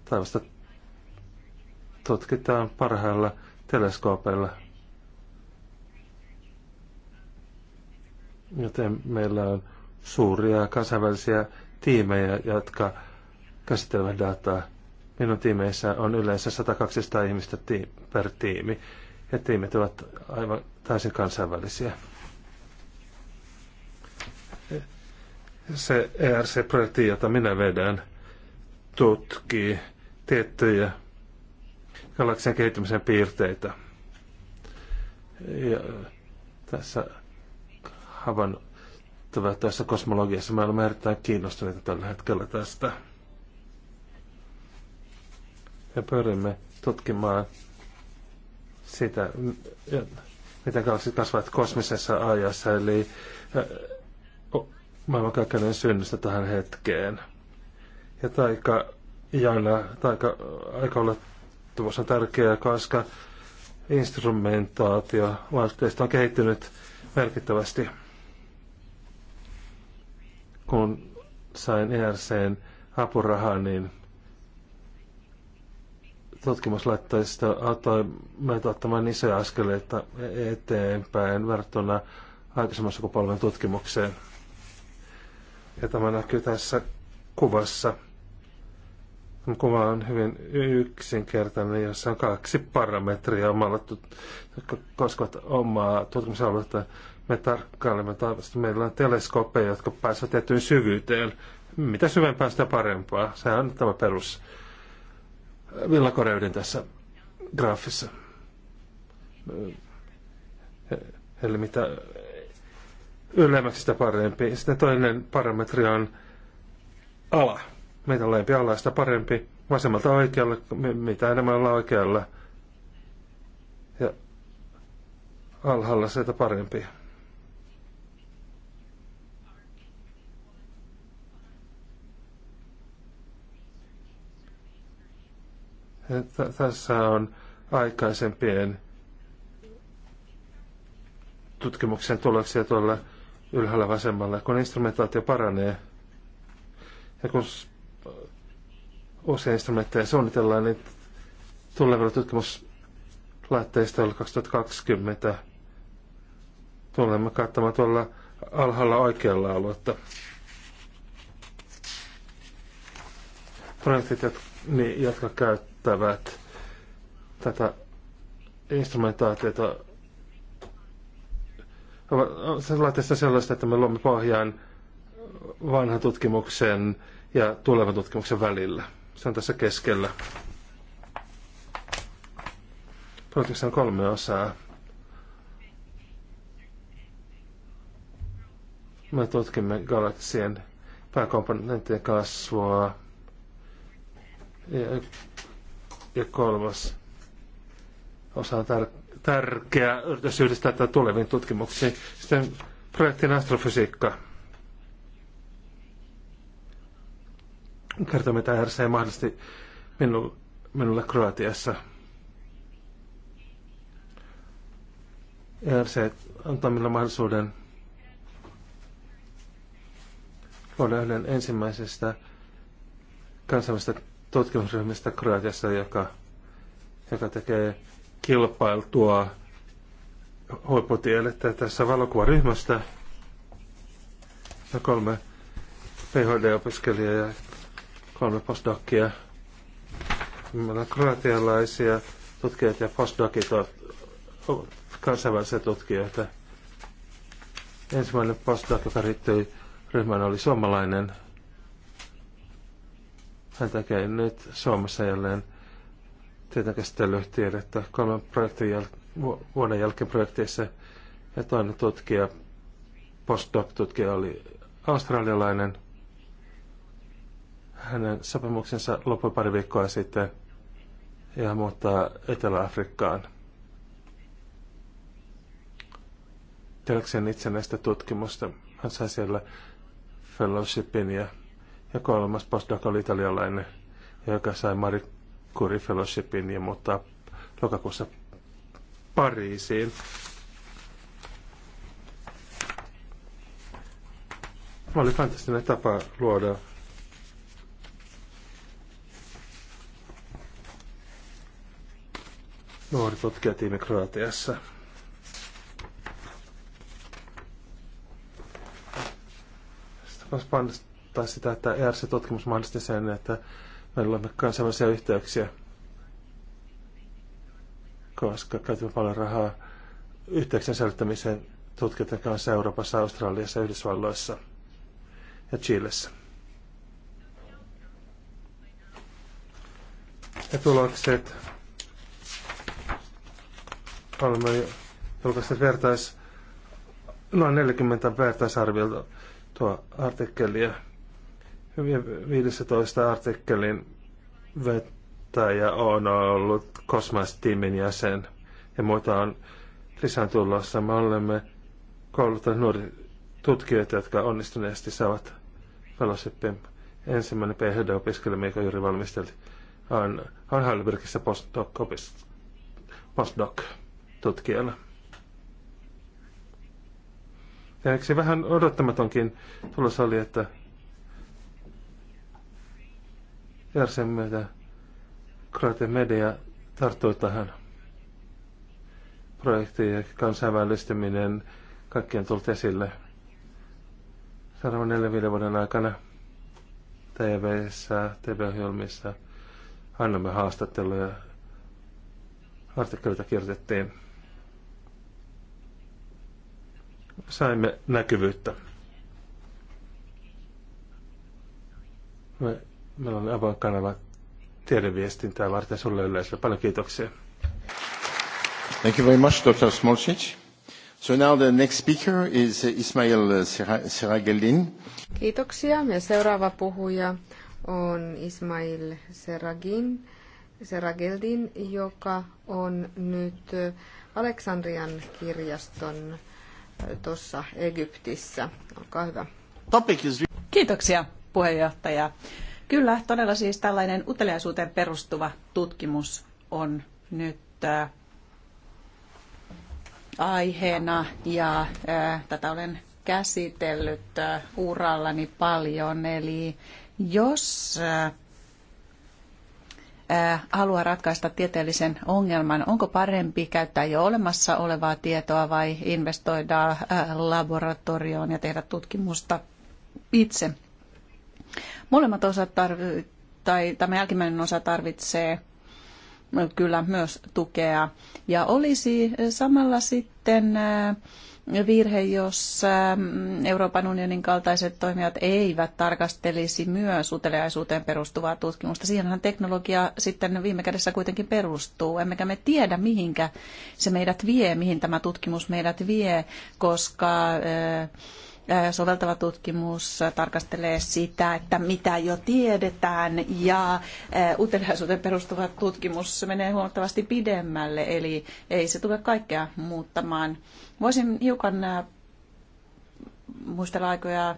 Taivasta tutkitaan parhailla teleskoopeilla. Joten meillä on suuria kansainvälisiä tiimejä, jotka käsittelevät dataa. Minun tiimeissä on yleensä 100-200 ihmistä tiim- per tiimi, ja tiimit ovat aivan täysin kansainvälisiä. Se ERC-projekti, jota minä vedän, tutkii tiettyjä galaksien kehittymisen piirteitä. Ja tässä havainnut kosmologiassa. Me olemme erittäin kiinnostuneita tällä hetkellä tästä ja pyrimme tutkimaan sitä, miten kaksi kasvavat kosmisessa ajassa, eli maailmankaikkeuden synnystä tähän hetkeen. Ja taika jana, taika olla tuossa tärkeää, koska instrumentaatio laitteista on kehittynyt merkittävästi. Kun sain ERCn apurahaa, niin tutkimuslaitteisto auttoi meitä ottamaan isoja askeleita eteenpäin verrattuna aikaisemman sukupolven tutkimukseen. Ja tämä näkyy tässä kuvassa. Kuva on hyvin yksinkertainen, jossa on kaksi parametria omalla, jotka koskevat omaa tutkimusaluetta. Me tarkkailemme taas, meillä on teleskopeja, jotka pääsevät tiettyyn syvyyteen. Mitä syvempää, sitä parempaa. Sehän on tämä perus villakoreuden tässä graafissa. Eli mitä ylemmäksi sitä parempi. Sitten toinen parametri on ala. Mitä olempi ala, sitä parempi. Vasemmalta oikealle, mitä enemmän ollaan oikealla. Ja alhaalla sitä parempi. Tässä on aikaisempien tutkimuksen tuloksia tuolla ylhäällä vasemmalla. Kun instrumentaatio paranee ja kun uusia instrumentteja suunnitellaan, niin tulevilla tutkimuslaitteistoilla 2020 tulemme katsomaan tuolla alhaalla oikealla aluetta. Projektit, niin, jotka käyttävät että tätä instrumentaatiota sellaisesta sellaista, että me luomme pohjaan vanhan tutkimuksen ja tulevan tutkimuksen välillä. Se on tässä keskellä. Projektissa on kolme osaa. Me tutkimme galaksien pääkomponenttien kasvua. Ja ja kolmas osa on tar- tärkeä yritys yhdistää tätä tuleviin tutkimuksiin. Sitten projektin astrofysiikka. Kertoo, mitä RC mahdollisesti minu, minulle Kroatiassa. RC antaa minulle mahdollisuuden luoda yhden ensimmäisestä kansainvälisestä tutkimusryhmistä Kroatiassa, joka, joka tekee kilpailtua huipputiedettä tässä valokuvaryhmästä. Ja kolme PhD-opiskelijaa ja kolme postdokkia. Meillä on kroatialaisia tutkijat ja postdokit ovat kansainvälisiä tutkijoita. Ensimmäinen postdoc, joka riittyi ryhmään, oli suomalainen – hän tekee nyt Suomessa jälleen tietokäsittelytiedettä kolmen projektin jäl- vuoden jälkeen projekteissa. Ja toinen tutkija, postdoc-tutkija oli australialainen. Hänen sopimuksensa loppui pari viikkoa sitten ja hän muuttaa Etelä-Afrikkaan. Tehdäkseen itse näistä tutkimusta. Hän sai siellä fellowshipin ja ja kolmas postdoc oli italialainen, joka sai Marie Curie Fellowshipin ja muuttaa lokakuussa Pariisiin. Mä oli fantastinen tapa luoda nuori tutkijatiimi Kroatiassa. Sitten tarkoittaa sitä, että ERC-tutkimus mahdollisti sen, että meillä on kansainvälisiä yhteyksiä, koska käytetään paljon rahaa yhteyksien säilyttämiseen tutkijoiden kanssa Euroopassa, Australiassa, Yhdysvalloissa ja Chilessä. Ja tulokset. Olemme julkaisseet vertais, noin 40 vertaisarviota tuo artikkelia 15 artikkelin vettäjä on ollut kosmas jäsen ja muita on lisääntulossa. Me olemme kouluttaneet nuori tutkijoita, jotka onnistuneesti saavat fellowshipin. Ensimmäinen PhD-opiskelija, mikä juuri valmisteli, on, on Heidelbergissä postdoc-tutkijana. Postdoc ja eikö se vähän odottamatonkin tulos oli, että Ja sen myötä Kroatian media tarttui tähän projektiin ja kansainvälistyminen kaikki on tullut esille. Seuraavan neljän viiden vuoden aikana tv TV-ohjelmissa annamme haastatteluja, artikkeleita kirjoitettiin. Saimme näkyvyyttä. Me Meillä on avoin kanava tiedeviestintää varten sulle yleisölle. Paljon kiitoksia. Thank you very much, Dr. Smolcic. So now the next speaker is uh, Ismail uh, Serageldin. Kiitoksia. Ja seuraava puhuja on Ismail Seragin, Serageldin, joka on nyt Aleksandrian kirjaston äh, tuossa Egyptissä. Olkaa hyvä. Kiitoksia puheenjohtaja. Kyllä, todella siis tällainen uteliaisuuteen perustuva tutkimus on nyt äh, aiheena ja äh, tätä olen käsitellyt äh, urallani paljon. Eli jos haluaa ratkaista tieteellisen ongelman, onko parempi käyttää jo olemassa olevaa tietoa vai investoida laboratorioon ja tehdä tutkimusta itse. Molemmat osat tai tämä jälkimmäinen osa tarvitsee kyllä myös tukea. Ja olisi samalla sitten äh, virhe, jos äh, Euroopan unionin kaltaiset toimijat eivät tarkastelisi myös uteliaisuuteen perustuvaa tutkimusta. Siihenhän teknologia sitten viime kädessä kuitenkin perustuu. Emmekä me tiedä, mihinkä se meidät vie, mihin tämä tutkimus meidät vie, koska äh, soveltava tutkimus tarkastelee sitä, että mitä jo tiedetään ja uteliaisuuteen perustuva tutkimus menee huomattavasti pidemmälle, eli ei se tule kaikkea muuttamaan. Voisin hiukan muistella aikoja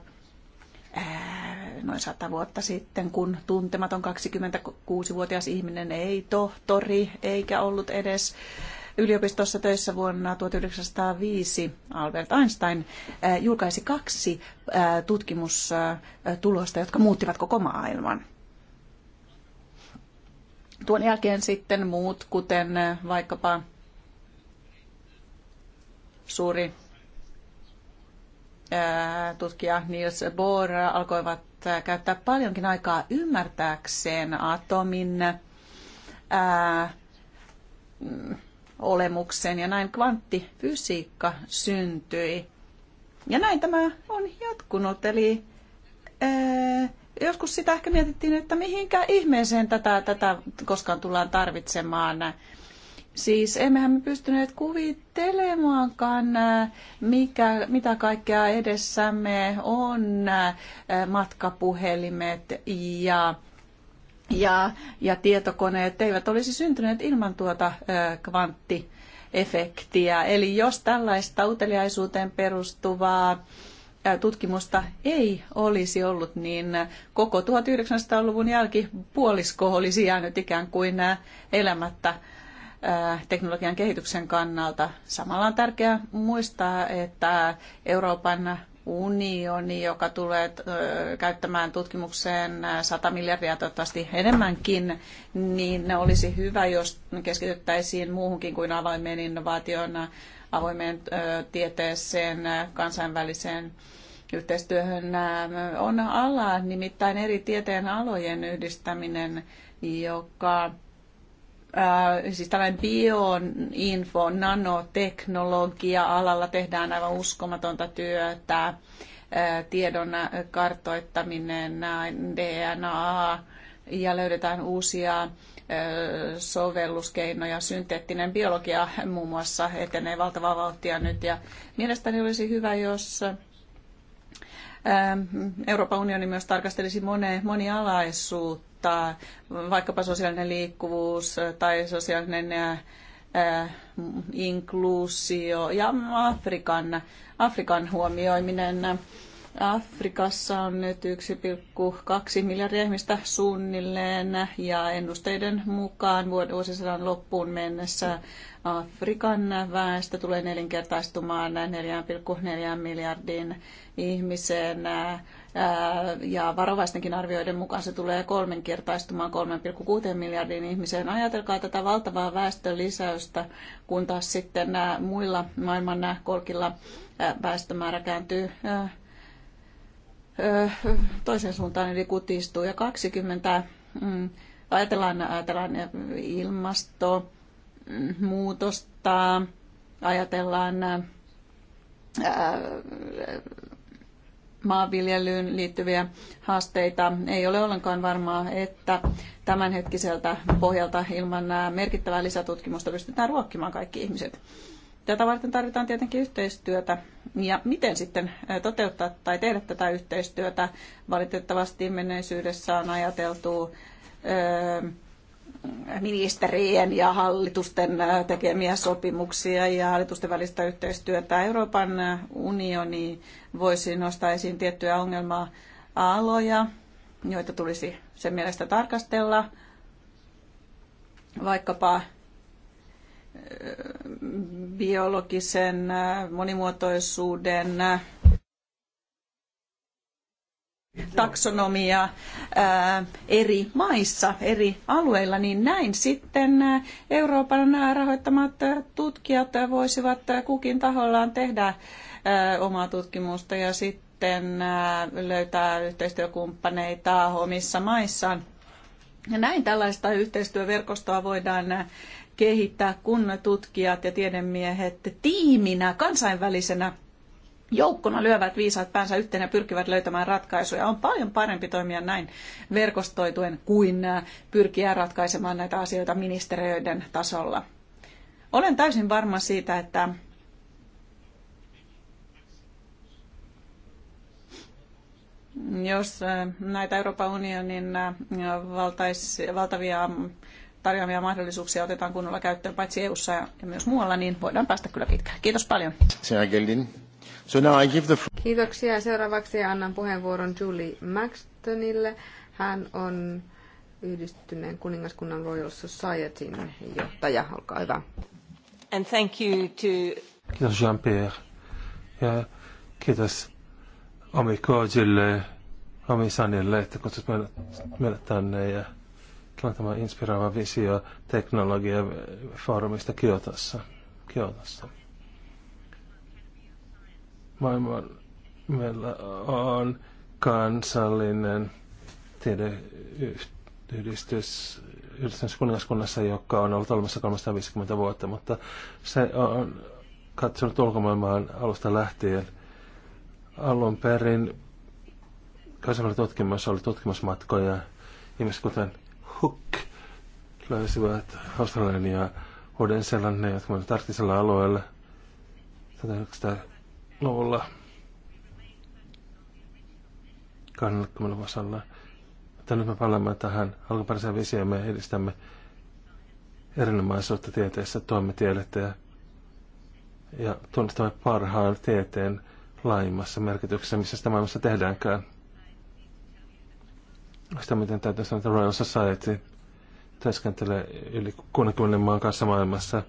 noin sata vuotta sitten, kun tuntematon 26-vuotias ihminen ei tohtori eikä ollut edes yliopistossa töissä vuonna 1905 Albert Einstein julkaisi kaksi tutkimustulosta, jotka muuttivat koko maailman. Tuon jälkeen sitten muut, kuten vaikkapa suuri tutkija Niels Bohr alkoivat käyttää paljonkin aikaa ymmärtääkseen atomin ää, mm, olemukseen ja näin kvanttifysiikka syntyi. Ja näin tämä on jatkunut, eli ää, joskus sitä ehkä mietittiin, että mihinkä ihmeeseen tätä, tätä koskaan tullaan tarvitsemaan. Siis emmehän me pystyneet kuvittelemaankaan, mikä, mitä kaikkea edessämme on matkapuhelimet ja ja, ja tietokoneet eivät olisi syntyneet ilman tuota kvanttiefektiä. Eli jos tällaista uteliaisuuteen perustuvaa tutkimusta ei olisi ollut, niin koko 1900-luvun jälkipuolisko olisi jäänyt ikään kuin elämättä teknologian kehityksen kannalta. Samalla on tärkeää muistaa, että Euroopan unioni, joka tulee käyttämään tutkimukseen 100 miljardia toivottavasti enemmänkin, niin ne olisi hyvä, jos keskityttäisiin muuhunkin kuin avoimeen innovaatioon, avoimeen tieteeseen, kansainväliseen yhteistyöhön. On ala, nimittäin eri tieteen alojen yhdistäminen, joka Äh, siis tällainen bioinfo, nanoteknologia-alalla tehdään aivan uskomatonta työtä, äh, tiedon kartoittaminen, DNA, ja löydetään uusia äh, sovelluskeinoja. Synteettinen biologia muun muassa etenee valtavaa vauhtia nyt ja mielestäni olisi hyvä, jos Euroopan unioni myös tarkastelisi monialaisuutta vaikuttaa vaikkapa sosiaalinen liikkuvuus tai sosiaalinen inkluusio ja Afrikan, Afrikan huomioiminen. Afrikassa on nyt 1,2 miljardia ihmistä suunnilleen ja ennusteiden mukaan vuosisadan loppuun mennessä Afrikan väestö tulee nelinkertaistumaan 4,4 miljardin ihmiseen ja varovaistenkin arvioiden mukaan se tulee kolmenkertaistumaan 3,6 miljardiin ihmiseen. Ajatelkaa tätä valtavaa väestön lisäystä, kun taas sitten muilla maailman kolkilla väestömäärä kääntyy toiseen suuntaan, eli kutistuu. Ja 20, mm, ajatellaan, ajatellaan ilmastonmuutosta, mm, ajatellaan maanviljelyyn liittyviä haasteita. Ei ole ollenkaan varmaa, että tämänhetkiseltä pohjalta ilman merkittävää lisätutkimusta pystytään ruokkimaan kaikki ihmiset. Tätä varten tarvitaan tietenkin yhteistyötä. Ja miten sitten toteuttaa tai tehdä tätä yhteistyötä? Valitettavasti menneisyydessä on ajateltu öö, ministerien ja hallitusten äh, tekemiä sopimuksia ja hallitusten välistä yhteistyötä. Euroopan äh, unioni voisi nostaa esiin tiettyjä ongelma-aloja, joita tulisi sen mielestä tarkastella. Vaikkapa äh, biologisen monimuotoisuuden taksonomia eri maissa, eri alueilla, niin näin sitten Euroopan rahoittamat tutkijat voisivat kukin tahollaan tehdä omaa tutkimusta ja sitten löytää yhteistyökumppaneita omissa maissaan. Ja näin tällaista yhteistyöverkostoa voidaan kehittää, kun tutkijat ja tiedemiehet tiiminä, kansainvälisenä joukkona lyövät viisaat päänsä yhteen ja pyrkivät löytämään ratkaisuja. On paljon parempi toimia näin verkostoituen kuin äh, pyrkiä ratkaisemaan näitä asioita ministeriöiden tasolla. Olen täysin varma siitä, että jos äh, näitä Euroopan unionin äh, valtais, valtavia tarjoamia mahdollisuuksia otetaan kunnolla käyttöön paitsi EU:ssa ja myös muualla, niin voidaan päästä kyllä pitkään. Kiitos paljon. Sinä, So now I give the... Kiitoksia. Seuraavaksi annan puheenvuoron Julie Maxtonille. Hän on yhdistyneen kuningaskunnan Royal Societyn johtaja. Olkaa hyvä. And thank you to... Kiitos Jean-Pierre. Ja kiitos Omi Koojille, Omi Sanille, että kutsut meidät, tänne. Ja tämä on tämä inspiroiva visio teknologiafoorumista Kiotossa. Kiotossa maailman meillä on kansallinen tiedeyhdistys yhdistyneessä kuningaskunnassa, joka on ollut olemassa 350 vuotta, mutta se on katsonut ulkomaailmaan alusta lähtien. Alun perin kansainvälinen tutkimus oli tutkimusmatkoja. Ihmiset kuten Hook löysivät Australian ja Uuden-Seelannin jotka olivat arktisella alueella luvulla 20 vasalla. Mutta nyt me palaamme tähän alkuperäiseen visioon ja edistämme erinomaisuutta tieteessä, tuomme tiedettä ja, ja tunnistamme parhaan tieteen laajimmassa merkityksessä, missä sitä maailmassa tehdäänkään. Sitä, miten täytyy sanoa, että Royal Society työskentelee yli 60 maan kanssa maailmassa.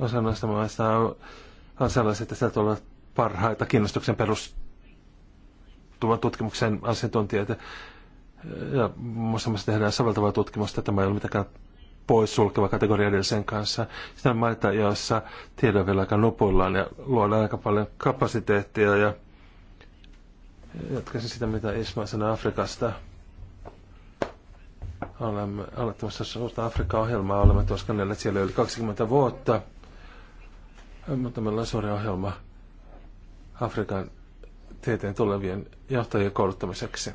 Osa näistä maista on on sellaisia, että sieltä tulee parhaita kiinnostuksen perustuvan tutkimuksen asiantuntijoita. Ja muassa tehdään soveltavaa tutkimusta, tämä ei ole mitenkään poissulkeva kategoria edellisen kanssa. Sitä on maita, joissa tiedon vielä aika nupuillaan ja luodaan aika paljon kapasiteettia ja jatkaisin sitä, mitä Isma sanoi Afrikasta. Olemme aloittamassa suurta Afrikka-ohjelmaa, olemme tuoskannelleet siellä yli 20 vuotta – mutta meillä on suuri ohjelma Afrikan tieteen tulevien johtajien kouluttamiseksi.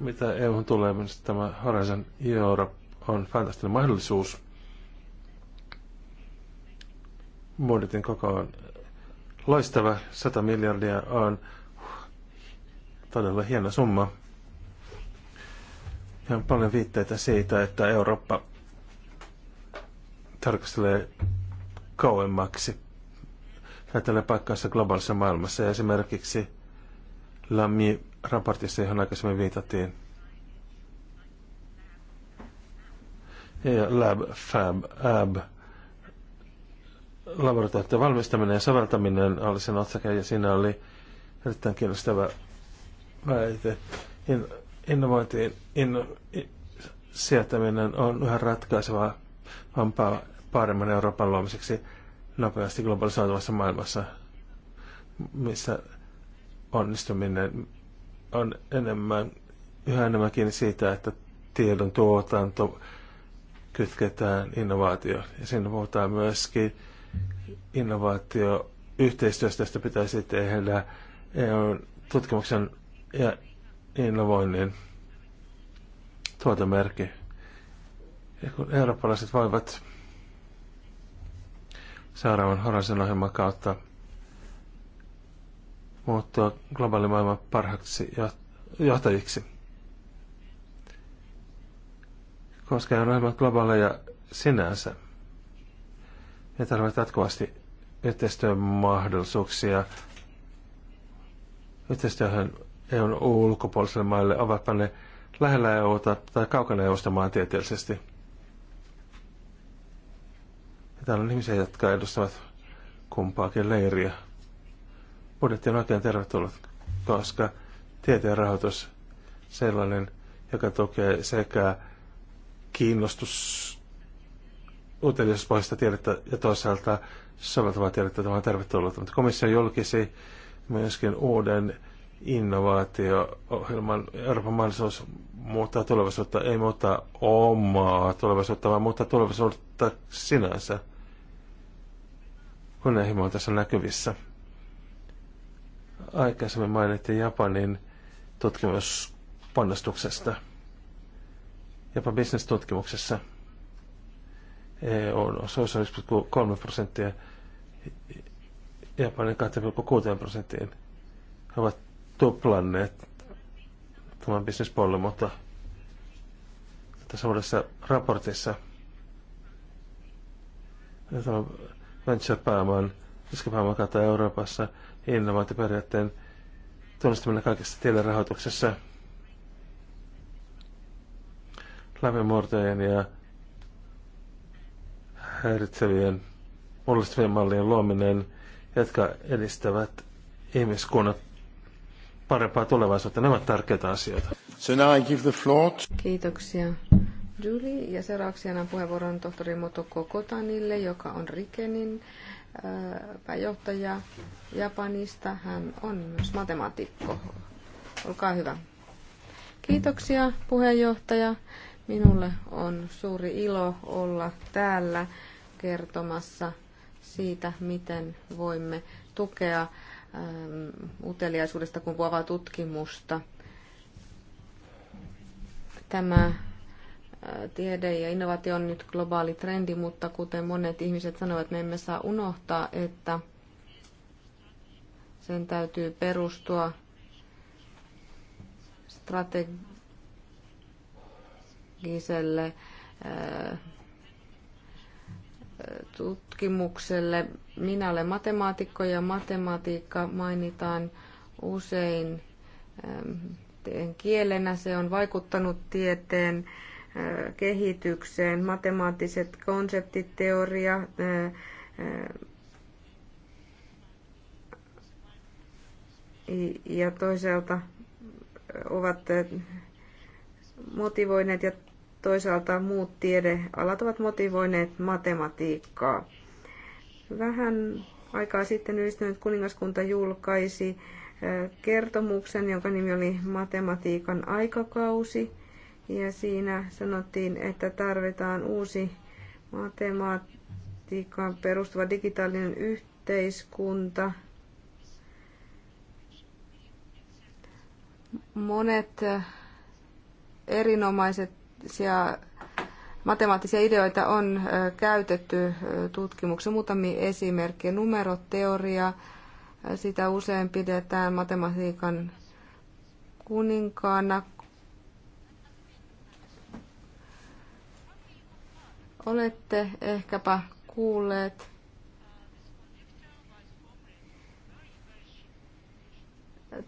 Mitä EU tulee, minusta tämä Horizon Europe on fantastinen mahdollisuus. Budjetin koko on loistava. 100 miljardia on todella hieno summa. Ja on paljon viitteitä siitä, että Eurooppa tarkastelee kauemmaksi. Tällä paikkaansa globaalissa maailmassa ja esimerkiksi Lammi-raportissa, johon aikaisemmin viitattiin, ja Lab, Fab, Ab, laboratorioiden valmistaminen ja soveltaminen oli sen otsake, ja siinä oli erittäin kiinnostava väite. In, innovointiin in, in, sijoittaminen on yhä ratkaisevaa vampaa paremman Euroopan luomiseksi nopeasti globalisoituvassa maailmassa, missä onnistuminen on enemmän, yhä enemmän kiinni siitä, että tiedon tuotanto kytketään innovaatio Ja siinä puhutaan myöskin innovaatio yhteistyöstä, josta pitäisi tehdä EUn tutkimuksen ja innovoinnin tuotemerkki. Ja kun eurooppalaiset voivat seuraavan Horizon ohjelman kautta muuttua globaali maailman parhaaksi johtajiksi. Koska on ohjelma globaaleja sinänsä, ne tarvitsevat jatkuvasti yhteistyön mahdollisuuksia yhteistyöhön EUn ulkopuolisille maille, ovatpa ne lähellä EUta tai kaukana EUsta maantieteellisesti – Täällä on ihmisiä, jotka edustavat kumpaakin leiriä. Budjetti on oikein tervetullut, koska tieteen rahoitus sellainen, joka tukee sekä kiinnostus uteliaspohjaista tiedettä ja toisaalta soveltavaa tiedettä tämä on tervetullut. Mutta komissio julkisi myöskin uuden innovaatio-ohjelman Euroopan mahdollisuus muuttaa tulevaisuutta, ei muuttaa omaa tulevaisuutta, vaan muuttaa tulevaisuutta sinänsä – kunnianhimo on tässä näkyvissä. Aikaisemmin mainittiin Japanin tutkimuspannostuksesta. Japan business-tutkimuksessa e on osuus 1,3 prosenttia Japanin 2,6 prosenttiin. He ovat tuplanneet tämän bisnespuolelle, mutta tässä uudessa raportissa tämä venture-pääoman, riskipääoman kautta Euroopassa, innovaatioperiaatteen tunnistaminen kaikessa tiederahoituksessa, läpimurtojen ja häiritsevien mullistavien mallien luominen, jotka edistävät ihmiskunnan parempaa tulevaisuutta. Nämä ovat tärkeitä asioita. So now I give the floor to... Kiitoksia. Julie ja seuraavaksi annan puheenvuoron tohtori Motoko Kotanille, joka on Rikenin äh, pääjohtaja Japanista. Hän on myös matemaatikko. Olkaa hyvä. Kiitoksia puheenjohtaja. Minulle on suuri ilo olla täällä kertomassa siitä, miten voimme tukea ähm, uteliaisuudesta kumpuavaa tutkimusta. Tämä tiede ja innovaatio on nyt globaali trendi, mutta kuten monet ihmiset sanovat, me emme saa unohtaa, että sen täytyy perustua strategiselle äh, tutkimukselle. Minä olen matemaatikko ja matematiikka mainitaan usein ähm, kielenä. Se on vaikuttanut tieteen kehitykseen. Matemaattiset konseptit, teoria, ja toisaalta ovat motivoineet ja toisaalta muut tiedealat ovat motivoineet matematiikkaa. Vähän aikaa sitten yhdistynyt kuningaskunta julkaisi kertomuksen, jonka nimi oli Matematiikan aikakausi. Ja siinä sanottiin, että tarvitaan uusi matematiikkaan perustuva digitaalinen yhteiskunta. Monet erinomaiset matemaattisia ideoita on käytetty tutkimuksessa. Muutamia esimerkkejä. Numeroteoria, sitä usein pidetään matematiikan kuninkaana. Olette ehkäpä kuulleet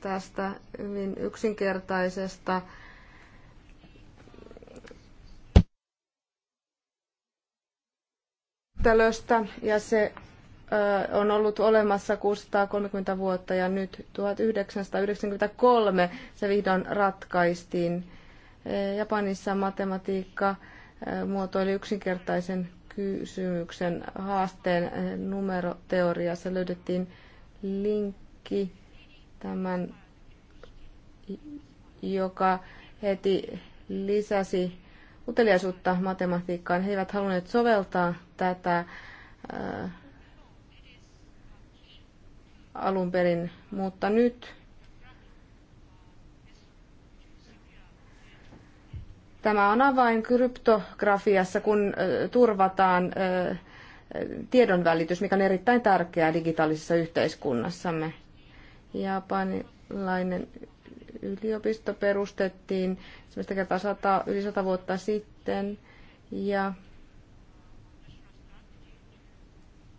tästä hyvin yksinkertaisesta tälöstä ja se on ollut olemassa 630 vuotta ja nyt 1993 se vihdoin ratkaistiin. Japanissa matematiikka muotoili yksinkertaisen kysymyksen haasteen numeroteoriassa. Löydettiin linkki tämän, joka heti lisäsi uteliaisuutta matematiikkaan. He eivät halunneet soveltaa tätä äh, alun perin, mutta nyt Tämä on avain kryptografiassa, kun turvataan tiedonvälitys, mikä on erittäin tärkeää digitaalisessa yhteiskunnassamme. Japanilainen yliopisto perustettiin ensimmäistä kertaa 100, yli sata vuotta sitten ja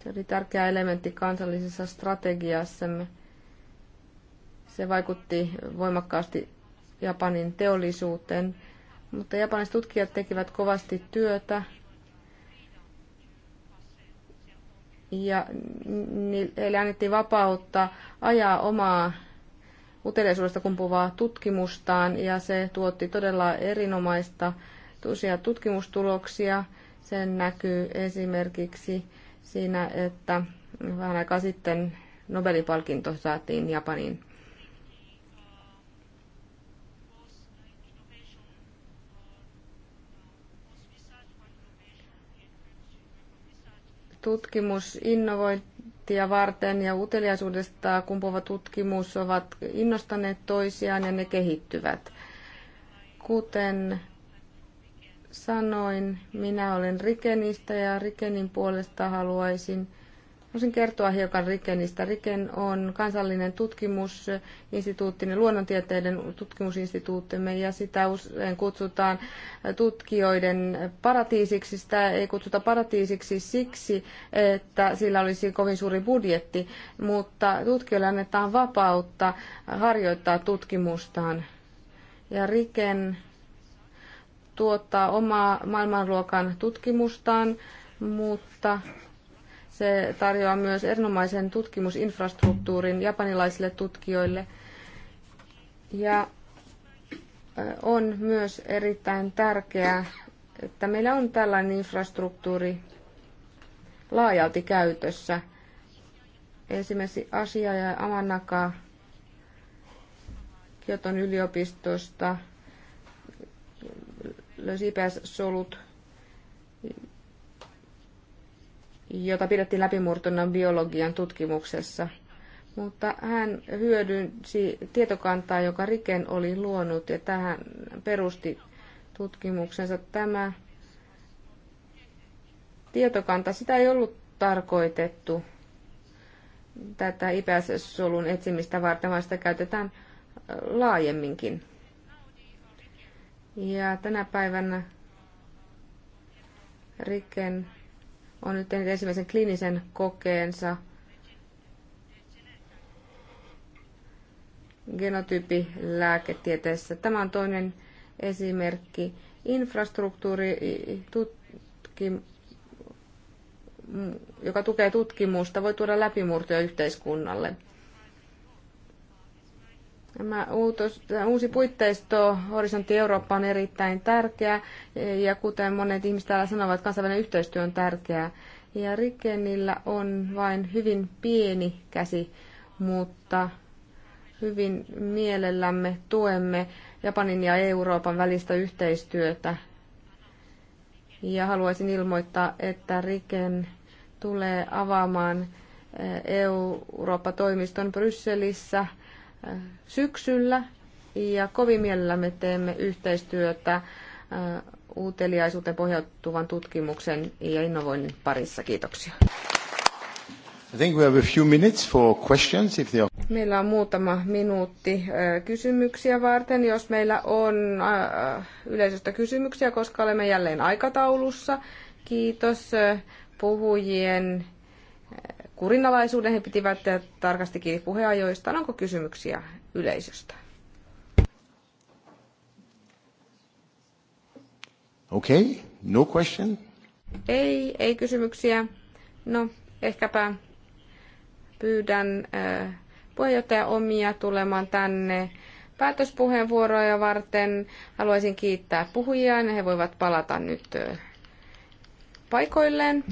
se oli tärkeä elementti kansallisessa strategiassamme. Se vaikutti voimakkaasti Japanin teollisuuteen. Mutta japanilaiset tutkijat tekivät kovasti työtä ja heille annettiin vapautta ajaa omaa uteliaisuudesta kumpuvaa tutkimustaan ja se tuotti todella erinomaista tusia tutkimustuloksia. Sen näkyy esimerkiksi siinä, että vähän aikaa sitten Nobelin palkinto saatiin Japaniin. tutkimus innovointia varten ja uteliaisuudesta kumpuva tutkimus ovat innostaneet toisiaan ja ne kehittyvät. Kuten sanoin, minä olen Rikenistä ja Rikenin puolesta haluaisin Voisin kertoa hiukan Rikenistä. Riken on kansallinen tutkimusinstituutti, luonnontieteiden tutkimusinstituuttimme, ja sitä usein kutsutaan tutkijoiden paratiisiksi. Sitä ei kutsuta paratiisiksi siksi, että sillä olisi kovin suuri budjetti, mutta tutkijoille annetaan vapautta harjoittaa tutkimustaan. Ja Riken tuottaa omaa maailmanluokan tutkimustaan, mutta se tarjoaa myös erinomaisen tutkimusinfrastruktuurin japanilaisille tutkijoille ja on myös erittäin tärkeää, että meillä on tällainen infrastruktuuri laajalti käytössä. Esimerkiksi Asia ja Amanaka Kioton yliopistosta löysi solut jota pidettiin läpimurtona biologian tutkimuksessa. Mutta hän hyödynsi tietokantaa, joka Riken oli luonut, ja tähän perusti tutkimuksensa. Tämä tietokanta, sitä ei ollut tarkoitettu tätä IPS-solun etsimistä varten, vaan sitä käytetään laajemminkin. Ja tänä päivänä Riken on nyt tehnyt ensimmäisen kliinisen kokeensa genotyypilääketieteessä. Tämä on toinen esimerkki. Infrastruktuuri, tutkim, joka tukee tutkimusta, voi tuoda läpimurtoja yhteiskunnalle. Tämä uusi puitteisto Horisontti Eurooppa on erittäin tärkeä ja kuten monet ihmiset täällä sanovat, kansainvälinen yhteistyö on tärkeää. Ja Rikenillä on vain hyvin pieni käsi, mutta hyvin mielellämme tuemme Japanin ja Euroopan välistä yhteistyötä. Ja haluaisin ilmoittaa, että Riken tulee avaamaan eh, Eurooppa-toimiston Brysselissä – syksyllä ja kovin me teemme yhteistyötä äh, uuteliaisuuteen pohjautuvan tutkimuksen ja innovoinnin parissa. Kiitoksia. I think we have a few minutes for questions if are... Meillä on muutama minuutti äh, kysymyksiä varten, jos meillä on äh, yleisöstä kysymyksiä, koska olemme jälleen aikataulussa. Kiitos puhujien kurinalaisuuden. He pitivät tarkasti kiinni puheajoista. Onko kysymyksiä yleisöstä? Okay, no question. Ei, ei kysymyksiä. No, ehkäpä pyydän puheenjohtaja omia tulemaan tänne päätöspuheenvuoroja varten. Haluaisin kiittää puhujiaan. He voivat palata nyt paikoilleen.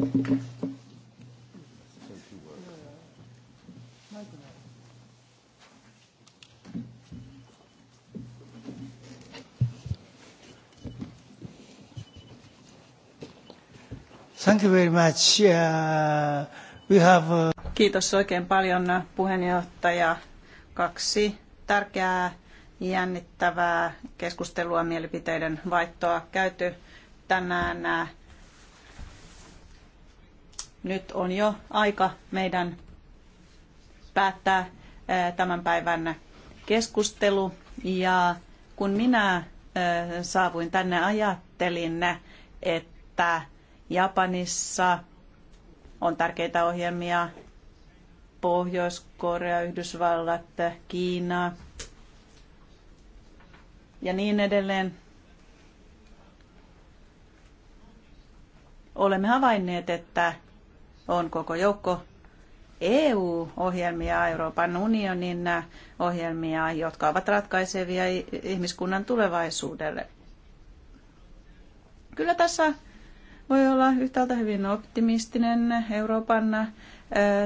Thank you very much. Uh, we have, uh... Kiitos oikein paljon puheenjohtaja. Kaksi tärkeää jännittävää keskustelua, mielipiteiden vaihtoa käyty tänään nyt on jo aika meidän päättää tämän päivän keskustelu. Ja kun minä saavuin tänne, ajattelin, että Japanissa on tärkeitä ohjelmia, Pohjois-Korea, Yhdysvallat, Kiina ja niin edelleen. Olemme havainneet, että on koko joukko EU-ohjelmia, Euroopan unionin ohjelmia, jotka ovat ratkaisevia ihmiskunnan tulevaisuudelle. Kyllä tässä voi olla yhtäältä hyvin optimistinen Euroopan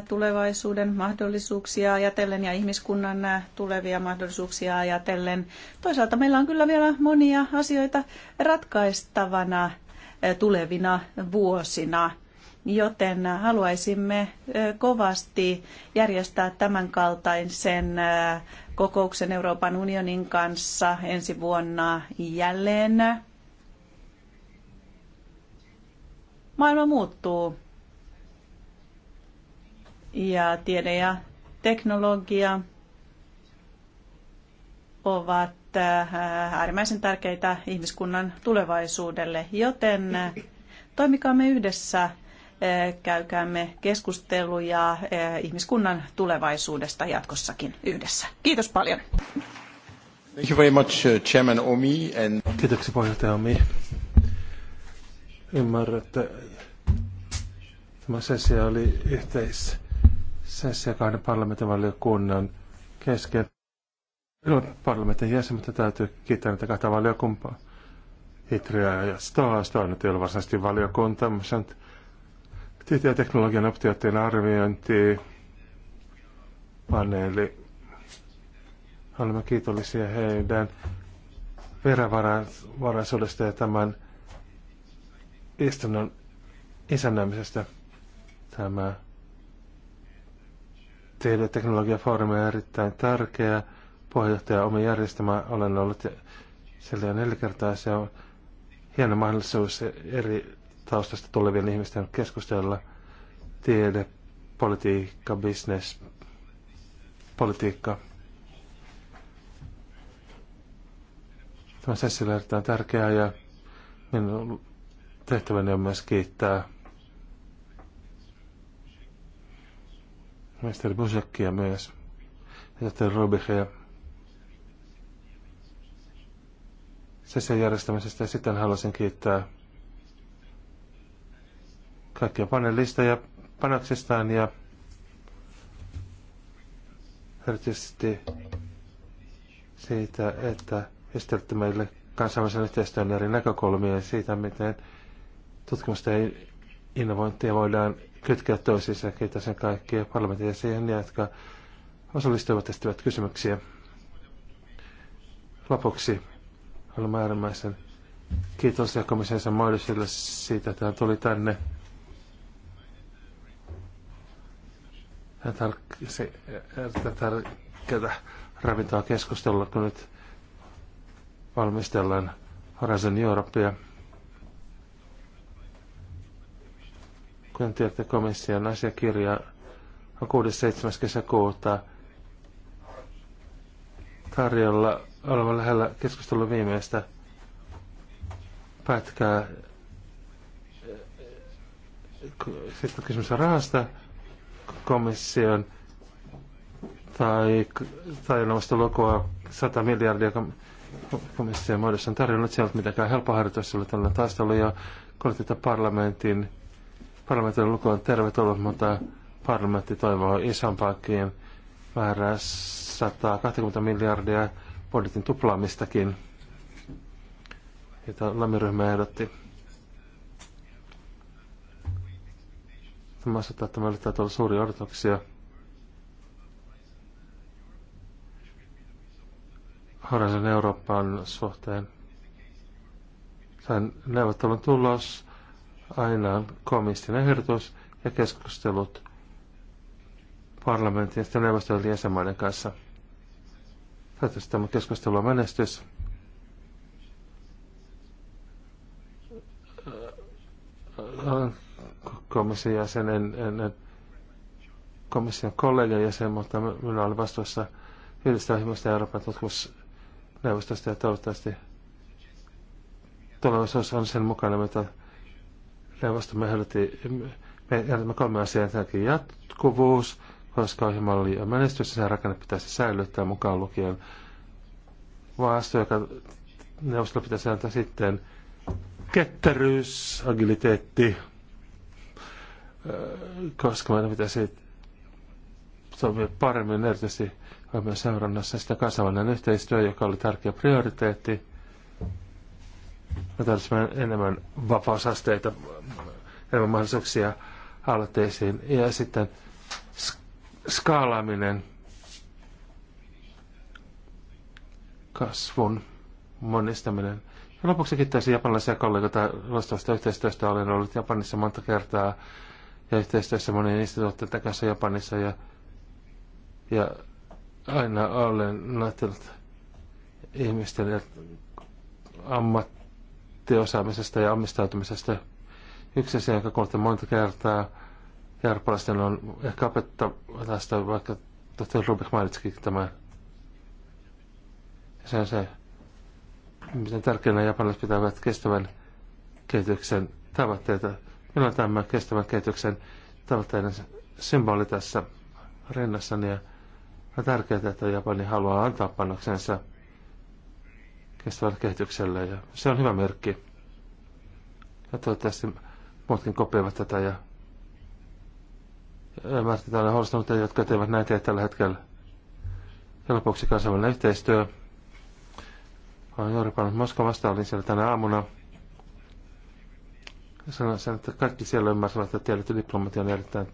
tulevaisuuden mahdollisuuksia ajatellen ja ihmiskunnan tulevia mahdollisuuksia ajatellen. Toisaalta meillä on kyllä vielä monia asioita ratkaistavana tulevina vuosina joten haluaisimme kovasti järjestää tämän kaltaisen kokouksen Euroopan unionin kanssa ensi vuonna jälleen. Maailma muuttuu ja tiede ja teknologia ovat äärimmäisen tärkeitä ihmiskunnan tulevaisuudelle, joten toimikaamme yhdessä käykäämme keskusteluja eh, ihmiskunnan tulevaisuudesta jatkossakin yhdessä. Kiitos paljon. Thank you very much, uh, Chairman Omi. And... Kiitoksia puheenjohtaja Omi. Ymmärrän, että tämä sessio oli yhteissessio sessio kahden parlamentavaliokunnan kesken. Parlamentin jäsenet täytyy kiittää näitä kahta valiokuntaa. Hitriä ja Stoa. Stoa nyt ei ole varsinaisesti valiokunta, mutta Tietoteknologian optioiden arviointi, paneeli. Olemme kiitollisia heidän verävaraisuudesta ja tämän istunnon isännämisestä. Tämä tiedeteknologiafoorumi on erittäin tärkeä. Puheenjohtaja omi järjestämä olen ollut siellä jo neljä kertaa. Se on hieno mahdollisuus eri taustasta tulevien ihmisten keskustella tiede, politiikka, business, politiikka. Tämä sessillä on tärkeää ja minun tehtäväni on myös kiittää ministeri Busekkia myös ja johtaja Robichia session järjestämisestä ja sitten haluaisin kiittää kaikkia panelista ja panoksistaan ja erityisesti siitä, että esitelty meille kansainvälisen yhteistyön eri näkökulmia ja siitä, miten tutkimusta ja innovointia voidaan kytkeä toisiinsa. Kiitos sen kaikkia parlamentin siihen, jotka osallistuivat estivät kysymyksiä. Lopuksi olemme äärimmäisen kiitos ja komissaari Moidisille siitä, että hän tuli tänne. hän tarkkisi tärkeää ravintoa keskustella, kun nyt valmistellaan Horizon Europea. Kuten tiedätte, komission asiakirja on 6.7. kesäkuuta tarjolla olevan lähellä keskustelun viimeistä pätkää. Sitten kysymys on rahasta, komission tai, tai ilmasta lukua 100 miljardia komission muodossa on tarjonnut. sieltä ollut mitenkään helppo harjoitus, sillä tällä taistelu ja kolmatta parlamentin, parlamentin luku on tervetullut, mutta parlamentti toivoo isompaakin määrää 120 miljardia budjetin tuplaamistakin, jota Lamiryhmä ehdotti mä osoittaa, että meillä täytyy tuolla suuria odotuksia. Horizon Euroopan suhteen. Tämän neuvottelun tulos aina on komission ehdotus ja keskustelut parlamentin ja neuvoston jäsenmaiden kanssa. Toivottavasti tämä keskustelu on menestys. Olen äh, äh, komission jäsen, en, en, en komission kollega jäsen, mutta minä olen vastuussa yhdestä ohjelmasta Euroopan tutkimusneuvostosta ja toivottavasti tulevaisuus on sen mukana, mitä neuvosto me ehdotti. Me kolme asiaa, ensinnäkin jatkuvuus, koska ohjelma oli jo menestys ja rakenne pitäisi säilyttää mukaan lukien vastu, joka neuvostolla pitäisi antaa sitten ketteryys, agiliteetti, koska meidän pitäisi toimia paremmin, erityisesti ohjelmien seurannassa sitä kansainvälinen yhteistyö, joka oli tärkeä prioriteetti. Me tarvitsemme enemmän vapausasteita, enemmän mahdollisuuksia aloitteisiin ja sitten skaalaaminen kasvun monistaminen. Ja lopuksi kiittäisin japanilaisia kollegoita vastaavasta yhteistyöstä. Olen ollut Japanissa monta kertaa ja yhteistyössä monien instituutioiden kanssa Japanissa ja, ja aina olen näyttänyt ihmisten ammattiosaamisesta ja ammistautumisesta. Yksi asia, jonka kuulette monta kertaa järpalaisten on ehkä opettava tästä, vaikka tohtori Rubik mainitsikin tämän. Ja se on se, miten tärkeänä japanilaiset pitävät kestävän kehityksen tavoitteita Minulla on tämä kestävän kehityksen tavoitteiden symboli tässä rinnassa. ja on tärkeää, että Japani haluaa antaa panoksensa kestävälle kehitykselle ja se on hyvä merkki. Ja toivottavasti muutkin kopioivat tätä ja määritetään huolestunutta, jotka tekevät näin tee tällä hetkellä. Ja lopuksi kansainvälinen yhteistyö. Olen juuri pannut Moskovasta, olin siellä tänä aamuna sen, että kaikki siellä ymmärsivät, että tiedetty diplomatia on erittäin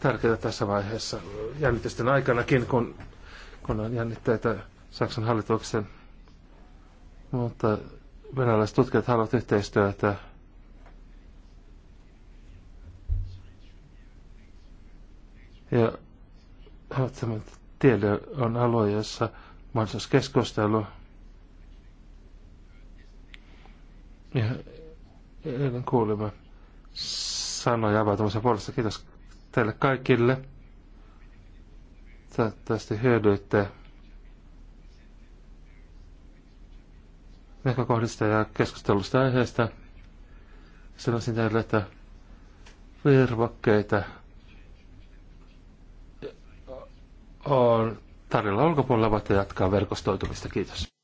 tärkeää tässä vaiheessa jännitysten aikanakin, kun, kun on jännitteitä Saksan hallituksen. Mutta venäläiset tutkijat haluavat yhteistyötä. Ja tämä tiede on alue, jossa mahdollisuus keskustelu. Ja eilen kuulimme sanoja avautumisen puolesta. Kiitos teille kaikille. Toivottavasti hyödyitte näkökohdista ja keskustelusta aiheesta. Sanoisin teille, että virvokkeita on tarjolla ulkopuolella. Voitte jatkaa verkostoitumista. Kiitos.